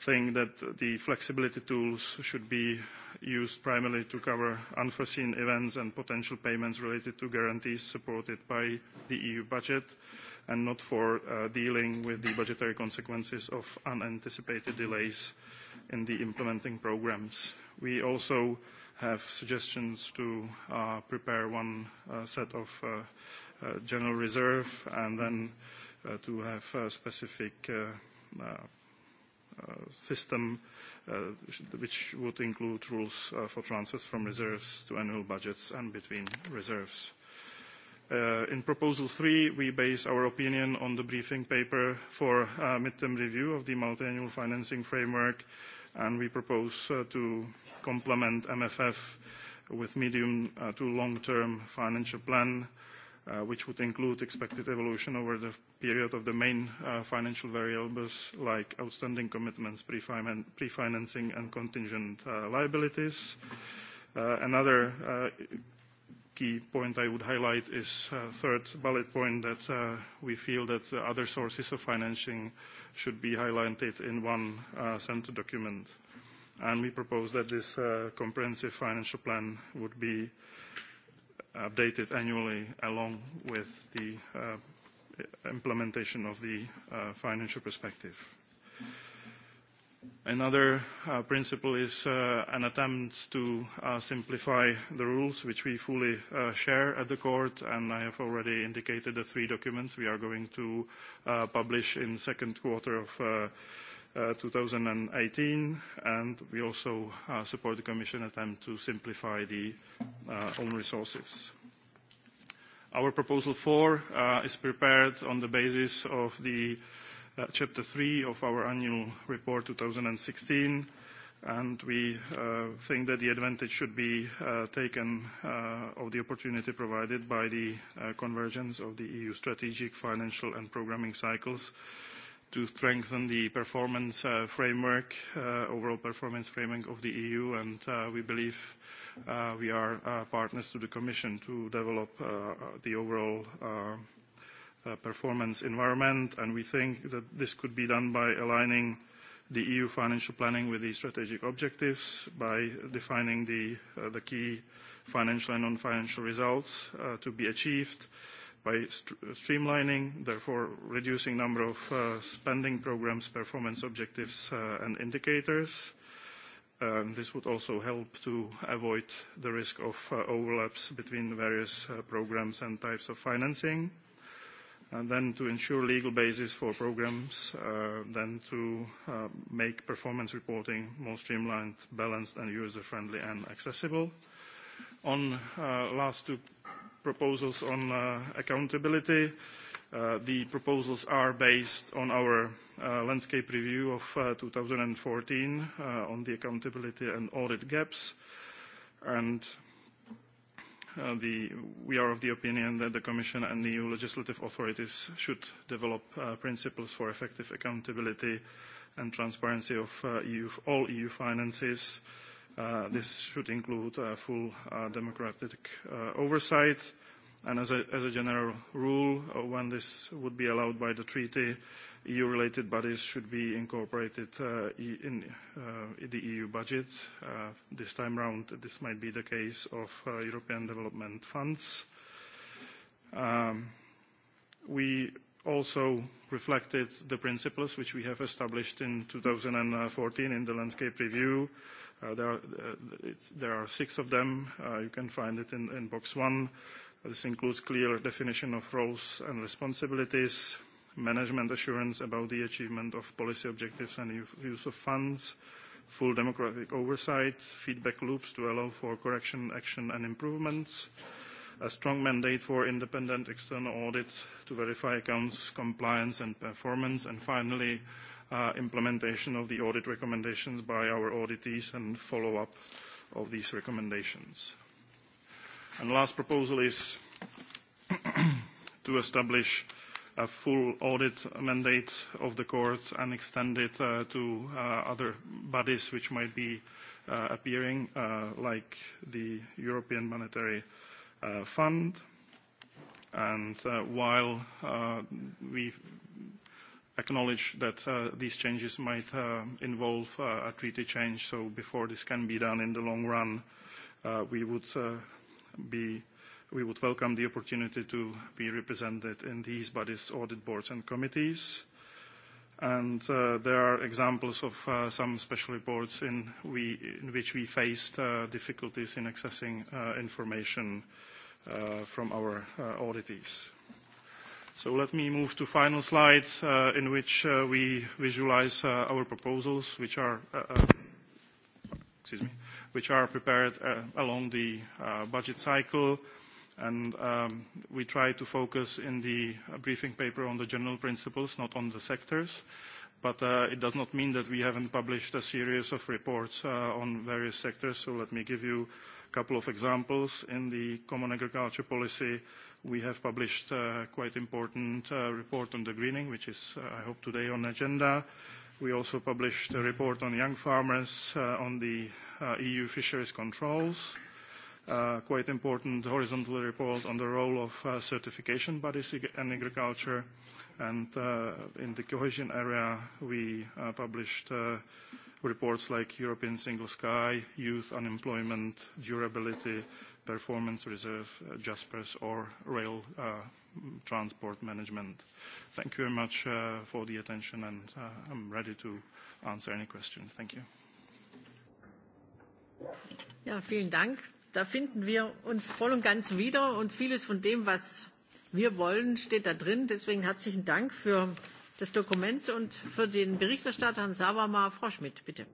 think that the flexibility tools should be used primarily to cover unforeseen events and potential payments related to guarantees supported by the EU budget, and not for uh, dealing with the budgetary consequences of unanticipated delays in the implementing programs. We also have suggestions to uh, prepare one uh, set of general reserve and then to have specific Uh, system, uh, which would include rules uh, for transfers from reserves to annual budgets and between reserves. Uh, in proposal three, we base our opinion on the briefing paper for uh, midterm review of the multi-annual financing framework, and we propose uh, to complement MFF with medium to long-term financial plan Uh, which would include expected evolution over the period of the main uh, financial variables like outstanding commitments, pre-financing, and contingent uh, liabilities. Another key point I would highlight is uh, third bullet point that uh, we feel that other sources of financing should be highlighted in one center document. And we propose that this comprehensive financial plan would be updated annually along with the uh, implementation of the uh, financial perspective. Another uh, principle is uh, an attempt to uh, simplify the rules, which we fully uh, share at the court, and I have already indicated the three documents we are going to publish in second quarter of 2018, uh, and we also uh, support the Commission attempt to simplify the uh, own resources. Our proposal four is prepared on the basis of the chapter three of our annual report 2016, and we uh, think that the advantage should be uh, taken uh, of the opportunity provided by the convergence of the EU strategic, financial, and programming cycles to strengthen the performance uh, framework, uh, overall performance framework of the EU, and uh, we believe uh, we are uh, partners to the Commission to develop uh, the overall performance environment, and we think that this could be done by aligning the EU financial planning with the strategic objectives, by defining the, the key financial and non-financial results to be achieved, by streamlining, therefore reducing number of uh, spending programs, performance objectives, uh, and indicators. Um, this would also help to avoid the risk of uh, overlaps between various programs and types of financing. And then to ensure legal basis for programs, then to make performance reporting more streamlined, balanced, and user-friendly and accessible. On last two proposals on uh, accountability. Uh, the proposals are based on our uh, landscape review of 2014 on the accountability and audit gaps. And Uh, the, we are of the opinion that the Commission and the EU legislative authorities should develop uh, principles for effective accountability and transparency of uh, EU, all EU finances, uh, Uh, this should include uh, full uh, democratic uh, oversight. And as a, as a general rule, uh, when this would be allowed by the treaty, EU-related bodies should be incorporated e, in, in the EU budget. This time round, this might be the case of European development funds. Um, we also reflected the principles which we have established in 2014 in the landscape review, Uh, uh, there, are, six of them. Uh, you can find it in, in box one. This includes clear definition of roles and responsibilities, management assurance about the achievement of policy objectives and use of funds, full democratic oversight, feedback loops to allow for correction, action, and improvements, a strong mandate for independent external audit to verify accounts compliance and performance, and finally, uh, implementation of the audit recommendations by our auditees and follow-up of these recommendations. And last proposal is to establish a full audit mandate of the court and extend it uh, to uh, other bodies which might be uh, appearing, uh, like the European Monetary uh, Fund. And uh, while we acknowledge that uh, these changes might uh, involve uh, a treaty change. So before this can be done in the long run, uh, we would uh, be we would welcome the opportunity to be represented in these bodies, audit boards, and committees. And uh, there are examples of uh, some special reports in, we, in which we faced uh, difficulties in accessing uh, information uh, from our uh, auditees. So let me move to final slide, uh, in which uh, we visualize uh, our proposals, which are, excuse me, which are prepared along the budget cycle. And um, we try to focus in the briefing paper on the general principles, not on the sectors. But it does not mean that we haven't published a series of reports on various sectors. So let me give you couple of examples. In the Common Agriculture Policy, we have published a uh, quite important uh, report on the greening, which is, uh, I hope, today on agenda. We also published a report on young farmers on the EU fisheries controls. Uh, quite important horizontal report on the role of uh, certification bodies in agriculture. And uh, in the cohesion area, we published reports like European Single Sky, Youth Unemployment, Durability, Performance Reserve, uh, JASPERS, or Rail uh, Transport Management. Thank you very much uh, for the attention, and I'm ready to answer any questions. Thank you. Ja, vielen Dank. Da finden wir uns voll und ganz wieder und vieles von dem, was wir wollen, steht da drin. Deswegen herzlichen Dank für das Dokument. Und für den Berichterstatter, Herrn Frau Schmidt, bitte.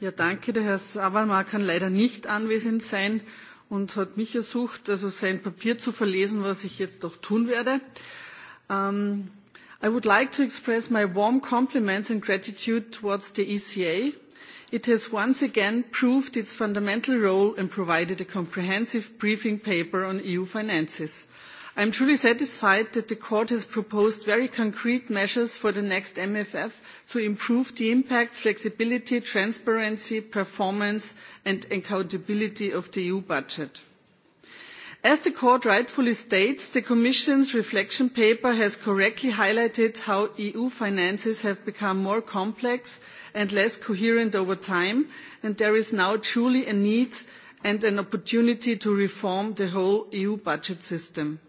Ja, danke. Der Herr Savama kann leider nicht anwesend sein und hat mich ersucht, also sein Papier zu verlesen, was ich jetzt auch tun werde. Um, I would like to express my warm compliments and gratitude towards the ECA. It has once again proved its fundamental role and provided a comprehensive briefing paper on EU finances. I am truly satisfied that the court has proposed very concrete measures for the next MFF to improve the impact, flexibility, transparency, performance and accountability of the EU budget. As the court rightfully states, the Commission's reflection paper has correctly highlighted how EU finances have become more complex and less coherent over time, and there is now truly a need and an opportunity to reform the whole EU budget system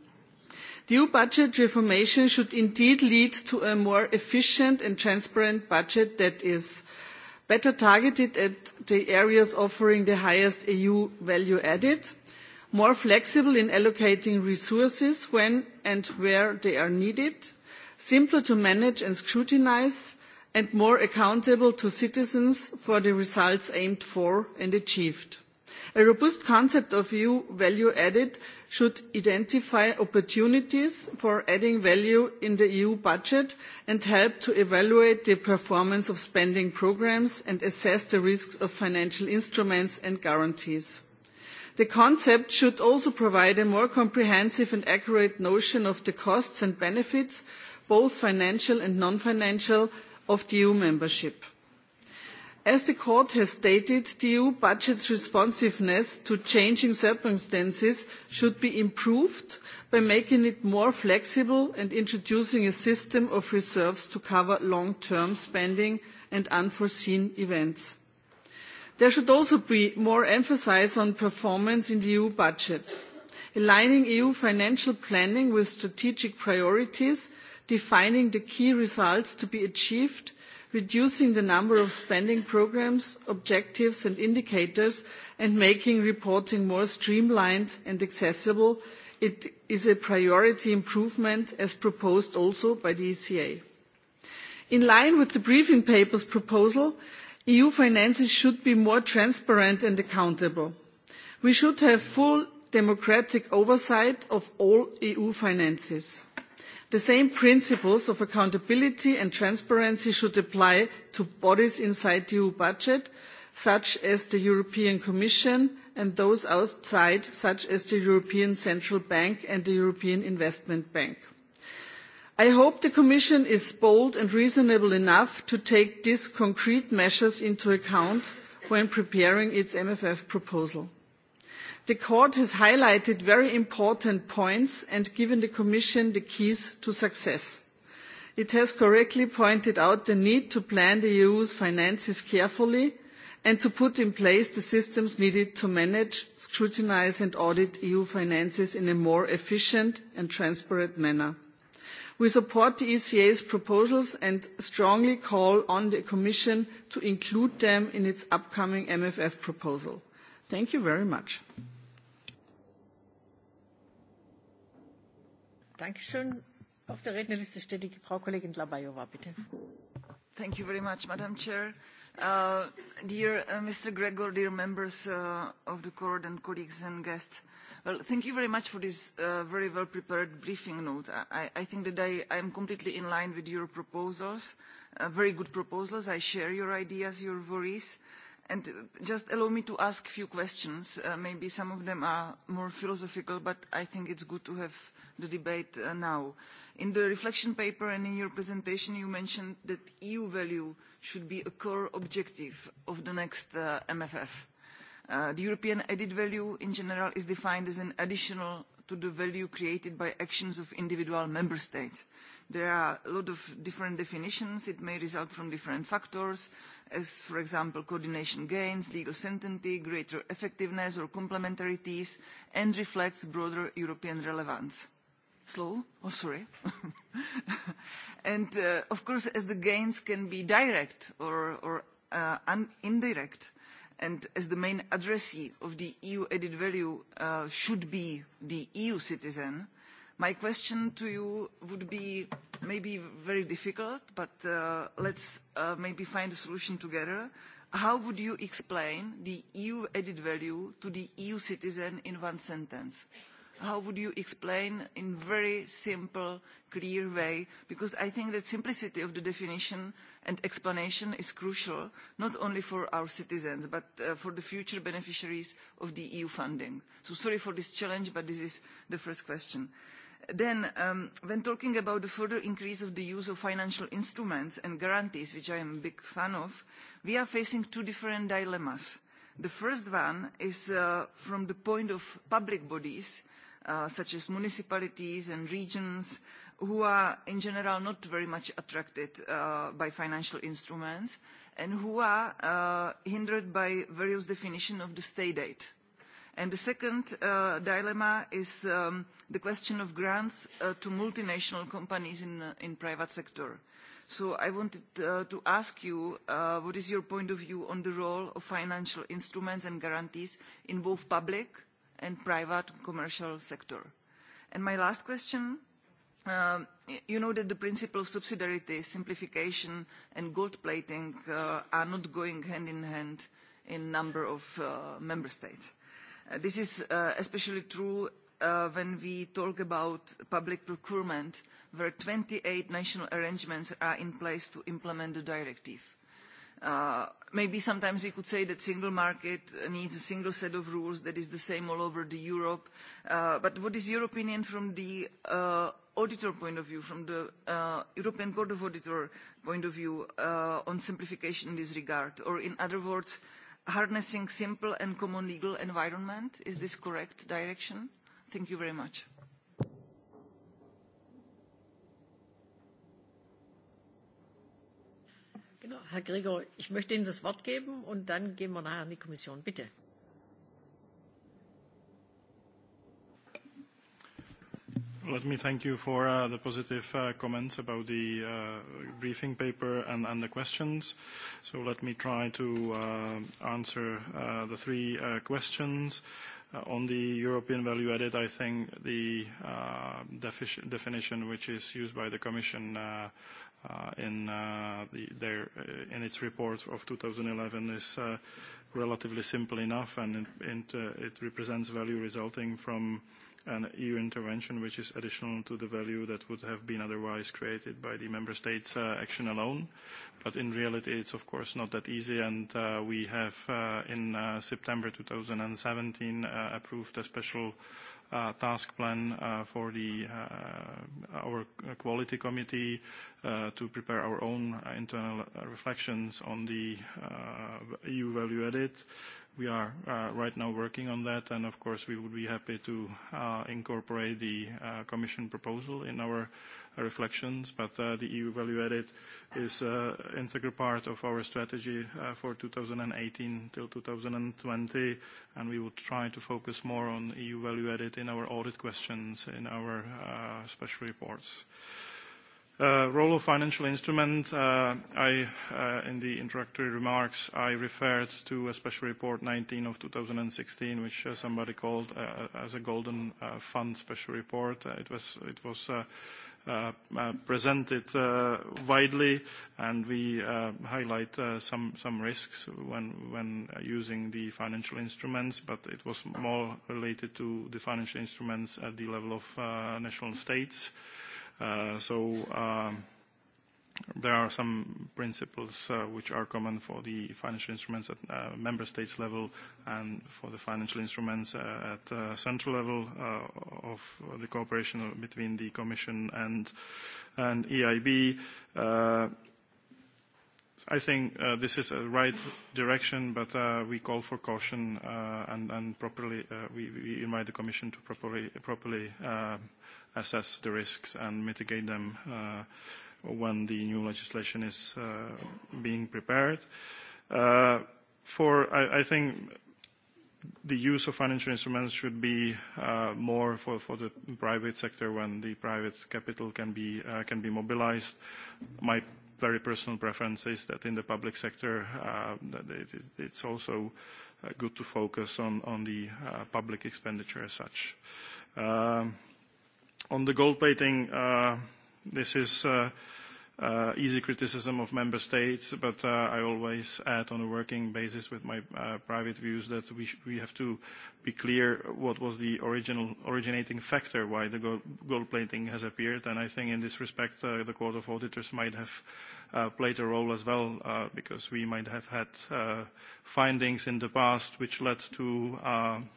the eu budget reformation should indeed lead to a more efficient and transparent budget that is better targeted at the areas offering the highest eu value added more flexible in allocating resources when and where they are needed simpler to manage and scrutinise and more accountable to citizens for the results aimed for and achieved. A robust concept of EU value added should identify opportunities for adding value in the EU budget and help to evaluate the performance of spending programmes and assess the risks of financial instruments and guarantees. The concept should also provide a more comprehensive and accurate notion of the costs and benefits, both financial and non-financial, of the EU membership as the court has stated the eu budget's responsiveness to changing circumstances should be improved by making it more flexible and introducing a system of reserves to cover long term spending and unforeseen events. there should also be more emphasis on performance in the eu budget aligning eu financial planning with strategic priorities defining the key results to be achieved reducing the number of spending programmes objectives and indicators and making reporting more streamlined and accessible it is a priority improvement as proposed also by the eca. in line with the briefing paper's proposal eu finances should be more transparent and accountable. we should have full democratic oversight of all eu finances the same principles of accountability and transparency should apply to bodies inside the eu budget such as the european commission and those outside such as the european central bank and the european investment bank. i hope the commission is bold and reasonable enough to take these concrete measures into account when preparing its mff proposal the court has highlighted very important points and given the commission the keys to success. it has correctly pointed out the need to plan the eu's finances carefully and to put in place the systems needed to manage scrutinise and audit eu finances in a more efficient and transparent manner. we support the eca's proposals and strongly call on the commission to include them in its upcoming mff proposal. thank you very much. Dankeschön. Auf der Rednerliste steht die Frau Kollegin Dlabajova, Thank you very much, Madam Chair. Uh, dear uh, Mr. Gregor, dear members uh, of the court and colleagues and guests, well, thank you very much for this very well prepared briefing note. I, think that I, am completely in line with your proposals, very good proposals. I share your ideas, your worries. And just allow me to ask a few questions. maybe some of them are more philosophical, but I think it's good to have the debate uh, now. In the reflection paper and in your presentation, you mentioned that EU value should be a core objective of the next uh, MFF. Uh, the European added value in general is defined as an additional to the value created by actions of individual member states. There are a lot of different definitions. It may result from different factors, as, for example, coordination gains, legal certainty, greater effectiveness or complementarities, and reflects broader European relevance slow, oh sorry. and uh, of course, as the gains can be direct or, or uh, un indirect, and as the main addressee of the EU added value uh, should be the EU citizen, my question to you would be maybe very difficult, but uh, let's uh, maybe find a solution together. How would you explain the EU added value to the EU citizen in one sentence? how would you explain in very simple clear way because i think that simplicity of the definition and explanation is crucial not only for our citizens but uh, for the future beneficiaries of the eu funding. so sorry for this challenge but this is the first question. then um, when talking about the further increase of the use of financial instruments and guarantees which i am a big fan of we are facing two different dilemmas. the first one is uh, from the point of public bodies Uh, such as municipalities and regions, who are in general not very much attracted uh, by financial instruments and who are uh, hindered by various definitions of the state aid. And the second uh, dilemma is um, the question of grants uh, to multinational companies in, uh, in private sector. So I wanted uh, to ask you, uh, what is your point of view on the role of financial instruments and guarantees in both public and private commercial sector. And my last question, uh, you know that the principle of subsidiarity, simplification and gold plating uh, are not going hand in hand in a number of uh, member states. this is especially true when we talk about public procurement, where 28 national arrangements are in place to implement the directive Uh, maybe sometimes we could say that single market needs a single set of rules that is the same all over the Europe. Uh, but what is your opinion from the uh, auditor point of view, from the European Court of auditors point of view on simplification in this regard? Or in other words, harnessing simple and common legal environment? Is this correct direction? Thank you very much. Genau, Herr Gregor, ich möchte Ihnen das Wort geben und dann gehen wir nachher in die Kommission. Bitte. Let me thank you for uh, the positive uh, comments about the uh, briefing paper and, and the questions. So let me try to uh, answer uh, the three uh, questions. Uh, On the European value added, I think the uh, defi definition which is used by the Commission uh, Uh, uh, uh, in, its report of 2011 is relatively simple enough and it, represents value resulting from an EU intervention which is additional to the value that would have been otherwise created by the member states' action alone. But in reality, it's of course not that easy, and we have in September 2017 approved a special Uh, task plan uh, for the, uh, our quality committee to prepare our own internal reflections on the EU value added. We are uh, right now working on that, and of course, we would be happy to uh, incorporate the uh, Commission proposal in our reflections. But The EU value added is an integral part of our strategy for 2018 till 2020, and we will try to focus more on EU value added in our audit questions, in our special reports. Uh, role of financial instrument, uh, I, uh, in the introductory remarks, I referred to a special report 19 of 2016, which somebody called as a golden fund special report. It was, presented widely, and we highlight some, risks when using the financial instruments, but it was more related to the financial instruments at the level of national states. Uh, so um, there are some principles uh, which are common for the financial instruments at uh, member states level and for the financial instruments uh, at uh, central level uh, of the cooperation between the Commission and, and EIB. Uh, I think uh, this is a right direction, but uh, we call for caution uh, and, and properly uh, we, we invite the Commission to properly, properly uh, assess the risks and mitigate them uh, when the new legislation is uh, being prepared. Uh, for, I, I think the use of financial instruments should be uh, more for, for the private sector when the private capital can be, uh, can be mobilized. My very personal preference is that in the public sector, uh, that it, it's also uh, good to focus on, on the uh, public expenditure as such. Um, on the gold plating, uh, this is uh, uh, easy criticism of member states, but I always add on a working basis with my private views that we, have to be clear what was the original originating factor why the gold, plating has appeared. And I think in this respect, the Court of Auditors might have played a role as well, because we might have had findings in the past which led to um,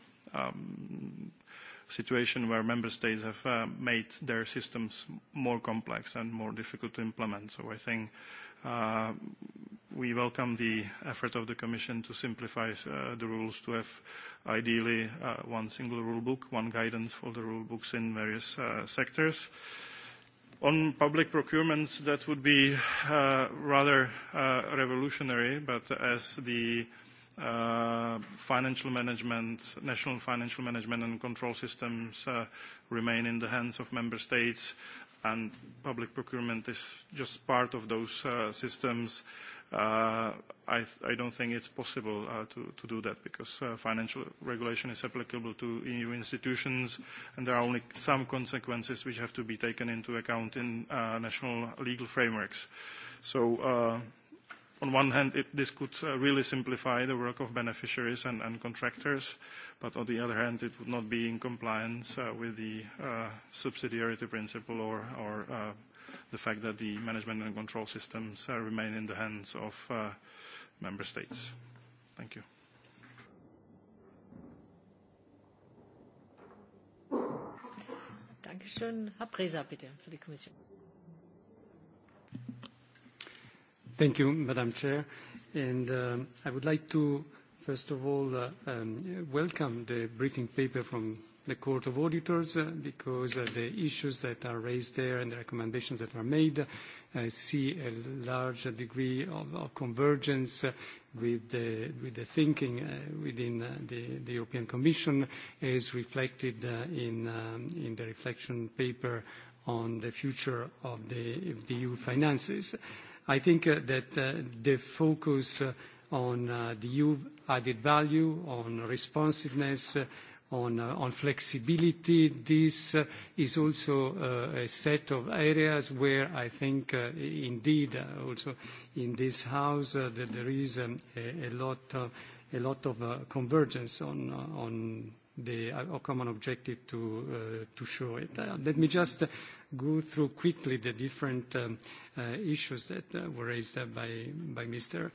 situation where member states have uh, made their systems more complex and more difficult to implement. So I think uh, we welcome the effort of the Commission to simplify uh, the rules to have ideally one single rule book, one guidance for the rule books in various sectors. On public procurements, that would be rather revolutionary, but as the Uh, financial management, national financial management and control systems uh, remain in the hands of member states, and public procurement is just part of those uh, systems. I, don't think it's possible to do that because financial regulation is applicable to EU institutions, and there are only some consequences which have to be taken into account in national legal frameworks. So, on one hand, this could uh, really simplify the work of beneficiaries and, contractors, but on the other hand, it would not be in compliance uh, with the uh, subsidiarity principle or, the fact that the management and control systems remain in the hands of member states. Thank you. Dankeschön. Herr Presa, bitte, für die Kommission. Thank you, Madam Chair. And um, I would like to, first of all, uh, um, welcome the briefing paper from the Court of Auditors, uh, because uh, the issues that are raised there and the recommendations that are made see a large degree of, convergence with the, thinking within the, European Commission, as reflected um, in, the reflection paper on the future of the EU e finances. I think uh, that uh, the focus uh, on the EU added value, on responsiveness, on, on flexibility, this is also a set of areas where I think indeed also in this house that there is um, a, lot of, a lot of convergence on, on the common objective to, uh, show it. Uh, let me just go through quickly the different um, uh, issues that were raised by, Mr.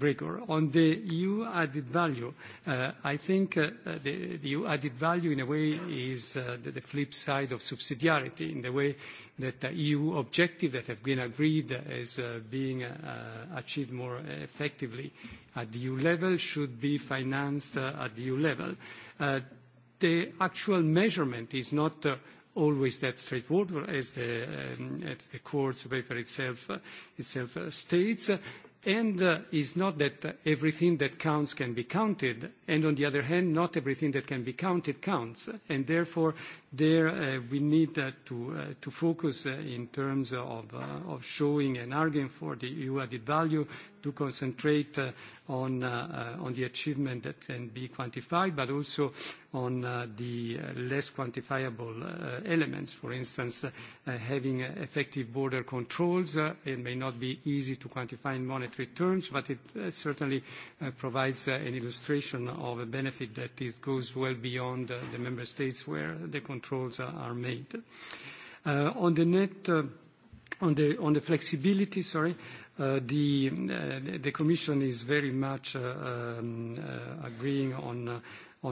Gregor. On the EU added value, I think the, EU e added value in a way is the flip side of subsidiarity in the way that the EU objective that have been agreed as being achieved more effectively at the EU level should be financed at the EU level. Uh, the actual measurement is not uh, always that straightforward uh, um, as the, quartz court's paper itself, states, and it's is not that everything that counts can be counted, and on the other hand, not everything that can be counted counts. And therefore, there we need to, focus in terms of, of showing and arguing for the EU added value to concentrate uh, uh, uh, on, the achievement that can be quantified, but also on the less quantifiable elements. For instance, having effective border controls, it may not be easy to quantify in monetary terms, but it certainly provides an illustration of a benefit that it goes well beyond the member states where the controls are made. on the net, on the flexibility, sorry, Uh, uh, the, Commission is very much uh, um, agreeing on,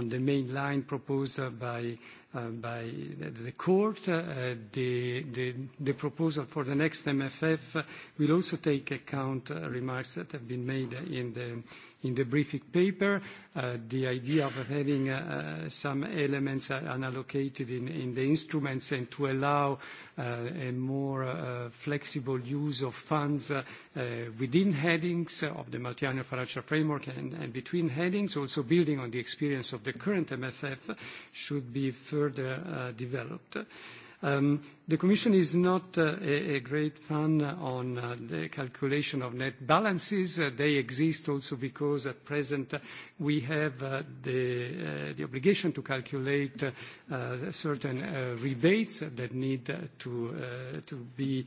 the main line proposed by, the court. the proposal for the next MFF will also take account remarks that have been made in the in the briefing paper. Uh, the idea of having uh, uh, some elements unallocated in, the instruments and to allow a more flexible use of funds within headings of the multi-annual financial framework and, between headings, also building on the experience of the current MFF, should be further developed. Um, The Commission is not uh, a, great fan uh, on uh, the calculation of net balances. they exist also because at present we have the, obligation to calculate certain rebates that need to, be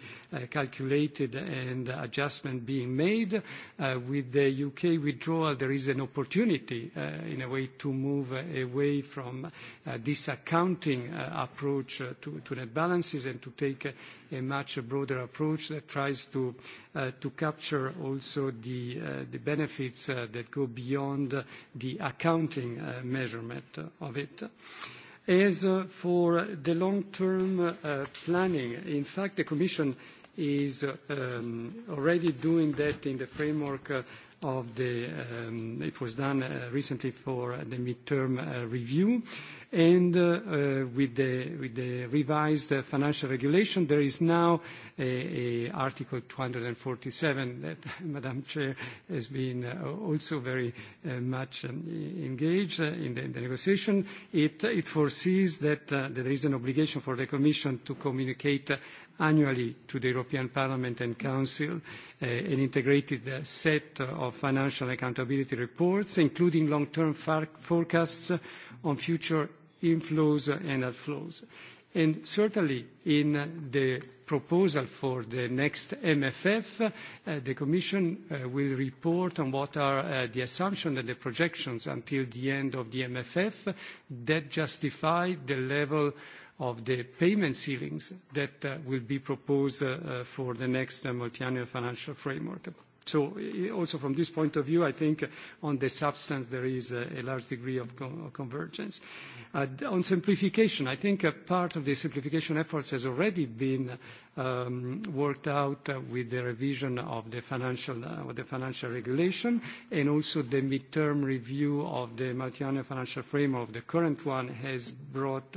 calculated and adjustment being made. With the U.K. withdrawal, there is an opportunity in a way to move away from this accounting approach to net balances and to take a much broader approach that tries to, uh, capture also the, uh, benefits uh, that go beyond the accounting measurement of it. As for the long-term planning, in fact, the Commission is um, already doing that in the framework of the, um, it was done uh, recently for uh, the midterm uh, review. and With the revised financial regulation, there is now a, Article 247 that Madam Chair has been also very much um, e-, engaged in the, negotiation. it foresees that there is an obligation for the Commission to communicate annually to the European Parliament and Council uh, an integrated uh, set of financial accountability reports, including long-term forecasts on future inflows and outflows. And certainly in uh, the proposal for the next MFF, uh, the Commission uh, will report on what are uh, the assumptions and the projections until the end of the MFF that justify the level of the payment ceilings that uh, will be proposed uh, uh, for the next multi-annual financial framework. So also from this point of view, I think on the substance, there is a, large degree of convergence. on simplification, I think a part of the simplification efforts has already been um, worked out with the revision of the financial, uh, the financial regulation, and also the midterm review of the multi-annual financial framework, the current one, has brought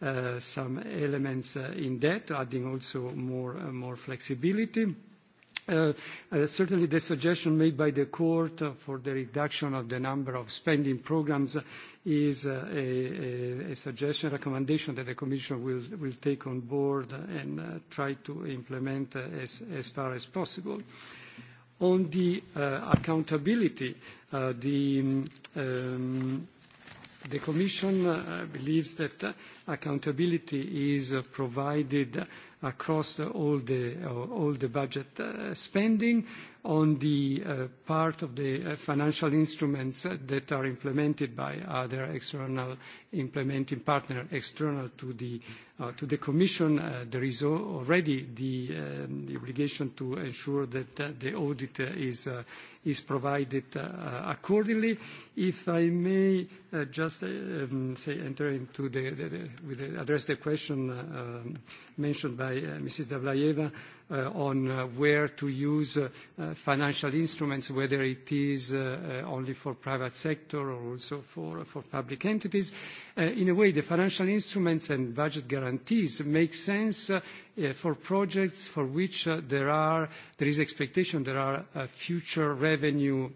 Uh, some elements uh, in that, adding also more, uh, more flexibility. Certainly, the suggestion made by the court for the reduction of the number of spending programs is a, suggestion, recommendation that the commission will, will take on board and try to implement as, as far as possible. On the accountability, the um, The Commission uh, believes that uh, accountability is uh, provided across all the, all the budget spending on the uh, part of the uh, financial instruments uh, that are implemented by other external implementing partner external to the, Commission, there is already um, the, obligation to ensure that the audit is, provided accordingly. If I may just um, say enter into address the question um, mentioned by Mrs. Davlaeva Uh, on uh, where to use uh, financial instruments, whether it is only for private sector or also for, public entities. Uh, in a way, the financial instruments and budget guarantees make sense uh, uh, for projects for which there, are, there is expectation there are future revenue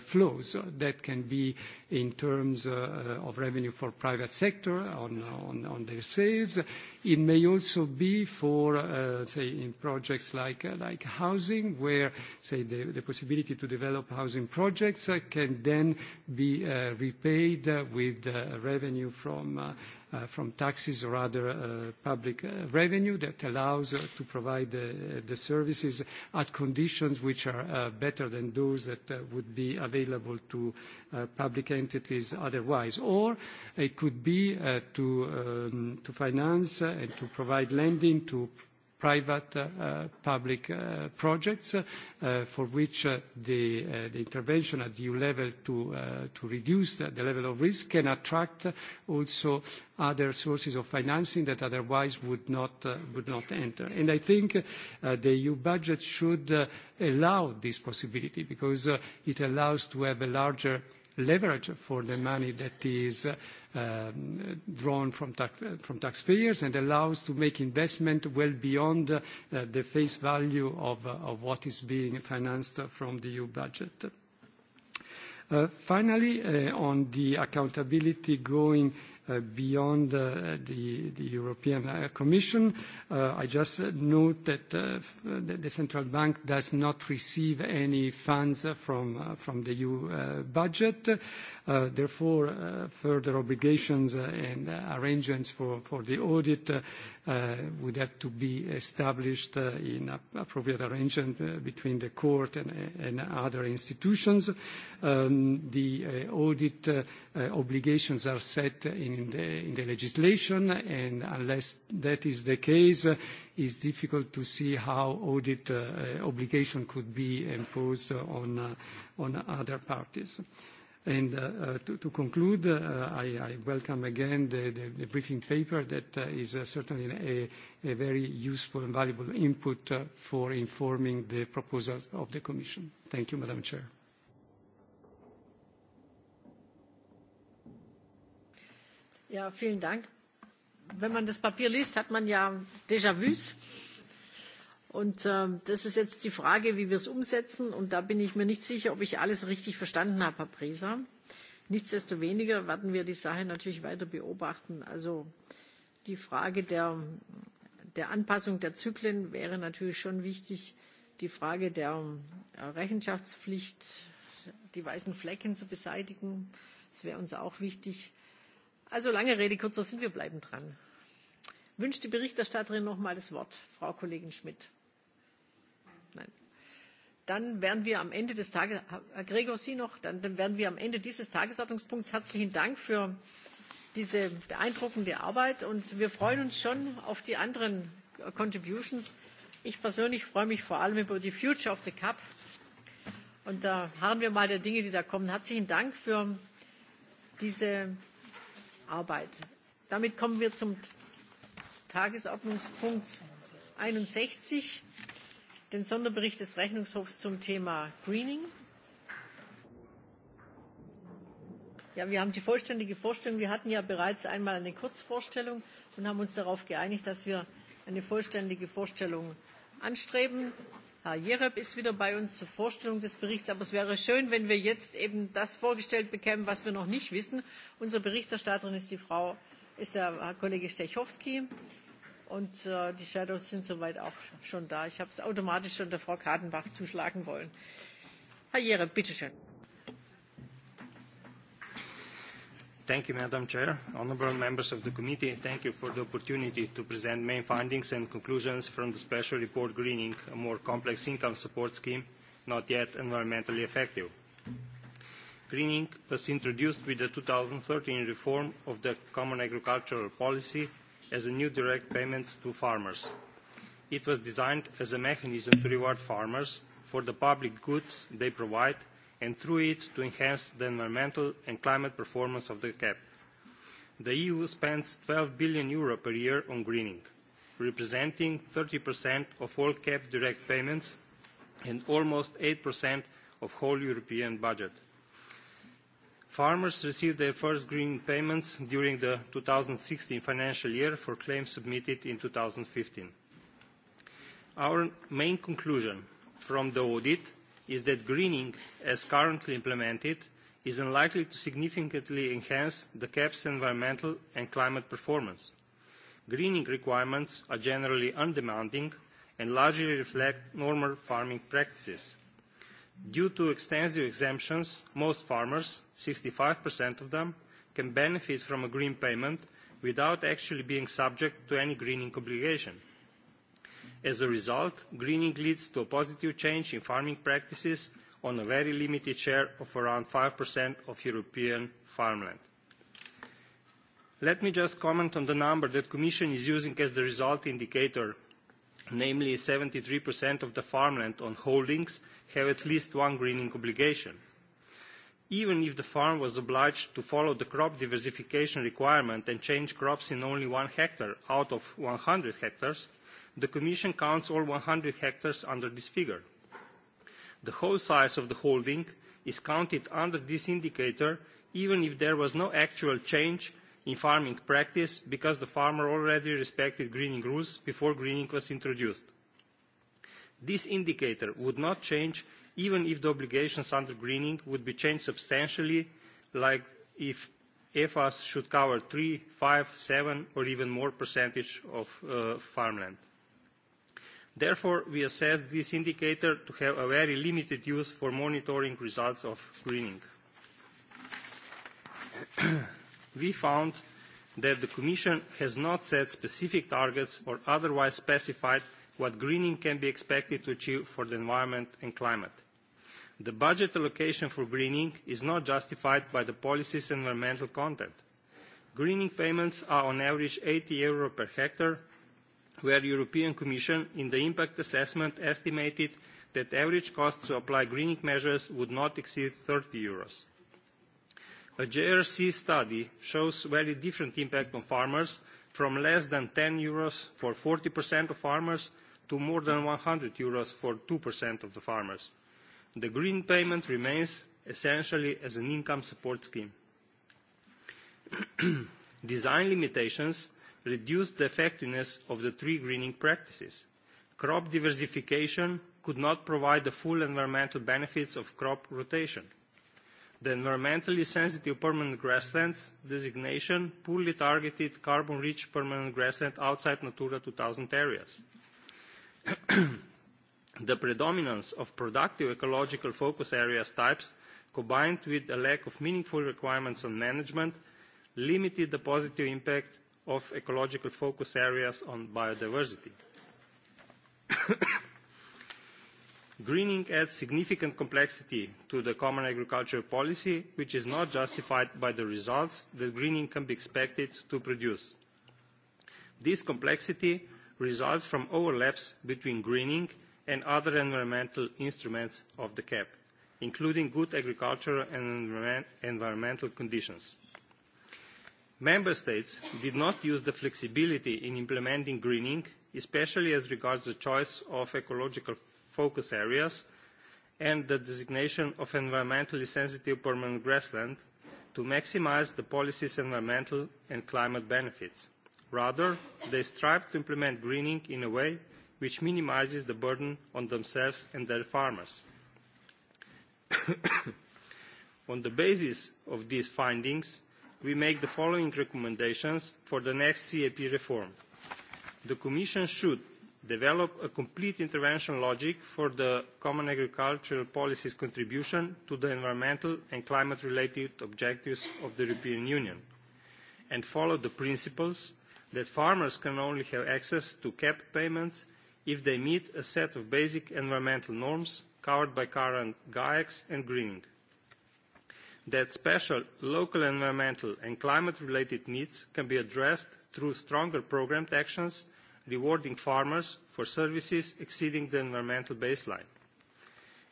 flows that can be in terms of revenue for private sector on, on, on their sales. It may also be for, say, in projects like, like housing, where, say, the, the possibility to develop housing projects can then be repaid with revenue from Uh, uh, from, taxes or other uh, public revenue that allows to provide the services at conditions which are better than those that would be available to public entities otherwise. Or it could be um, to finance and to provide lending to private uh, uh, public uh, projects for which the, intervention at EU level to, reduce the, the level of risk can attract also other sources of financing that otherwise would not, would not enter. And I think the EU budget should allow this possibility because it allows to have a larger leverage for the money that is uh, drawn from, taxpayers and allows to make investment well beyond uh, the face value uh, of, what is being financed from the EU budget. finally, on the accountability going Uh, beyond uh, the, European uh, Commission. I just note that the central bank does not receive any funds from, from the EU budget. Therefore, further obligations and arrangements for, for the audit Uh, would have to be established uh, in appropriate arrangement uh, between the court and, other institutions. Um, the audit obligations are set in the, legislation, and unless that is the case, it's difficult to see how audit obligation could be imposed on, on other parties. And uh, uh, to, to conclude, uh, I, I welcome again the, the, the briefing paper that uh, is uh, certainly a, a very useful and valuable input uh, for informing the proposals of the Commission. Thank you, Madam Chair. Ja, vielen Dank. Wenn man das Papier liest, hat man ja Déjà-vus. Und äh, das ist jetzt die Frage, wie wir es umsetzen. Und da bin ich mir nicht sicher, ob ich alles richtig verstanden habe, Herr Presa. Nichtsdestoweniger werden wir die Sache natürlich weiter beobachten. Also die Frage der, der Anpassung der Zyklen wäre natürlich schon wichtig. Die Frage der äh, Rechenschaftspflicht, die weißen Flecken zu beseitigen, das wäre uns auch wichtig. Also lange Rede, kurzer Sinn, wir bleiben dran. Wünscht die Berichterstatterin noch mal das Wort, Frau Kollegin Schmidt. Nein. Dann werden wir am Ende des Tages, Herr Gregor, Sie noch, dann, dann werden wir am Ende dieses Tagesordnungspunkts herzlichen Dank für diese beeindruckende Arbeit und wir freuen uns schon auf die anderen Contributions. Ich persönlich freue mich vor allem über die Future of the Cup und da harren wir mal der Dinge, die da kommen. Herzlichen Dank für diese Arbeit. Damit kommen wir zum Tagesordnungspunkt 61 den Sonderbericht des Rechnungshofs zum Thema Greening. Ja, wir haben die vollständige Vorstellung. Wir hatten ja bereits einmal eine Kurzvorstellung und haben uns darauf geeinigt, dass wir eine vollständige Vorstellung anstreben. Herr Jereb ist wieder bei uns zur Vorstellung des Berichts, aber es wäre schön, wenn wir jetzt eben das vorgestellt bekämen, was wir noch nicht wissen. Unsere Berichterstatterin ist die Frau, ist der Herr Kollege Stechowski Und äh, die Shadows sind soweit auch schon da. Ich habe es automatisch schon der Frau Kadenbach zuschlagen wollen. Herr Jere, bitteschön. Thank you, Madam Chair. Honorable members of the committee, thank you for the opportunity to present main findings and conclusions from the special report Greening, a more complex income support scheme, not yet environmentally effective. Greening was introduced with the 2013 reform of the Common Agricultural Policy as a new direct payments to farmers. It was designed as a mechanism to reward farmers for the public goods they provide and through it to enhance the environmental and climate performance of the cap. The EU spends 12 billion euro per year on greening, representing 30% of all cap direct payments and almost 8% of whole European budget. Farmers received their first green payments during the 2016 financial year for claims submitted in 2015. Our main conclusion from the audit is that greening, as currently implemented, is unlikely to significantly enhance the CAP's environmental and climate performance. Greening requirements are generally undemanding and largely reflect normal farming practices. Due to extensive exemptions, most farmers, 65% of them, can benefit from a green payment without actually being subject to any greening obligation. As a result, greening leads to a positive change in farming practices on a very limited share of around 5% of European farmland. Let me just comment on the number that Commission is using as the result indicator namely 73% of the farmland on holdings have at least one greening obligation. Even if the farm was obliged to follow the crop diversification requirement and change crops in only one hectare out of 100 hectares, the Commission counts all 100 hectares under this figure. The whole size of the holding is counted under this indicator even if there was no actual change in farming practice because the farmer already respected greening rules before greening was introduced. This indicator would not change even if the obligations under greening would be changed substantially, like if EFAS should cover 3, 5, 7 or even more percentage of uh, farmland. Therefore, we assess this indicator to have a very limited use for monitoring results of greening. we found that the Commission has not set specific targets or otherwise specified what greening can be expected to achieve for the environment and climate. The budget allocation for greening is not justified by the policy's environmental content. Greening payments are on average 80 euro per hectare, where the European Commission in the impact assessment estimated that average cost to apply greening measures would not exceed 30 euros. A JRC study shows very different impact on farmers, from less than 10 euros for 40% of farmers to more than 100 euros for 2% of the farmers. The green payment remains essentially as an income support scheme. Design limitations reduced the effectiveness of the tree greening practices. Crop diversification could not provide the full environmental benefits of crop rotation The environmentally sensitive permanent grasslands designation poorly targeted carbon-rich permanent grassland outside Natura 2000 areas. the predominance of productive ecological focus areas types, combined with a lack of meaningful requirements on management, limited the positive impact of ecological focus areas on biodiversity. greening adds significant complexity to the common agricultural policy which is not justified by the results that greening can be expected to produce. this complexity results from overlaps between greening and other environmental instruments of the cap including good agricultural and environmental conditions. member states did not use the flexibility in implementing greening especially as regards the choice of ecological focus areas and the designation of environmentally sensitive permanent grassland to maximise the policy's environmental and climate benefits. Rather, they strive to implement greening in a way which minimises the burden on themselves and their farmers. on the basis of these findings, we make the following recommendations for the next CAP reform. The Commission should develop a complete intervention logic for the common agricultural policy's contribution to the environmental and climate-related objectives of the European Union, and follow the principles that farmers can only have access to cap payments if they meet a set of basic environmental norms covered by current GAEX and greening. That special local environmental and climate-related needs can be addressed through stronger programmed actions rewarding farmers for services exceeding the environmental baseline.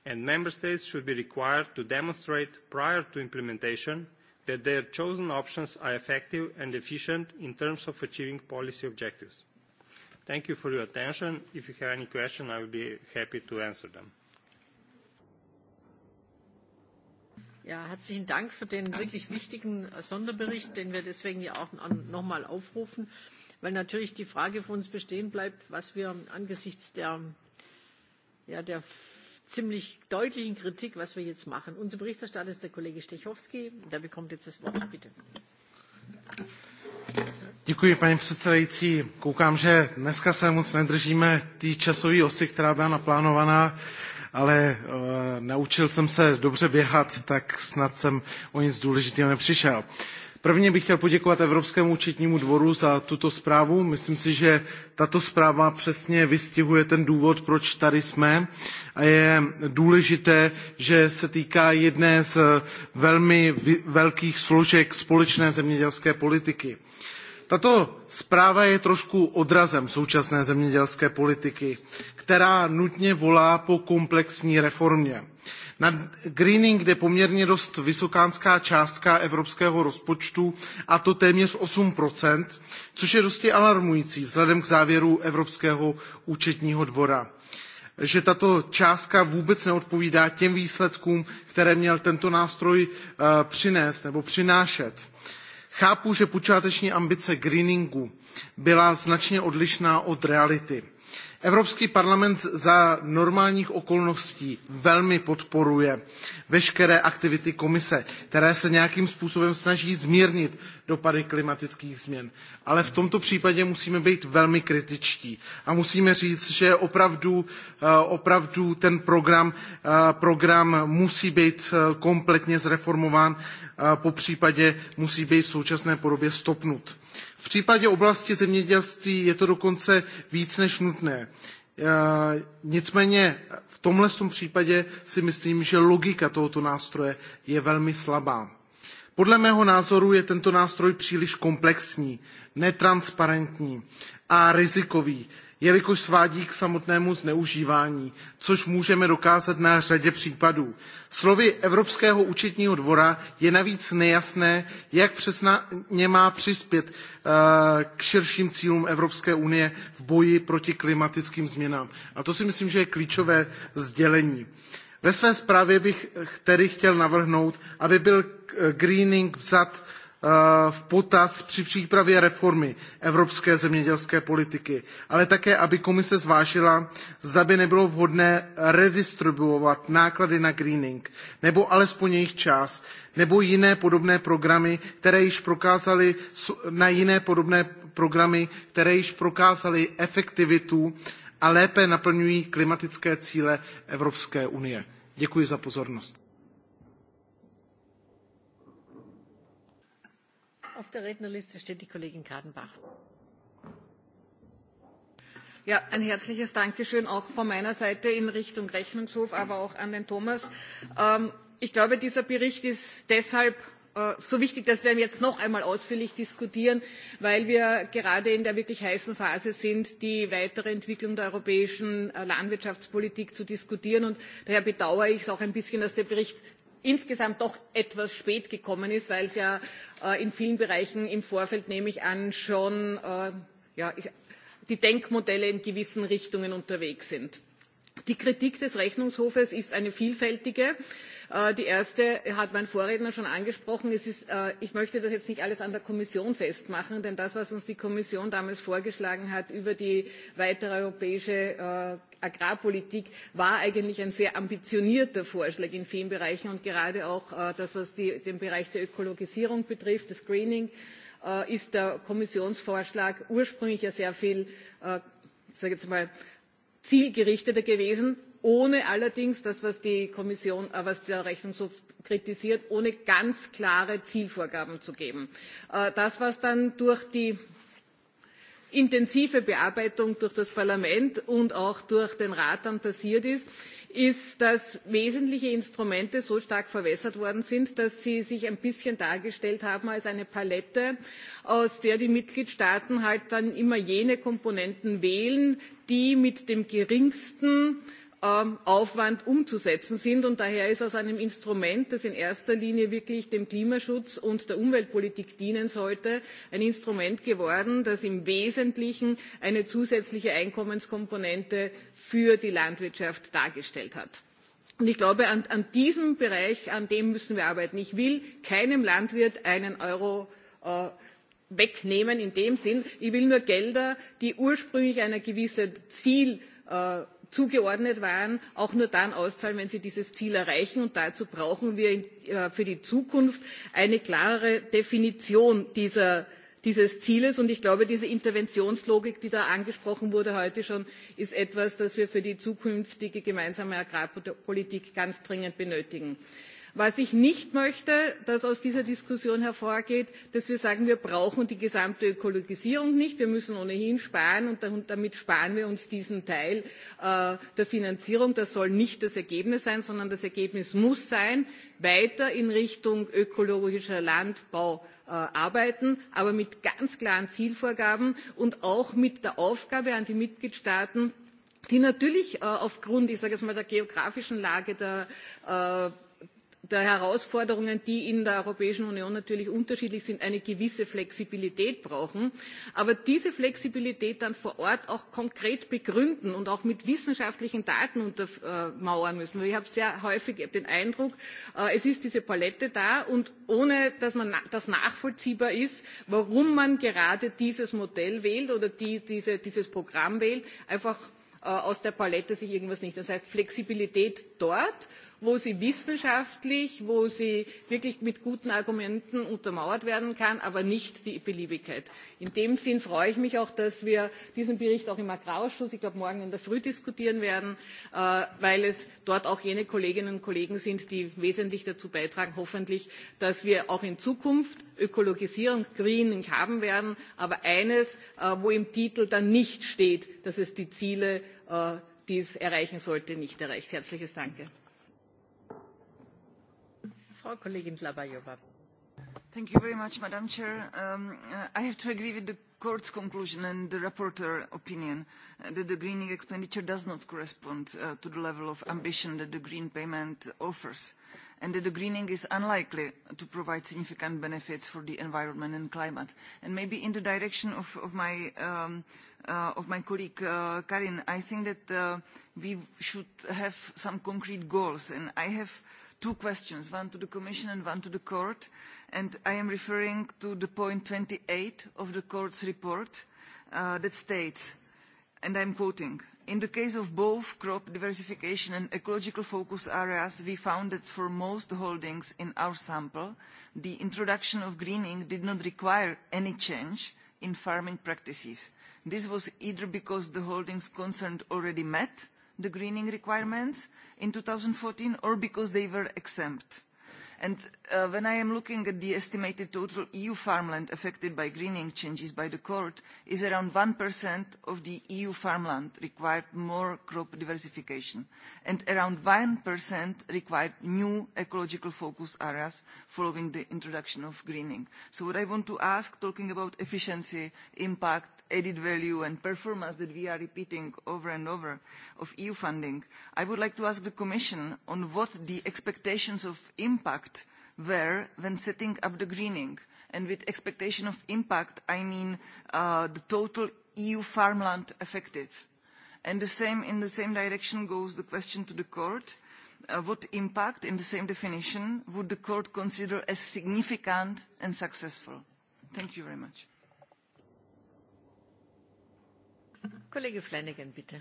And member states should be required to demonstrate prior to implementation that their chosen options are effective and efficient in terms of achieving policy objectives. Thank you for your attention. If you have any questions, I will be happy to answer them. Ja, herzlichen Dank für den wirklich wichtigen Sonderbericht, den wir deswegen ja auch nochmal aufrufen weil natürlich die Frage für uns bestehen bleibt, was wir angesichts der, ja, der ziemlich deutlichen Kritik, was wir jetzt machen. Unser Berichterstatter ist der Kollege Stechowski. Der bekommt jetzt das Wort. Bitte. Děkuji, paní předsedající. Koukám, že dneska se moc nedržíme té časové osy, která byla naplánovaná, ale e, naučil jsem se dobře běhat, tak snad jsem o nic důležitého nepřišel. Prvně bych chtěl poděkovat Evropskému účetnímu dvoru za tuto zprávu. Myslím si, že tato zpráva přesně vystihuje ten důvod, proč tady jsme a je důležité, že se týká jedné z velmi velkých složek společné zemědělské politiky. Tato zpráva je trošku odrazem současné zemědělské politiky, která nutně volá po komplexní reformě Na greening jde poměrně dost vysokánská částka evropského rozpočtu, a to téměř 8%, což je dosti alarmující vzhledem k závěru Evropského účetního dvora že tato částka vůbec neodpovídá těm výsledkům, které měl tento nástroj eh, přinést nebo přinášet. Chápu, že počáteční ambice greeningu byla značně odlišná od reality. Evropský parlament za normálních okolností velmi podporuje veškeré aktivity komise, které se nějakým způsobem snaží zmírnit dopady klimatických změn. Ale v tomto případě musíme být velmi kritičtí a musíme říct, že opravdu, eh, opravdu ten program, eh, program musí být eh, kompletně zreformován, popřípadě musí být v současné podobě stopnut případě oblasti zemědělství je to dokonce víc než nutné. E, nicméně v tomhle případě si myslím, že logika tohoto nástroje je velmi slabá. Podle mého názoru je tento nástroj příliš komplexní, netransparentní a rizikový jelikož svádí k samotnému zneužívání, což můžeme dokázat na řadě případů. Slovy Evropského účetního dvora je navíc nejasné, jak přesně má přispět eh, k širším cílům Evropské unie v boji proti klimatickým změnám. A to si myslím, že je klíčové sdělení. Ve své zprávě bych tedy chtěl navrhnout, aby byl greening vzat uh, Eh, v potaz při přípravě reformy evropské zemědělské politiky, ale také, aby komise zvážila, zda by nebylo vhodné redistribuovat náklady na greening, nebo alespoň jejich část, nebo jiné podobné programy, které již prokázaly na jiné podobné programy, které již prokázaly efektivitu a lépe naplňují klimatické cíle Evropské unie. Děkuji za pozornost. Auf der Rednerliste steht die Kollegin Kadenbach. Ja, ein herzliches Dankeschön auch von meiner Seite in Richtung Rechnungshof, aber auch an den Thomas. Ähm, ich glaube, dieser Bericht ist deshalb äh, so wichtig, dass wir ihn jetzt noch einmal ausführlich diskutieren, weil wir gerade in der wirklich heißen Phase sind, die weitere Entwicklung der europäischen äh, Landwirtschaftspolitik zu diskutieren. Und daher bedauere ich es auch ein bisschen, dass der Bericht insgesamt doch etwas spät gekommen ist, weil es ja äh, in vielen Bereichen im Vorfeld, nehme ich an, schon äh, ja, die Denkmodelle in gewissen Richtungen unterwegs sind. Die Kritik des Rechnungshofes ist eine vielfältige. Äh, die erste hat mein Vorredner schon angesprochen. Es ist, ich möchte das jetzt nicht alles an der Kommission festmachen, denn das, was uns die Kommission damals vorgeschlagen hat über die weitere europäische Agrarpolitik war eigentlich ein sehr ambitionierter Vorschlag in vielen Bereichen und gerade auch äh, das, was den Bereich der Ökologisierung betrifft, das Greening, äh, ist der Kommissionsvorschlag ursprünglich ja sehr viel, äh, sage jetzt mal, zielgerichteter gewesen, ohne allerdings das, was die Kommission, was der Rechnungshof kritisiert, ohne ganz klare Zielvorgaben zu geben. das, was dann durch die intensive bearbeitung durch das parlament und auch durch den rat dann passiert ist ist dass wesentliche instrumente so stark verwässert worden sind dass sie sich ein bisschen dargestellt haben als eine palette aus der die mitgliedstaaten halt dann immer jene komponenten wählen die mit dem geringsten Ähm, aufwand umzusetzen sind und daher ist aus einem instrument das in erster linie wirklich dem klimaschutz und der umweltpolitik dienen sollte ein instrument geworden das im wesentlichen eine zusätzliche einkommenskomponente für die landwirtschaft dargestellt hat. Und ich glaube an diesem bereich an dem müssen wir arbeiten. ich will keinem landwirt einen euro äh, wegnehmen in dem sinn ich will nur gelder die ursprünglich einer gewissen ziel äh, zugeordnet waren auch nur dann auszahlen wenn sie dieses ziel erreichen und dazu brauchen wir äh, für die zukunft eine klarere definition dieses Zieles. Und ich glaube, diese Interventionslogik, die da angesprochen wurde heute schon, ist etwas, das wir für die zukünftige gemeinsame Agrarpolitik ganz dringend benötigen was ich nicht möchte dass aus dieser diskussion hervorgeht dass wir sagen wir brauchen die gesamte ökologisierung nicht wir müssen ohnehin sparen und damit sparen wir uns diesen teil äh, der finanzierung. das soll nicht das ergebnis sein sondern das ergebnis muss sein weiter in richtung ökologischer landbau äh, arbeiten aber mit ganz klaren zielvorgaben und auch mit der aufgabe an die mitgliedstaaten die natürlich äh, aufgrund ich sage jetzt mal der geografischen lage der der herausforderungen die in der europäischen union natürlich unterschiedlich sind eine gewisse flexibilität brauchen aber diese flexibilität dann vor ort auch konkret begründen und auch mit wissenschaftlichen daten untermauern müssen. ich habe sehr häufig den eindruck äh, es ist diese palette da und ohne dass das nachvollziehbar ist warum man gerade dieses modell wählt oder dieses programm wählt einfach äh, aus der palette sich irgendwas nicht. das heißt flexibilität dort wo sie wissenschaftlich, wo sie wirklich mit guten Argumenten untermauert werden kann, aber nicht die Beliebigkeit. In dem Sinn freue ich mich auch, dass wir diesen Bericht auch im Agrarausschuss, ich glaube morgen in der Früh diskutieren werden, äh, weil es dort auch jene Kolleginnen und Kollegen sind, die wesentlich dazu beitragen, hoffentlich, dass wir auch in Zukunft Ökologisierung, Greening haben werden, aber eines, äh, wo im Titel dann nicht steht, dass es die Ziele, äh, die es erreichen sollte, nicht erreicht. Herzliches Danke. Thank you very much, Madam Chair. Um, uh, I have to agree with the court's conclusion and the rapporteur opinion uh, that the greening expenditure does not correspond uh, to the level of ambition that the green payment offers, and that the greening is unlikely to provide significant benefits for the environment and climate. And maybe in the direction of, of my um, Uh, of my colleague uh, Karin, I think that uh, we should have some concrete goals, and I have two questions one to the commission and one to the court and i am referring to the point twenty eight of the court's report uh, that states and i'm quoting in the case of both crop diversification and ecological focus areas we found that for most holdings in our sample the introduction of greening did not require any change in farming practices. this was either because the holdings concerned already met the greening requirements in 2014 or because they were exempt. And uh, when I am looking at the estimated total EU farmland affected by greening changes by the court is around 1% of the EU farmland required more crop diversification and around 1% required new ecological focus areas following the introduction of greening. So what I want to ask, talking about efficiency, impact, added value and performance that we are repeating over and over of EU funding, I would like to ask the Commission on what the expectations of impact were when setting up the greening. And with expectation of impact, I mean uh, the total EU farmland affected. And the same, in the same direction goes the question to the court. Uh, what impact, in the same definition, would the court consider as significant and successful? Thank you very much. Kollege Flanagan, bitte.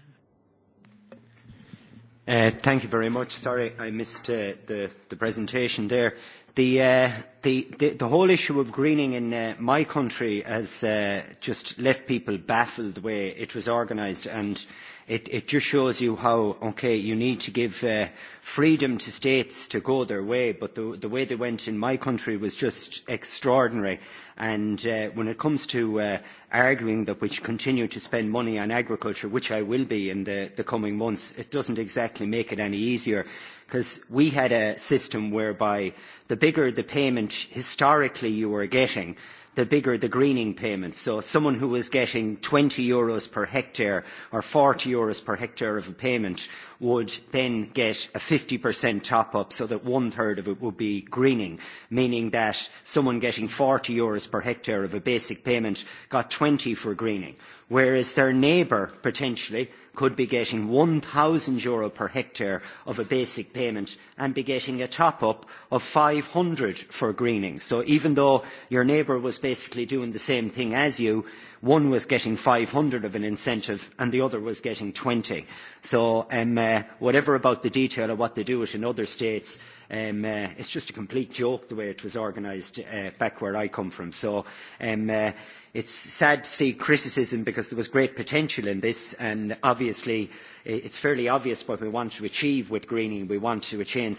Uh, thank you very much. Sorry, I missed uh, the, the presentation there. The, uh, the, the, the whole issue of greening in uh, my country has uh, just left people baffled the way it was organised and it, it just shows you how, okay, you need to give uh, freedom to states to go their way, but the, the way they went in my country was just extraordinary. And uh, when it comes to uh, arguing that we should continue to spend money on agriculture, which I will be in the, the coming months, it doesn't exactly make it any easier because we had a system whereby the bigger the payment historically you were getting, the bigger the greening payment. So someone who was getting 20 euros per hectare or 40 euros per hectare of a payment would then get a 50% top up so that one third of it would be greening, meaning that someone getting 40 euros per hectare of a basic payment got 20 for greening, whereas their neighbour potentially could be getting 1,000 euro per hectare of a basic payment and be getting a top up of 500 for greening. So even though your neighbour was basically doing the same thing as you, one was getting 500 of an incentive and the other was getting 20. So um, uh, whatever about the detail of what they do it in other states, um, uh, it's just a complete joke the way it was organised uh, back where I come from. So um, uh, it's sad to see criticism because there was great potential in this and obviously It's fairly obvious what we want to achieve with greening. We want to achieve,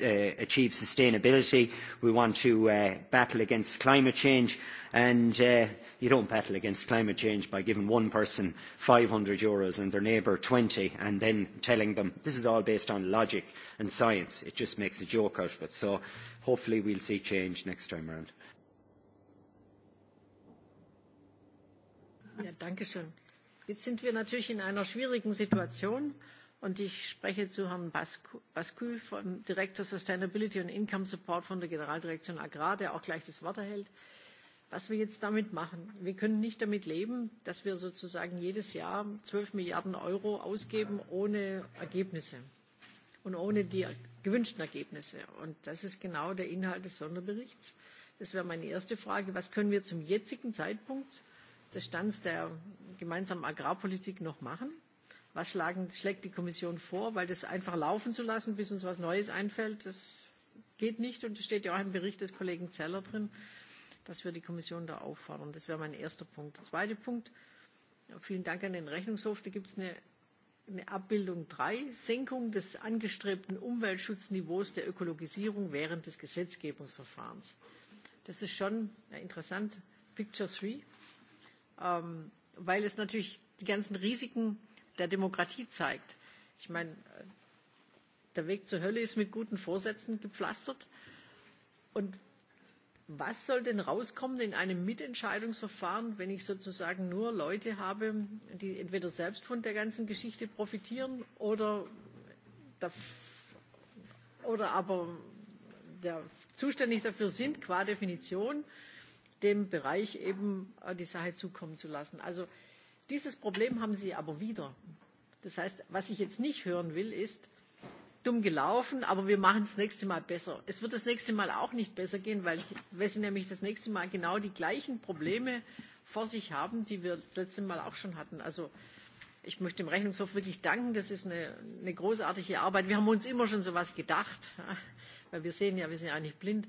uh, achieve sustainability. We want to uh, battle against climate change. And uh, you don't battle against climate change by giving one person 500 euros and their neighbour 20 and then telling them this is all based on logic and science. It just makes a joke out of it. So hopefully we'll see change next time around. Ja, danke schön. Jetzt sind wir natürlich in einer schwierigen Situation. Und ich spreche zu Herrn Bascu vom Director Sustainability and Income Support von der Generaldirektion Agrar, der auch gleich das Wort erhält. Was wir jetzt damit machen, wir können nicht damit leben, dass wir sozusagen jedes Jahr 12 Milliarden Euro ausgeben ohne Ergebnisse und ohne die gewünschten Ergebnisse. Und das ist genau der Inhalt des Sonderberichts. Das wäre meine erste Frage. Was können wir zum jetzigen Zeitpunkt des Stands der gemeinsamen Agrarpolitik noch machen? Was schlagen, schlägt die Kommission vor? Weil das einfach laufen zu lassen, bis uns was Neues einfällt, das geht nicht. Und es steht ja auch im Bericht des Kollegen Zeller drin, dass wir die Kommission da auffordern. Das wäre mein erster Punkt. Der zweite Punkt, vielen Dank an den Rechnungshof. Da gibt es eine, eine Abbildung 3, Senkung des angestrebten Umweltschutzniveaus der Ökologisierung während des Gesetzgebungsverfahrens. Das ist schon interessant. Picture 3 Ähm, weil es natürlich die ganzen Risiken der Demokratie zeigt. Ich meine, äh, der Weg zur Hölle ist mit guten Vorsätzen gepflastert. Und was soll denn rauskommen in einem Mitentscheidungsverfahren, wenn ich sozusagen nur Leute habe, die entweder selbst von der ganzen Geschichte profitieren oder, der, oder aber der, zuständig dafür sind, qua Definition, äh, dem Bereich eben äh, die Sache zukommen zu lassen. Also dieses Problem haben Sie aber wieder. Das heißt, was ich jetzt nicht hören will, ist, dumm gelaufen, aber wir machen es das nächste Mal besser. Es wird das nächste Mal auch nicht besser gehen, weil sie nämlich das nächste Mal genau die gleichen Probleme vor sich haben, die wir das letzte Mal auch schon hatten. Also ich möchte dem Rechnungshof wirklich danken. Das ist eine, eine großartige Arbeit. Wir haben uns immer schon so etwas gedacht, weil wir sehen ja, wir sind ja nicht blind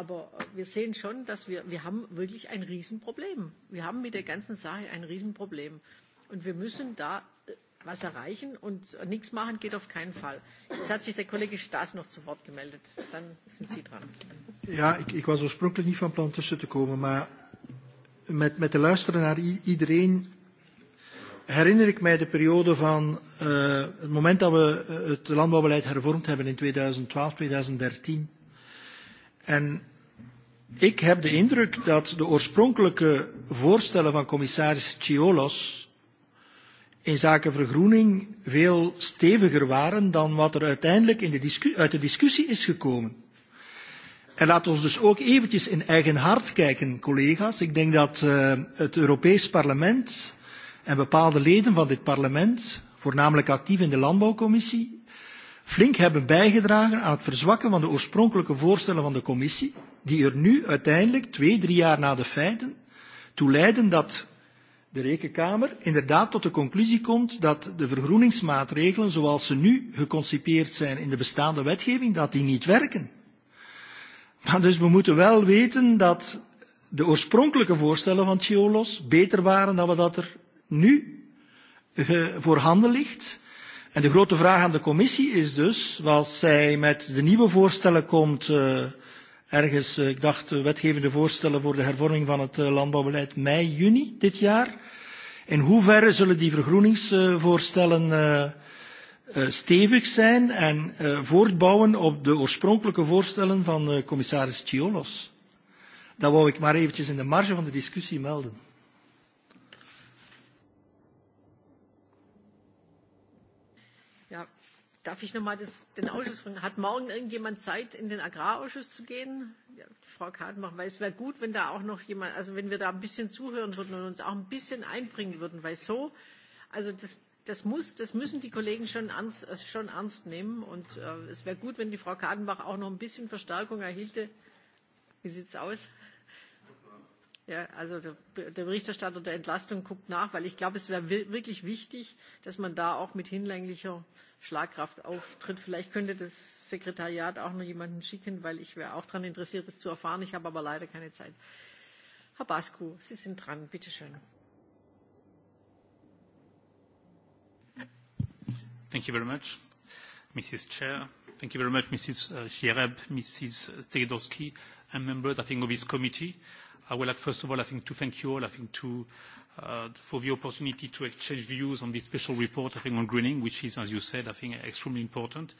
aber wir sehen schon, dass wir, wir haben wirklich ein Riesenproblem. Wir haben mit der ganzen Sache ein Riesenproblem. Und wir müssen da äh, was erreichen und nichts machen geht auf keinen Fall. Jetzt hat sich der Kollege Staas noch zu Wort gemeldet. Dann sind Sie dran. Ja, ich, ik was oorspronkelijk nicht van plan tussen te komen, maar mit, met te luisteren naar iedereen erinnere ich mich de periode von, äh, eh, dem moment dass wir das eh, Landbaubeleid hervormt haben in 2012, 2013. En Ik heb de indruk dat de oorspronkelijke voorstellen van commissaris Ciolos in zaken vergroening veel steviger waren dan wat er uiteindelijk in de uit de discussie is gekomen. En laat ons dus ook eventjes in eigen hart kijken, collega's. Ik denk dat uh, het Europees Parlement en bepaalde leden van dit parlement, voornamelijk actief in de Landbouwcommissie, flink hebben bijgedragen aan het verzwakken van de oorspronkelijke voorstellen van de commissie, die er nu uiteindelijk, twee, drie jaar na de feiten, toe leiden dat de Rekenkamer inderdaad tot de conclusie komt dat de vergroeningsmaatregelen zoals ze nu geconcipeerd zijn in de bestaande wetgeving, dat die niet werken. Maar dus we moeten wel weten dat de oorspronkelijke voorstellen van Chiolos beter waren dan wat dat er nu eh, voorhanden ligt. En de grote vraag aan de commissie is dus, als zij met de nieuwe voorstellen komt, uh, ergens, uh, ik dacht, uh, wetgevende voorstellen voor de hervorming van het uh, landbouwbeleid mei, juni dit jaar, in hoeverre zullen die vergroeningsvoorstellen uh, uh, stevig zijn en uh, voortbouwen op de oorspronkelijke voorstellen van uh, commissaris Chiolos? Dat wou ik maar eventjes in de marge van de discussie melden. darf ich nochmal den Ausschuss fragen, hat morgen irgendjemand Zeit, in den Agrarausschuss zu gehen? Ja, Frau Kartenbach, weil es wäre gut, wenn da auch noch jemand, also wenn wir da ein bisschen zuhören würden und uns auch ein bisschen einbringen würden, weil so, also das, das muss, das müssen die Kollegen schon ernst, also schon ernst nehmen und äh, es wäre gut, wenn die Frau Kartenbach auch noch ein bisschen Verstärkung erhielte. Wie sieht's aus? Ja, also der, der Berichterstatter der Entlastung guckt nach, weil ich glaube, es wäre wirklich wichtig, dass man da auch mit hinlänglicher Schlagkraft auftritt. Vielleicht könnte das Sekretariat auch noch jemanden schicken, weil ich wäre auch daran interessiert, das zu erfahren. Ich habe aber leider keine Zeit. Herr Bascu, Sie sind dran. Bitte schön. Thank you very much, Mrs. Chair. Thank you very much, Mrs. Uh, Shiereb, Mrs. Zegedowski, and members, I think, of this committee. I would like, first of all, I think, to thank you all, I think, to Uh, for the opportunity to exchange views on this special report, I think, on greening, which is, as you said, I think, extremely important.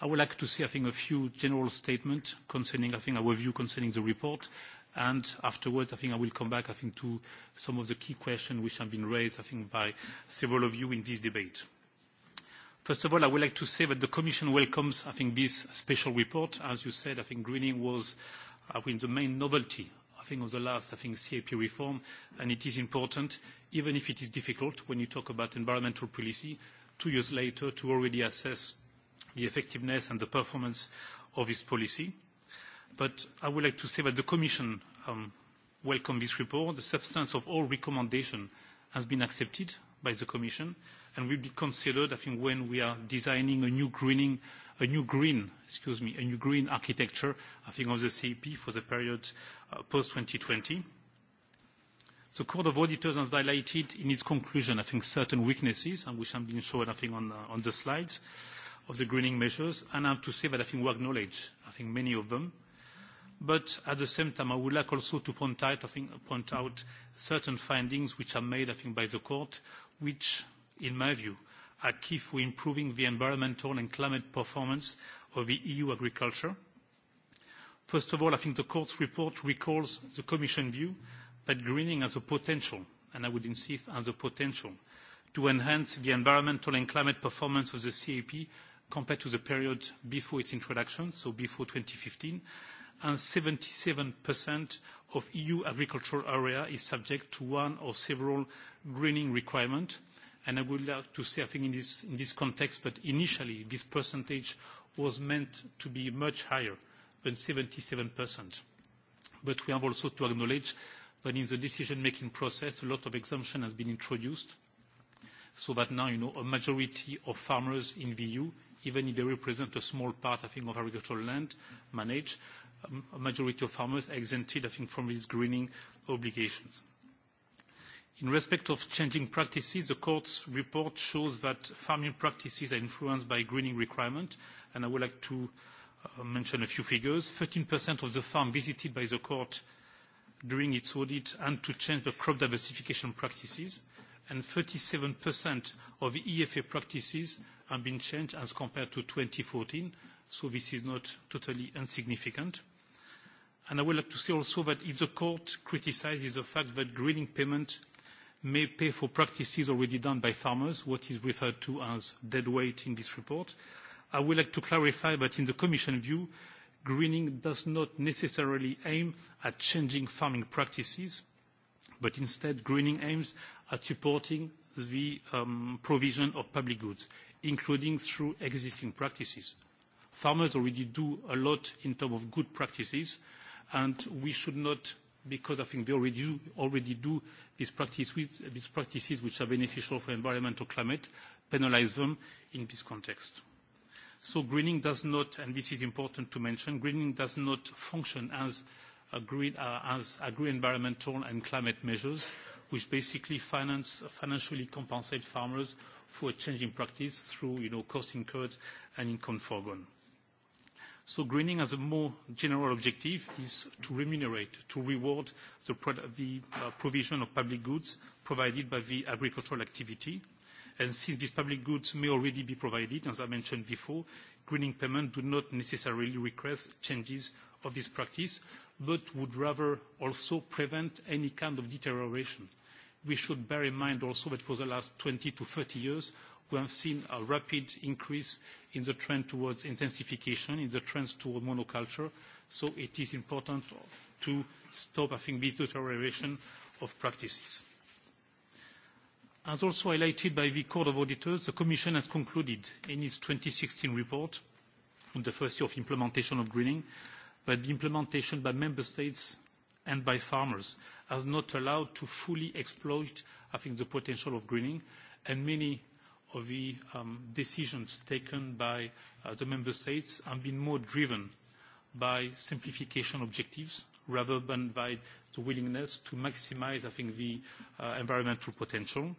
I would like to say, I think, a few general statements concerning, I think, our view concerning the report. And afterwards, I think I will come back, I think, to some of the key questions which have been raised, I think, by several of you in this debate. First of all, I would like to say that the Commission welcomes, I think, this special report. As you said, I think greening was, I think, the main novelty think, of the last, I think, CAP reform, and it is important, even if it is difficult when you talk about environmental policy, two years later to already assess the effectiveness and the performance of this policy. But I would like to say that the Commission um, welcome this report. The substance of all recommendation has been accepted by the Commission and will be considered, I think, when we are designing a new greening a new green, excuse me, a new green architecture, I think, of the CEP for the period uh, post-2020. The Court of Auditors has highlighted in its conclusion, I think, certain weaknesses, and which have been shown, I think, uh, on, the slides of the greening measures. And I have to say that I think we acknowledge, I think, many of them. But at the same time, I would like also to point out, I think, point out certain findings which are made, I think, by the court, which, in my view, are key for improving the environmental and climate performance of the EU agriculture. First of all, I think the court's report recalls the commission view that greening has the potential, and I would insist, has the potential to enhance the environmental and climate performance of the CAP compared to the period before its introduction, so before 2015, and 77% of EU agricultural area is subject to one or several greening requirement, And I would like to say, I think in this, in this context, but initially this percentage was meant to be much higher than 77%. But we have also to acknowledge that in the decision-making process, a lot of exemption has been introduced, so that now, you know, a majority of farmers in the EU, even if they represent a small part, I think, of agricultural land managed, um, a majority of farmers are exempted, I think, from these greening obligations. In respect of changing practices, the court's report shows that farming practices are influenced by greening requirement, and I would like to uh, mention a few figures. 13% of the farm visited by the court during its audit and to change the crop diversification practices, and 37% of EFA practices have been changed as compared to 2014, so this is not totally insignificant. I would like to say also that if the court criticizes the fact that greening payment may pay for practices already done by farmers, what is referred to as dead weight in this report. I would like to clarify that in the Commission view, greening does not necessarily aim at changing farming practices, but instead greening aims at supporting the um, provision of public goods, including through existing practices. Farmers already do a lot in terms of good practices, and we should not, because I think they already do these, practice these practices which are beneficial for environment or climate, penalize them in this context. So greening does not, and this is important to mention, greening does not function as, green, uh, as agri-environmental and climate measures, which basically finance, financially compensate farmers for a change in practice through, you know, cost incurred and income forgone. So greening as a more general objective is to remunerate, to reward the, uh, provision of public goods provided by the agricultural activity. And since these public goods may already be provided, as I mentioned before, greening payment do not necessarily request changes of this practice, but would rather also prevent any kind of deterioration. We should bear in mind also that for the last 20 to 30 years, we have seen a rapid increase in the trend towards intensification, in the trends toward monoculture. So it is important to stop, I think, this deterioration of practices. As also highlighted by the Court of Auditors, the Commission has concluded in its 2016 report on the first year of implementation of greening that the implementation by member states and by farmers has not allowed to fully exploit, I think, the potential of greening, and many of the um, decisions taken by uh, the member states have been more driven by simplification objectives rather than by the willingness to maximize, I think, the uh, environmental potential.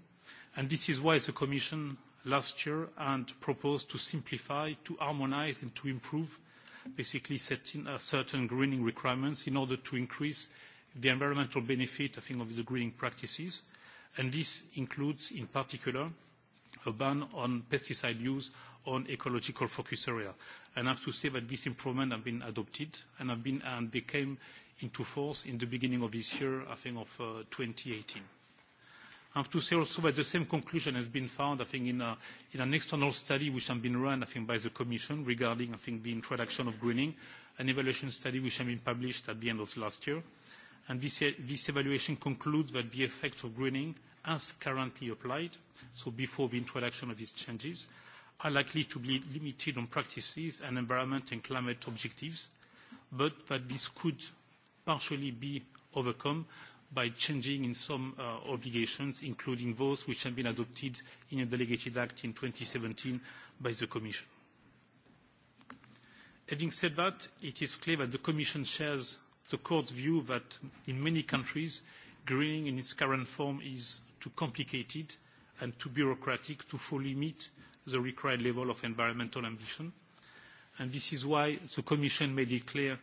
And this is why the Commission last year and proposed to simplify, to harmonize, and to improve basically setting, uh, certain greening requirements in order to increase the environmental benefit, I think, of the greening practices. And this includes, in particular, a ban on pesticide use on ecological focus area. And I have to say that this improvement has been adopted and have been and became into force in the beginning of this year, I think of uh, 2018. I have to say also that the same conclusion has been found, I think, in, a, in an external study which has been run, I think, by the Commission regarding, I think, the introduction of greening, an evaluation study which has been published at the end of last year and this, e, this evaluation concludes that the effects of greening, as currently applied, so before the introduction of these changes, are likely to be limited on practices and environment and climate objectives, but that this could partially be overcome by changing in some uh, obligations, including those which have been adopted in a delegated act in 2017 by the Commission. Having said that, it is clear that the Commission shares the court's view that in many countries, greening in its current form is too complicated and too bureaucratic to fully meet the required level of environmental ambition. And this is why the Commission made it clear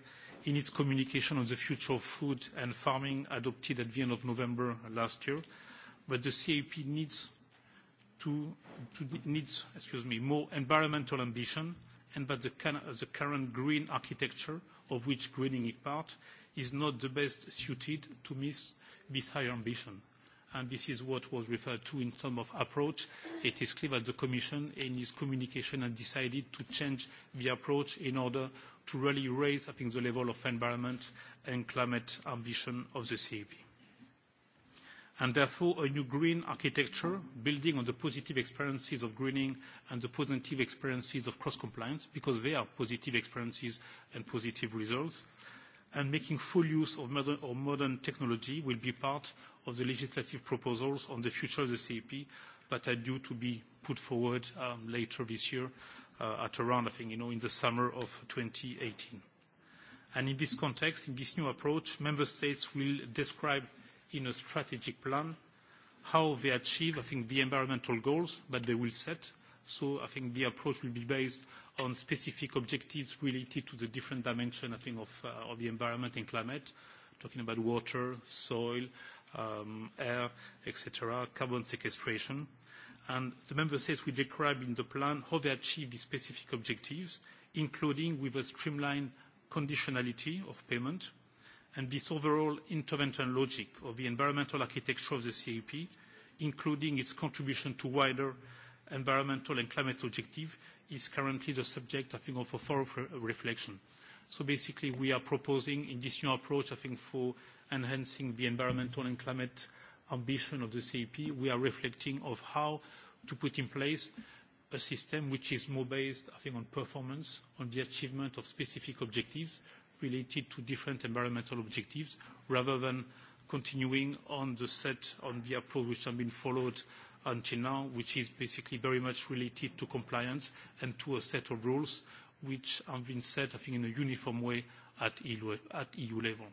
in its communication on the future of food and farming adopted at the end of November last year that the CAP needs, to, to, needs excuse me, more environmental ambition and that the, the current green architecture of which greening is part, is not the best suited to meet this high ambition. And this is what was referred to in terms of approach. It is clear that the Commission, in its communication, has decided to change the approach in order to really raise, I think, the level of environment and climate ambition of the CEP and therefore a new green architecture building on the positive experiences of greening and the positive experiences of cross-compliance, because they are positive experiences and positive results. and Making full use of modern, technology will be part of the legislative proposals on the future of the CAP that are due to be put forward um, later this year uh, at around, I think, you know, in the summer of 2018. And In this context, in this new approach, member states will describe in a strategic plan how they achieve, I think, the environmental goals that they will set. So I think the approach will be based on specific objectives related to the different dimension, I think, of, uh, of the environment and climate, talking about water, soil, um, air, et cetera, carbon sequestration. And the member states will describe in the plan how they achieve the specific objectives, including with a streamlined conditionality of payment, and this overall intervention logic of the environmental architecture of the CAP, including its contribution to wider environmental and climate objective, is currently the subject, I think, of a thorough reflection. So basically, we are proposing in this new approach, I think, for enhancing the environmental and climate ambition of the CAP, we are reflecting of how to put in place a system which is more based, I think, on performance, on the achievement of specific objectives, related to different environmental objectives rather than continuing on the set on the approach which has been followed until now, which is basically very much related to compliance and to a set of rules which have been set, I think, in a uniform way at EU, at EU level.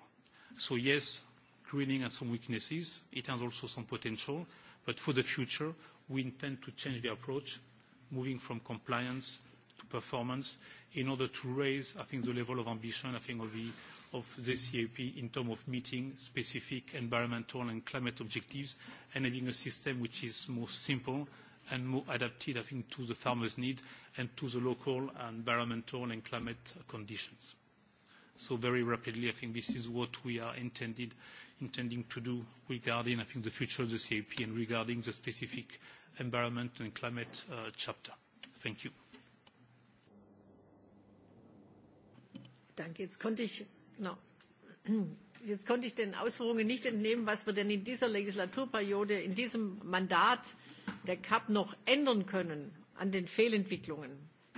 So yes, greening has some weaknesses. It has also some potential. But for the future, we intend to change the approach, moving from compliance to performance, in order to raise, I think, the level of ambition, I think, of the, CAP in terms of meeting specific environmental and climate objectives and having a system which is more simple and more adapted, I think, to the farmers' need and to the local environmental and climate conditions. So very rapidly, I think this is what we are intended, intending to do regarding, I think, the future of the CAP and regarding the specific environment and climate uh, chapter. Thank you. Danke. Jetzt konnte ich, genau, jetzt konnte ich den Ausführungen nicht entnehmen, was wir denn in dieser Legislaturperiode, in diesem Mandat der CAP noch ändern können an den Fehlentwicklungen.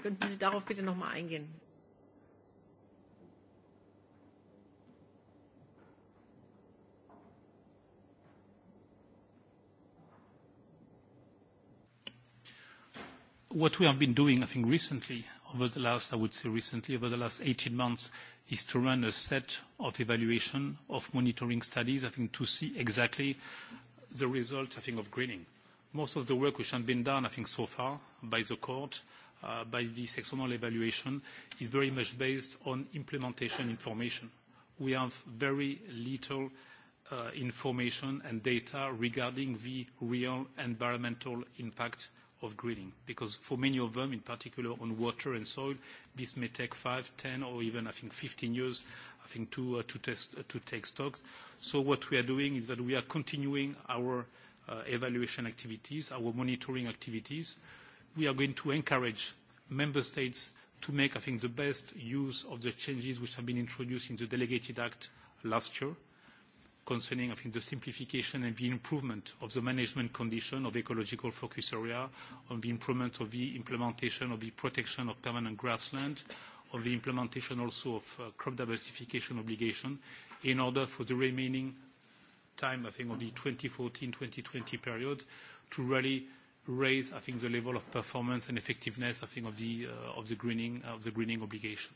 Könnten Sie darauf bitte noch mal eingehen? What we have been doing, I think, recently over the last, I would say recently, over the last 18 months, is to run a set of evaluation of monitoring studies, I think, to see exactly the result, I think, of greening. Most of the work which has been done, I think, so far by the court, uh, by this external evaluation, is very much based on implementation information. We have very little uh, information and data regarding the real environmental impact of drilling, because for many of them, in particular on water and soil, this may take five, 10, or even, I think, 15 years, I think, to, uh, to, test, uh, to take stocks. So what we are doing is that we are continuing our uh, evaluation activities, our monitoring activities. We are going to encourage member states to make, I think, the best use of the changes which have been introduced in the Delegated Act last year concerning, I think, the simplification and the improvement of the management condition of ecological focus area, on the improvement of the implementation of the protection of permanent grassland, on the implementation also of uh, crop diversification obligation, in order for the remaining time, I think, of the 2014-2020 period, to really raise, I think, the level of performance and effectiveness, I think, of the uh, greening obligation.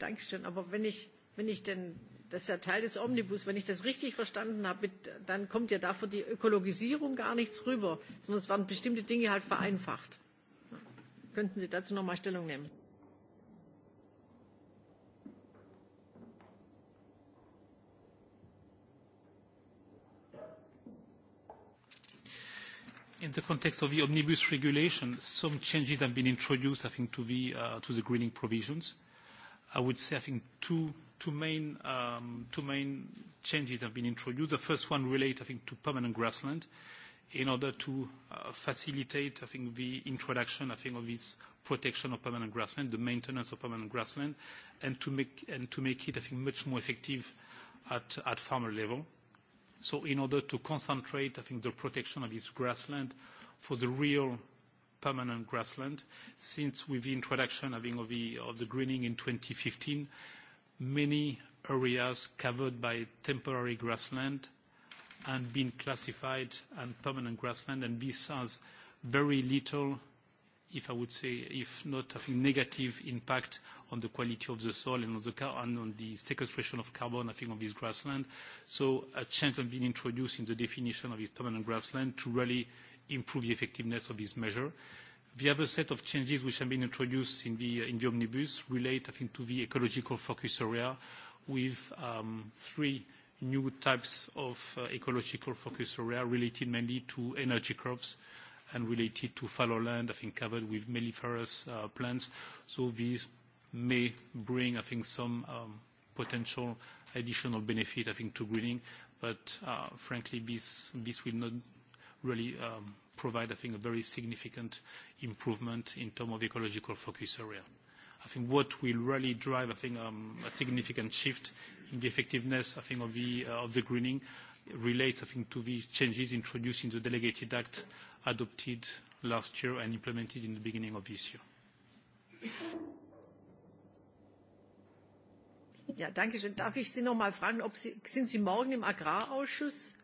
Dankeschön. Aber wenn ich, wenn ich denn, das ist ja Teil des Omnibus, wenn ich das richtig verstanden habe, dann kommt ja dafür die Ökologisierung gar nichts rüber. sondern Es werden bestimmte Dinge halt vereinfacht. Könnten Sie dazu nochmal Stellung nehmen? in the context of the omnibus regulation, some changes have been introduced, I think, to the, uh, to the greening provisions. I would say, I think um, two, main, changes have been introduced. The first one relate, I think, to permanent grassland in order to uh, facilitate, I think, the introduction, I think, of this protection of permanent grassland, the maintenance of permanent grassland, and to make, it, I think, much more effective at, at farmer level. So in order to concentrate, I think, the protection of this grassland for the real permanent grassland. Since with the introduction, I think, of the, greening in 2015, many areas covered by temporary grassland and been classified as permanent grassland, and this has very little, if I would say, if not, I think, negative impact on the quality of the soil and on the, sequestration of carbon, I think, on this grassland. So a change has been introduced in the definition of permanent grassland to really improve the effectiveness of this measure. The other set of changes which have been introduced in the, omnibus relate, I think, to the ecological focus area with um, three new types of uh, ecological focus area related mainly to energy crops and related to fallow land, I think covered with melliferous uh, plants. So these may bring, I think, some um, potential additional benefit, I think, to greening. But uh, frankly, this will not really um, provide, I think, a very significant improvement in terms of ecological focus area. I think what will really drive, I think, um, a significant shift in the effectiveness, I think, of the, uh, of the greening relates, I think, to these changes introduced in the Delegated Act adopted last year and implemented in the beginning of this year. Ja, danke schön. Darf ich Sie noch mal fragen, ob Sie, sind Sie morgen im Agrarausschuss?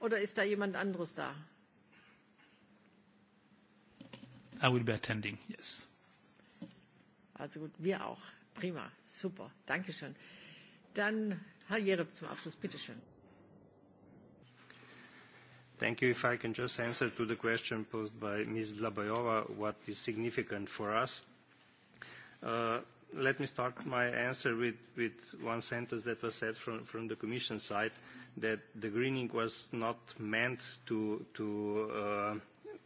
Oder ist da jemand anderes da? I will be attending, yes. Also gut, wir auch. Prima, super, danke schön. Dann Herr Jereb zum Abschluss, bitte schön. Thank you. If I can just answer to the question posed by Ms. Dlabajova, what is significant for us. Uh, let me start my answer with, with one sentence that was said from, from the Commission side. Uh, that the greening was not meant to, to uh,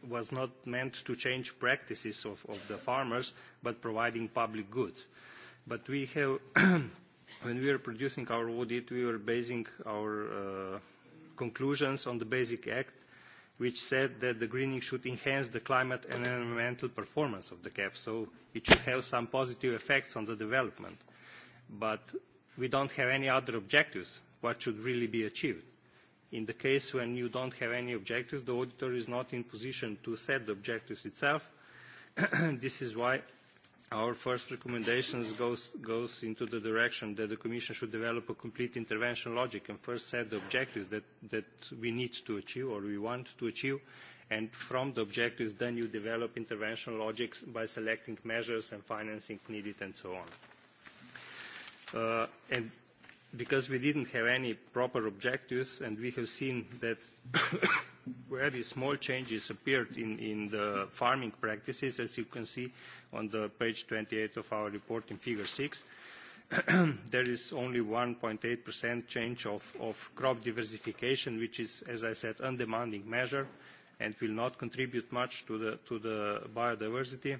was not meant to change practices of, of the farmers, but providing public goods. But we have, when we were producing our audit, we were basing our uh, conclusions on the Basic Act, which said that the greening should enhance the climate and environmental performance of the cap, so it should have some positive effects on the development. But we don't have any other objectives what should really be achieved. In the case when you don't have any objectives, the auditor is not in position to set the objectives itself. this is why our first recommendations goes, goes into the direction that the Commission should develop a complete intervention logic and first set the objectives that, that we need to achieve or we want to achieve. And from the objectives, then you develop intervention logics by selecting measures and financing needed and so on. Uh, and because we didn't have any proper objectives, and we have seen that where these small changes appeared in, in the farming practices, as you can see on the page 28 of our report in figure 6, there is only 1.8% change of, of crop diversification, which is, as I said, undemanding measure and will not contribute much to the, to the biodiversity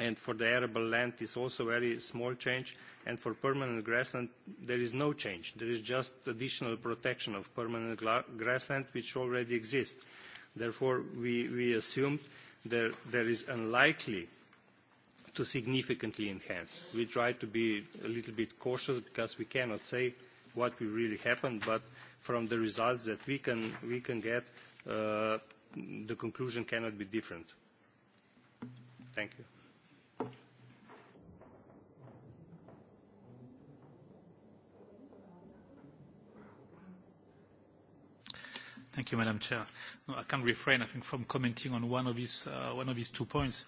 and for the arable land is also very small change and for permanent grassland there is no change there is just additional protection of permanent grassland which already exists therefore we, we assume that there is unlikely to significantly enhance we try to be a little bit cautious because we cannot say what will really happen but from the results that we can we can get uh, the conclusion cannot be different thank you Thank you, Madam Chair. No, I can't refrain, I think, from commenting on one of these, uh, one of these two points.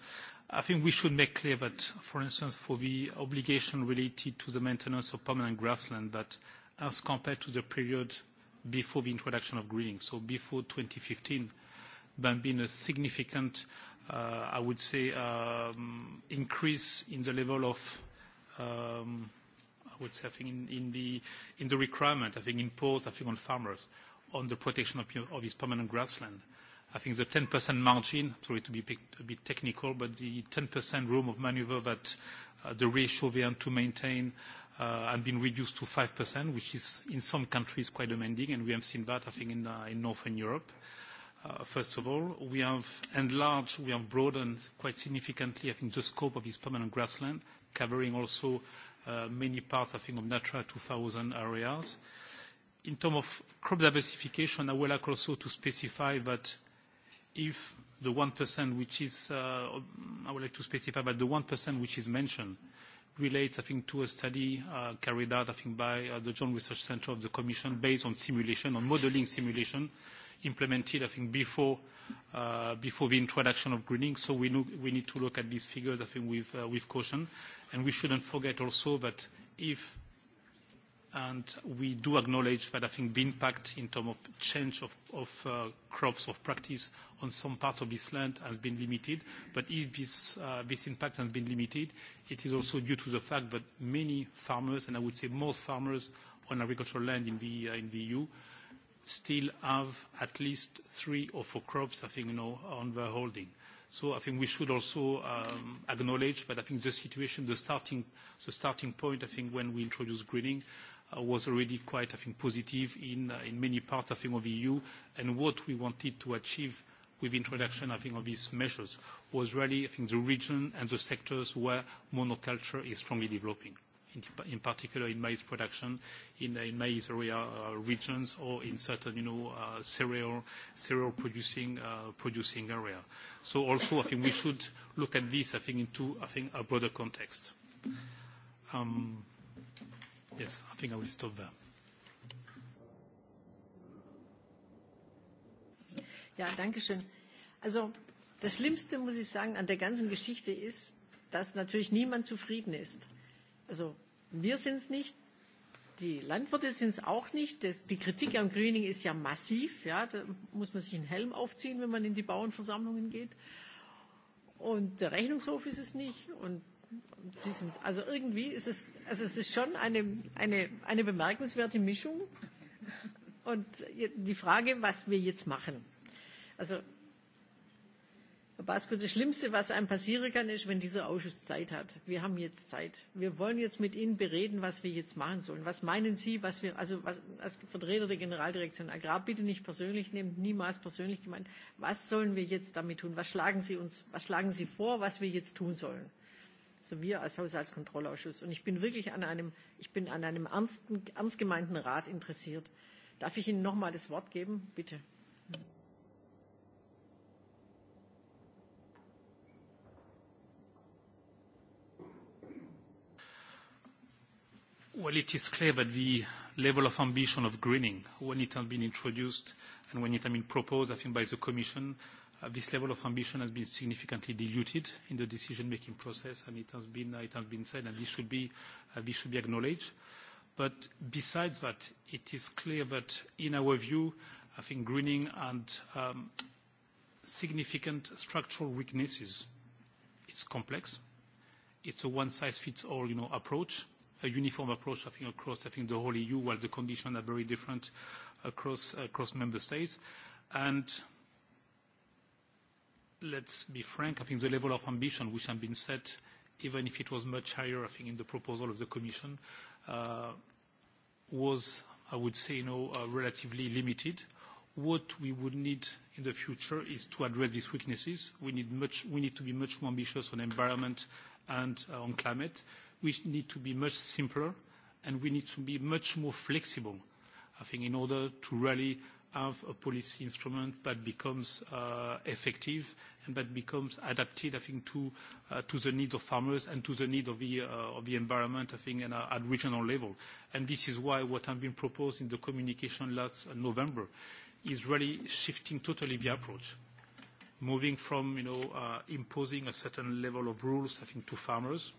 I think we should make clear that, for instance, for the obligation related to the maintenance of permanent grassland, that as compared to the period before the introduction of greening, so before 2015, there has been a significant, uh, I would say, um, increase in the level of um, I would say, I think in, in, the, in the requirement, I think in imposed, I think on farmers on the protection of, of this permanent grassland. I think the 10% margin, sorry to be a bit technical, but the 10% room of maneuver that uh, the ratio we want to maintain uh, been reduced to 5%, which is in some countries quite demanding, and we have seen that, I think, in uh, Northern Europe. Uh, first of all, we have enlarged, we have broadened quite significantly, I think, the scope of this permanent grassland, covering also many parts, I think, of Natura 2000 areas. In terms of crop diversification, I would like also to specify that if the 1%, which is, uh, I would like to specify that the 1% which is mentioned relates, I think, to a study uh, carried out, I think, by uh, the Joint Research Centre of the Commission based on simulation, on modeling simulation implemented, I think, before, before the introduction of greening. So we, we need to look at these figures, I think, with, with caution. And we shouldn't forget also that if and we do acknowledge that I think the impact in terms of change of, of uh, crops of practice on some parts of this land has been limited. But if this, uh, this impact has been limited, it is also due to the fact that many farmers, and I would say most farmers on agricultural land in the, uh, in the EU, still have at least three or four crops, I think, you know, on their holding. So I think we should also um, acknowledge that I think the situation, the starting, the starting point, I think when we introduced greening, Uh, was already quite, I think, positive in, uh, many parts, I think, of EU. E and what we wanted to achieve with introduction, I think, of these measures was really, I think, the region and the sectors where monoculture is strongly developing, in, particular in maize production, in, uh, maize area regions or in certain, you know, cereal, cereal producing, producing area. So also, I think we should look at this, I think, into, I think, a broader context. Um, Yes, I think I will stop there. Ja, danke schön. Also das Schlimmste, muss ich sagen, an der ganzen Geschichte ist, dass natürlich niemand zufrieden ist. Also wir sind es nicht, die Landwirte sind es auch nicht. Das, die Kritik am Greening ist ja massiv. Ja, da muss man sich einen Helm aufziehen, wenn man in die Bauernversammlungen geht. Und der Rechnungshof ist es nicht und Sie sind Also irgendwie ist es, also es ist schon eine, eine, eine bemerkenswerte Mischung. Und die Frage, was wir jetzt machen. Also, Herr Basko, das Schlimmste, was einem passieren kann, ist, wenn dieser Ausschuss Zeit hat. Wir haben jetzt Zeit. Wir wollen jetzt mit Ihnen bereden, was wir jetzt machen sollen. Was meinen Sie, was wir, also was, als Vertreter der Generaldirektion Agrar, bitte nicht persönlich nehmen, niemals persönlich gemeint. Was sollen wir jetzt damit tun? Was schlagen Sie uns, was schlagen Sie vor, was wir jetzt tun sollen? also wir als Haushaltskontrollausschuss. Und ich bin wirklich an einem, ich bin an einem ernsten, ernst gemeinten Rat interessiert. Darf ich Ihnen noch mal das Wort geben? Bitte. Well, it is clear that the level of ambition of greening, when it has been introduced and when it has been proposed, I think, by the Commission, Uh, this level of ambition has been significantly diluted in the decision-making process, and it has been, uh, it has been said, and this should be, uh, this should be acknowledged. But besides that, it is clear that in our view, I think greening and um, significant structural weaknesses. It's complex. It's a one-size-fits-all, you know, approach, a uniform approach, I think, across, I think, the whole EU, while the conditions are very different across, across member states. And let's be frank, I think the level of ambition which had been set, even if it was much higher, I think, in the proposal of the Commission, uh, was, I would say, you know, uh, relatively limited. What we would need in the future is to address these weaknesses. We need, much, we need to be much more ambitious on environment and uh, on climate. We need to be much simpler, and we need to be much more flexible, I think, in order to really have a policy instrument that becomes effective and that becomes adapted, I think, uh, to, the needs of farmers and to the need uh, of the, environment, I think, and, uh, at regional level. And this is why what has been proposed in the communication last November is really shifting totally the approach moving from, you know, imposing a certain level of rules, I think, to farmers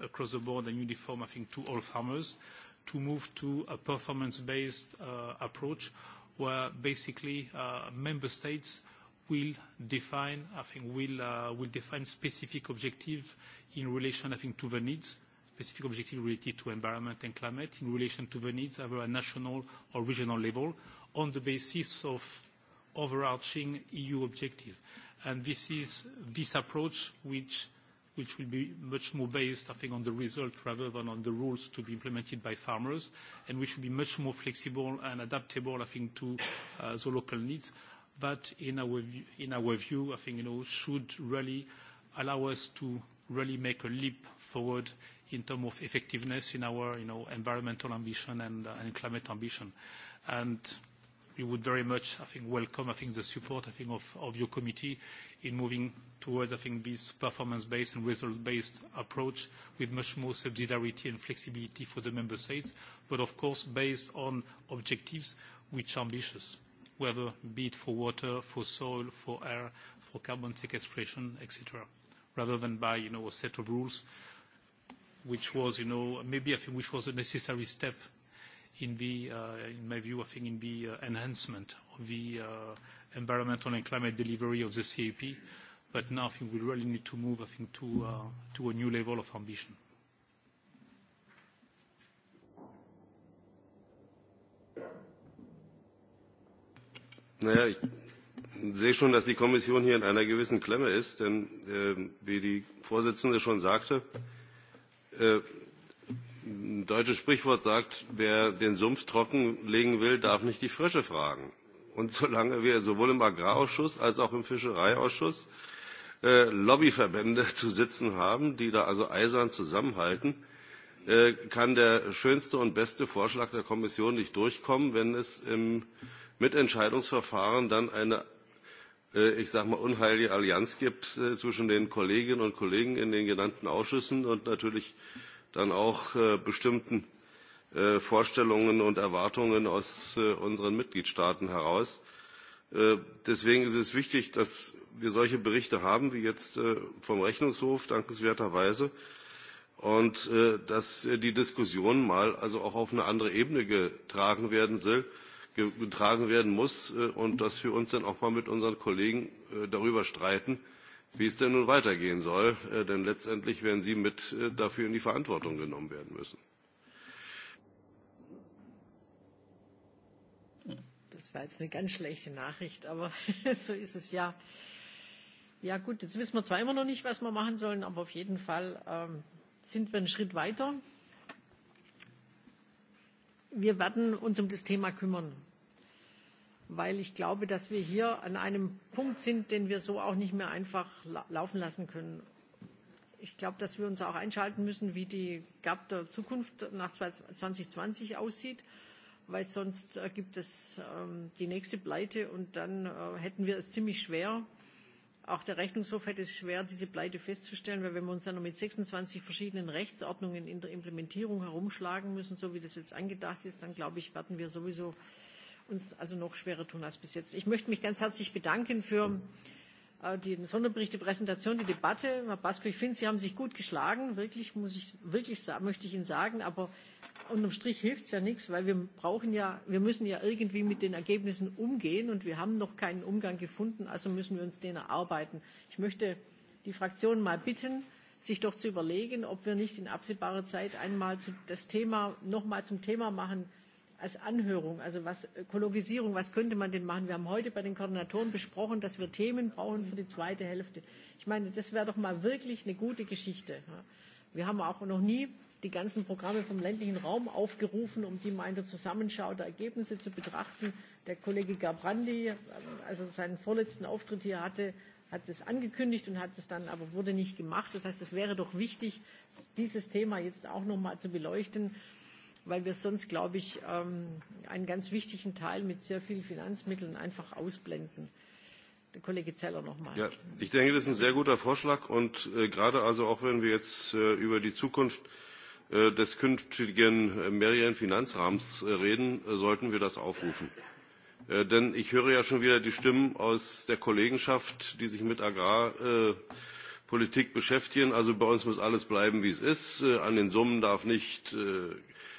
across the board and uniform, I think, to all farmers, to move to a performance-based approach, where basically member states will define, I think, will, uh, define specific objectives in relation, I think, to the needs, specific objective related to environment and climate in relation to the needs at a national or regional level on the basis of overarching EU objective. And this is this approach which, which will be much more based, I think, on the result rather than on the rules to be implemented by farmers, and which will be much more flexible and adaptable, I think, to uh, the local needs. That in our, view, in our view, I think, you know, should really allow us to really make a leap forward in terms of effectiveness in our, you know, environmental ambition and, uh, and climate ambition. And we would very much, I think, welcome, I think, the support, I think, of, of your committee in moving towards, I think, this performance-based and result-based approach with much more subsidiarity and flexibility for the member states, but of course, based on objectives which are ambitious whether be it for water, for soil, for air, for carbon sequestration, et cetera, rather than by, you know, a set of rules, which was, you know, maybe I think which was a necessary step in the, uh, in my view, I think in the uh, enhancement of the uh, environmental and climate delivery of the CAP. But now I think we really need to move, I think, to, uh, to a new level of ambition. Naja, ich sehe schon, dass die Kommission hier in einer gewissen Klemme ist, denn äh, wie die Vorsitzende schon sagte, äh, ein deutsches Sprichwort sagt, wer den Sumpf trockenlegen will, darf nicht die Frösche fragen. Und solange wir sowohl im Agrarausschuss als auch im Fischereiausschuss äh, Lobbyverbände zu sitzen haben, die da also eisern zusammenhalten, äh, kann der schönste und beste Vorschlag der Kommission nicht durchkommen, wenn es im mitentscheidungsverfahren dann eine äh, ich sage mal unheilige allianz gibt äh, zwischen den kolleginnen und kollegen in den genannten ausschüssen und natürlich dann auch äh, bestimmten vorstellungen und erwartungen aus unseren mitgliedstaaten heraus. deswegen ist es wichtig dass wir solche berichte haben wie jetzt vom rechnungshof dankenswerterweise und dass die diskussion mal also auch auf eine andere ebene getragen werden soll getragen werden muss äh, und dass wir uns dann auch mal mit unseren Kollegen äh, darüber streiten, wie es denn nun weitergehen soll. Äh, denn letztendlich werden Sie mit dafür in die Verantwortung genommen werden müssen. Das war jetzt eine ganz schlechte Nachricht, aber so ist es ja. Ja gut, jetzt wissen wir zwar immer noch nicht, was wir machen sollen, aber auf jeden Fall ähm, sind wir einen Schritt weiter wir werden uns um das Thema kümmern, weil ich glaube, dass wir hier an einem Punkt sind, den wir so auch nicht mehr einfach laufen lassen können. Ich glaube, dass wir uns auch einschalten müssen, wie die GAP der Zukunft nach 2020 aussieht, weil sonst äh, gibt es ähm, die nächste Pleite und dann äh, hätten wir es ziemlich schwer, Auch der Rechnungshof hätte es schwer, diese Pleite festzustellen, weil wenn wir uns dann noch mit 26 verschiedenen Rechtsordnungen in der Implementierung herumschlagen müssen, so wie das jetzt angedacht ist, dann glaube ich, werden wir sowieso uns also noch schwerer tun als bis jetzt. Ich möchte mich ganz herzlich bedanken für äh, die Sonderberichte, Präsentation, die Debatte. Herr Basko, ich finde, Sie haben sich gut geschlagen, wirklich, muss ich, wirklich möchte ich Ihnen sagen, aber unterm Strich hilft es ja nichts, weil wir brauchen ja, wir müssen ja irgendwie mit den Ergebnissen umgehen und wir haben noch keinen Umgang gefunden, also müssen wir uns den erarbeiten. Ich möchte die Fraktionen mal bitten, sich doch zu überlegen, ob wir nicht in absehbarer Zeit einmal zu, das Thema nochmal zum Thema machen als Anhörung, also was Ökologisierung, was könnte man denn machen? Wir haben heute bei den Koordinatoren besprochen, dass wir Themen brauchen für die zweite Hälfte. Ich meine, das wäre doch mal wirklich eine gute Geschichte. Wir haben auch noch nie die ganzen Programme vom ländlichen Raum aufgerufen, um die mal in der Zusammenschau der Ergebnisse zu betrachten. Der Kollege Gabrandi, ähm, als er seinen vorletzten Auftritt hier hatte, hat es angekündigt und hat es dann aber wurde nicht gemacht. Das heißt, es wäre doch wichtig, dieses Thema jetzt auch noch mal zu beleuchten, weil wir sonst, glaube ich, ähm, einen ganz wichtigen Teil mit sehr vielen Finanzmitteln einfach ausblenden. Der Kollege Zeller noch mal. Ja, ich denke, das ist ein sehr guter Vorschlag und äh, gerade also auch wenn wir jetzt äh, über die Zukunft äh, des künftigen äh, mehrjährigen Finanzrahmens äh, reden, äh, sollten wir das aufrufen. Äh, denn ich höre ja schon wieder die Stimmen aus der Kollegenschaft, die sich mit Agrarpolitik äh, beschäftigen. Also bei uns muss alles bleiben, wie es ist. Äh, An den Summen darf nicht äh,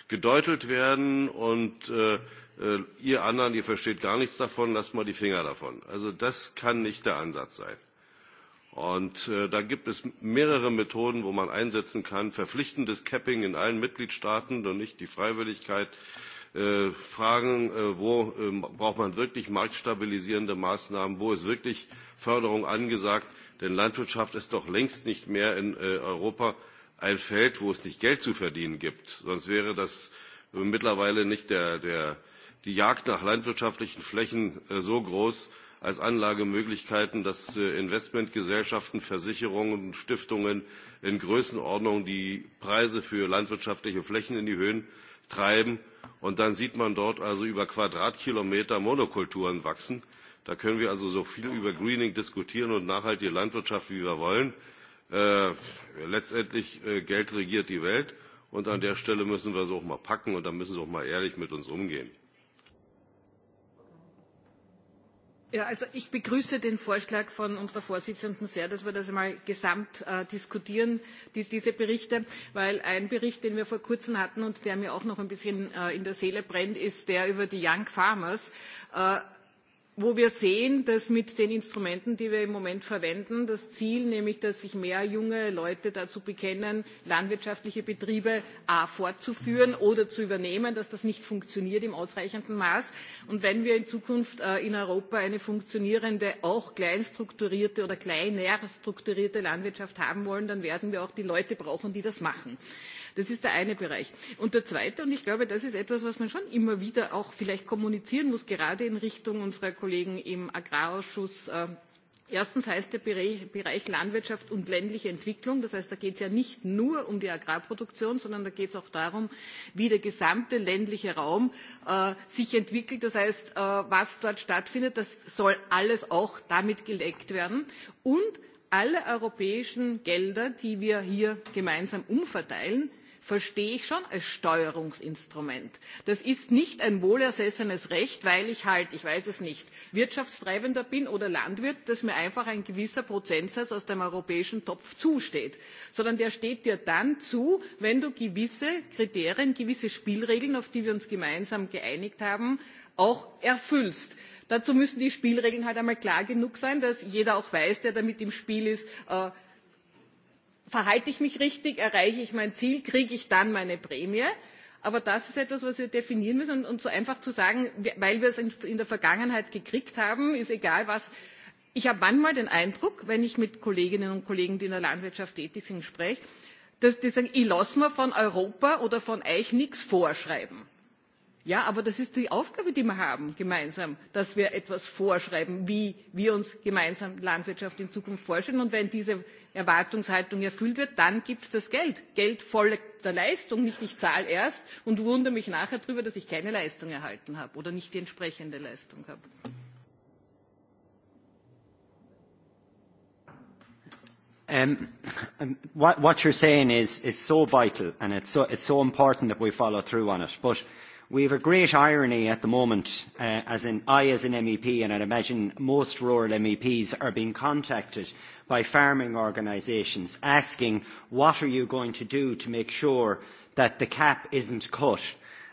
gedeutelt werden und äh, Äh, ihr anderen, ihr versteht gar nichts davon, lasst mal die Finger davon. Also das kann nicht der Ansatz sein. Und äh, da gibt es mehrere Methoden, wo man einsetzen kann. Verpflichtendes Capping in allen Mitgliedstaaten und nicht die Freiwilligkeit. Äh, fragen, äh, wo äh, braucht man wirklich marktstabilisierende Maßnahmen, wo ist wirklich Förderung angesagt. Denn Landwirtschaft ist doch längst nicht mehr in äh, Europa ein Feld, wo es nicht Geld zu verdienen gibt. Sonst wäre das äh, mittlerweile nicht der, der die jagd nach landwirtschaftlichen flächen äh, so groß als anlagemöglichkeiten dass äh, investmentgesellschaften versicherungen und stiftungen in Größenordnung die preise für landwirtschaftliche flächen in die höhen treiben und dann sieht man dort also über quadratkilometer monokulturen wachsen. da können wir also so viel über greening diskutieren und nachhaltige landwirtschaft wie wir wollen äh, letztendlich geld regiert die welt und an der stelle müssen wir es auch mal packen und da müssen sie auch mal ehrlich mit uns umgehen. also ich begrüße den Vorschlag von unserer Vorsitzenden sehr, dass wir das einmal gesamt äh, diskutieren, diese Berichte, weil ein Bericht, den wir vor kurzem hatten und der mir auch noch ein bisschen äh, in der Seele brennt, ist der über die Young Farmers. Äh, wo wir sehen, dass mit den Instrumenten, die wir im Moment verwenden, das Ziel, nämlich dass sich mehr junge Leute dazu bekennen, landwirtschaftliche Betriebe a, fortzuführen oder zu übernehmen, dass das nicht funktioniert im ausreichenden Maß. Und wenn wir in Zukunft äh, in Europa eine funktionierende, auch kleinstrukturierte oder kleiner strukturierte Landwirtschaft haben wollen, dann werden wir auch die Leute brauchen, die das machen. Das ist der eine Bereich. Und der zweite, und ich glaube, das ist etwas, was man schon immer wieder auch vielleicht kommunizieren muss, gerade in Richtung unserer Kollegen im Agrarausschuss, äh, Erstens heißt der Bereich Landwirtschaft und ländliche Entwicklung. Das heißt, da geht es ja nicht nur um die Agrarproduktion, sondern da geht es auch darum, wie der gesamte ländliche Raum äh, sich entwickelt. Das heißt, äh, was dort stattfindet, das soll alles auch damit gelenkt werden. Und alle europäischen Gelder, die wir hier gemeinsam umverteilen, verstehe ich schon als steuerungsinstrument. das ist nicht ein wohlersesenes recht weil ich halt ich weiß es nicht wirtschaftstreibender bin oder landwirt dass mir einfach ein gewisser prozentsatz aus dem europäischen topf zusteht sondern der steht dir dann zu wenn du gewisse kriterien gewisse spielregeln auf die wir uns gemeinsam geeinigt haben auch erfüllst. dazu müssen die spielregeln halt einmal klar genug sein dass jeder auch weiß der damit im spiel ist äh, verhalte ich mich richtig erreiche ich mein ziel kriege ich dann meine prämie? aber das ist etwas was wir definieren müssen und, und so einfach zu sagen weil wir es in, in der vergangenheit gekriegt haben ist egal was ich habe manchmal den eindruck wenn ich mit kolleginnen und kollegen die in der landwirtschaft tätig sind spreche dass die sagen ich lasse mir von europa oder von euch nichts vorschreiben. ja aber das ist die aufgabe die wir haben gemeinsam dass wir etwas vorschreiben wie wir uns gemeinsam landwirtschaft in zukunft vorstellen und wenn diese erwartungshaltung erfüllt wird dann gibt es das geld geld der leistung nicht ich zahle erst und wundere mich nachher darüber dass ich keine leistung erhalten habe oder nicht die entsprechende leistung habe. Um, um, what, what you're saying is, is so vital and it's so, it's so important that we follow through on it. But We have a great irony at the moment, uh, as in I as an MEP, and I imagine most rural MEPs are being contacted by farming organisations asking, what are you going to do to make sure that the cap isn't cut?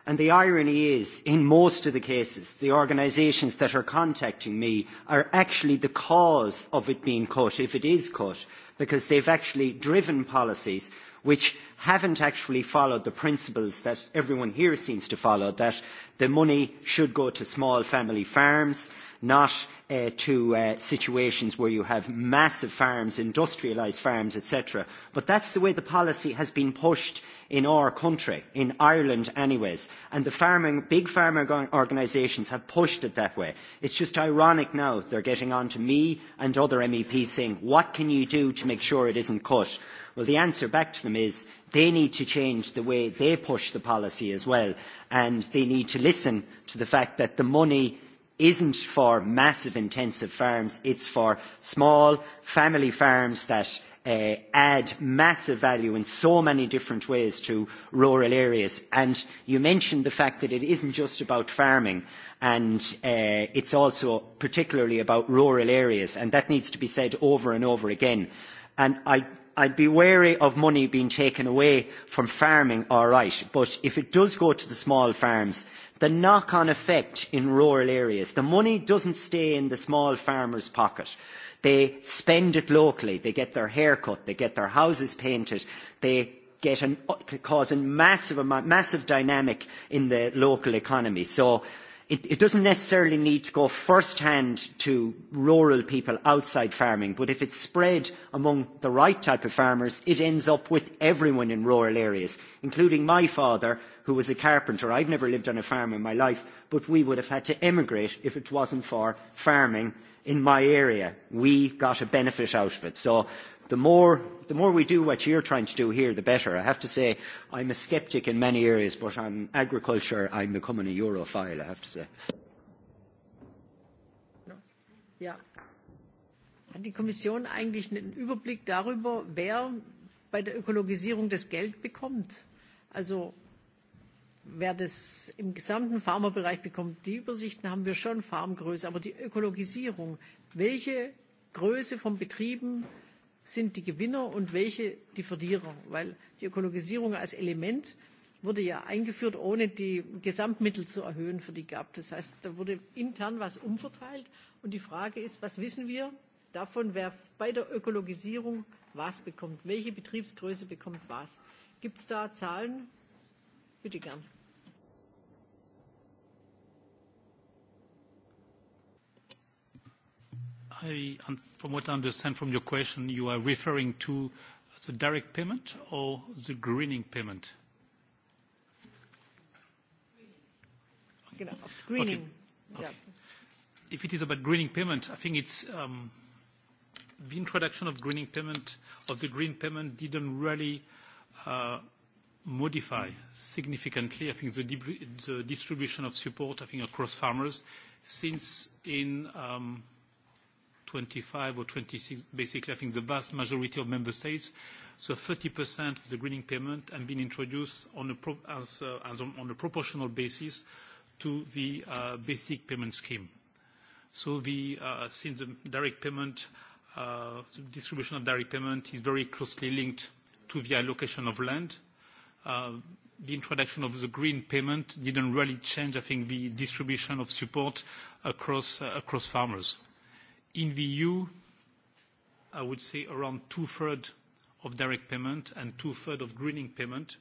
And the irony is, in most of the cases, the organisations that are contacting me are actually the cause of it being cut, if it is cut, because they've actually driven policies which haven't actually followed the principles that everyone here seems to follow, that the money should go to small family farms, not uh, to uh, situations where you have massive farms, industrialised farms, etc. But that's the way the policy has been pushed in our country, in Ireland anyways. And the farming, big farming organisations have pushed it that way. It's just ironic now they're getting on to me and other MEPs saying, what can you do to make sure it isn't cut? Well, the answer back to them is they need to change the way they push the policy as well. And they need to listen to the fact that the money isn't for massive intensive farms, it's for small family farms that uh, add massive value in so many different ways to rural areas. And you mentioned the fact that it isn't just about farming, and uh, it's also particularly about rural areas, and that needs to be said over and over again. And I I'd be wary of money being taken away from farming, all right, but if it does go to the small farms, the knock-on effect in rural areas, the money doesn't stay in the small farmer's pocket. They spend it locally, they get their hair cut, they get their houses painted, they get an, cause a massive, massive dynamic in the local economy. So it, doesn't necessarily need to go first-hand to rural people outside farming, but if it's spread among the right type of farmers, it ends up with everyone in rural areas, including my father, who was a carpenter. I've never lived on a farm in my life, but we would have had to emigrate if it wasn't for farming in my area. We got a benefit out of it. So the more the more we do what you're trying to do here, the better. I have to say, I'm a sceptic in many areas, but on agriculture, I'm becoming a Europhile, I have to say. Ja. Hat die Kommission eigentlich einen Überblick darüber, wer bei der Ökologisierung das Geld bekommt? Also wer das im gesamten Pharmabereich bekommt, die Übersichten haben wir schon, Farmgröße, aber die Ökologisierung, welche Größe von Betrieben sind die Gewinner und welche die Verlierer. Weil die Ökologisierung als Element wurde ja eingeführt, ohne die Gesamtmittel zu erhöhen für die GAP. Das heißt, da wurde intern was umverteilt. Und die Frage ist, was wissen wir davon, wer bei der Ökologisierung was bekommt? Welche Betriebsgröße bekommt was? Gibt es da Zahlen? Bitte gern. I, from what I understand from your question, you are referring to the direct payment or the greening payment? Greening. greening. Okay. Yeah. If it is about greening payment, I think it's um, the introduction of greening payment, of the green payment didn't really uh, modify significantly, I think, the, distribution of support, I think, across farmers, since in um, 25 or 26, basically, I think the vast majority of member states. So 30% of the greening payment have been introduced on a, uh, proportional basis to the uh, basic payment scheme. So the, uh, since the direct payment, the distribution of direct payment is very closely linked to the allocation of land, the introduction of the green payment didn't really change, I think, the distribution of support across farmers. In the EU, I would say around two-thirds of direct payment and two-thirds of greening payment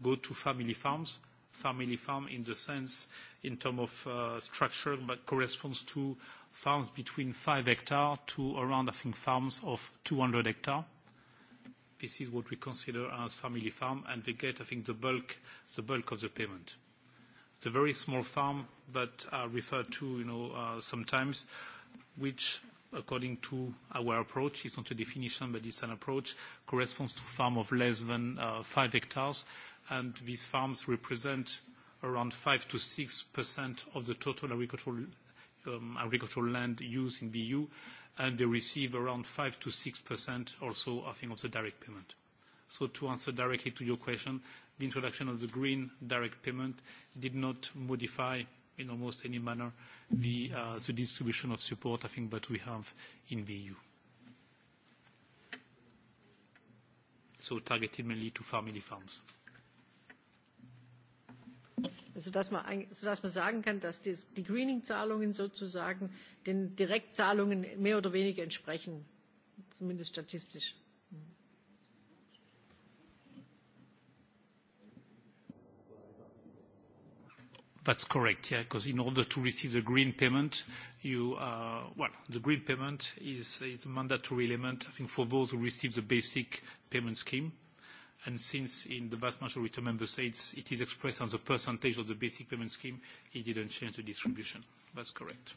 go to family farms. Family farm in the sense, in terms of uh, structure, but corresponds to farms between 5 hectares to around, I think, farms of 200 hectares. This is what we consider as family farm, and they get, I think, the bulk, of the payment. The very small farm that I referred to, you know, uh, sometimes, which according to our approach, it's not a definition, but it's an approach, corresponds to farm of less than uh, five 5 hectares, and these farms represent around 5%-6% of the total agricultural, um, agricultural land used in the EU, and they receive around 5%-6% also, I think, of the direct payment. So to answer directly to your question, the introduction of the green direct payment did not modify in almost any manner Uh, the, distribution of support, I think, that we have in the EU. So targeted mainly to family farms. Sodass man, sodass man sagen kann, dass die, die Greening-Zahlungen sozusagen den Direktzahlungen mehr oder weniger entsprechen, zumindest statistisch. That's correct, yeah, 'cause in order to receive the green payment, you, uh, well, the green payment is, is a mandatory element, I think, for those who receive the basic payment scheme. And since in the vast majority of member states, it is expressed on the percentage of the basic payment scheme, it didn't change the distribution. That's correct.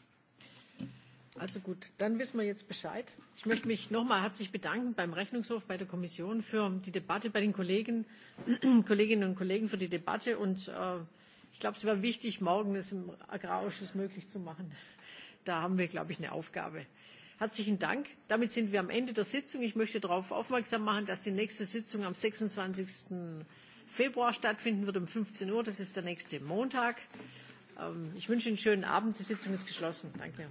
Also gut, dann wissen wir jetzt Bescheid. Ich möchte mich nochmal herzlich bedanken beim Rechnungshof, bei der Kommission für die Debatte, bei den Kollegen, Kolleginnen und Kollegen für die Debatte und äh, Ich glaube, es wäre wichtig, morgen es im Agrarausschuss möglich zu machen. Da haben wir, glaube ich, eine Aufgabe. Herzlichen Dank. Damit sind wir am Ende der Sitzung. Ich möchte darauf aufmerksam machen, dass die nächste Sitzung am 26. Februar stattfinden wird um 15 Uhr. Das ist der nächste Montag. Ähm, ich wünsche Ihnen einen schönen Abend. Die Sitzung ist geschlossen. Danke.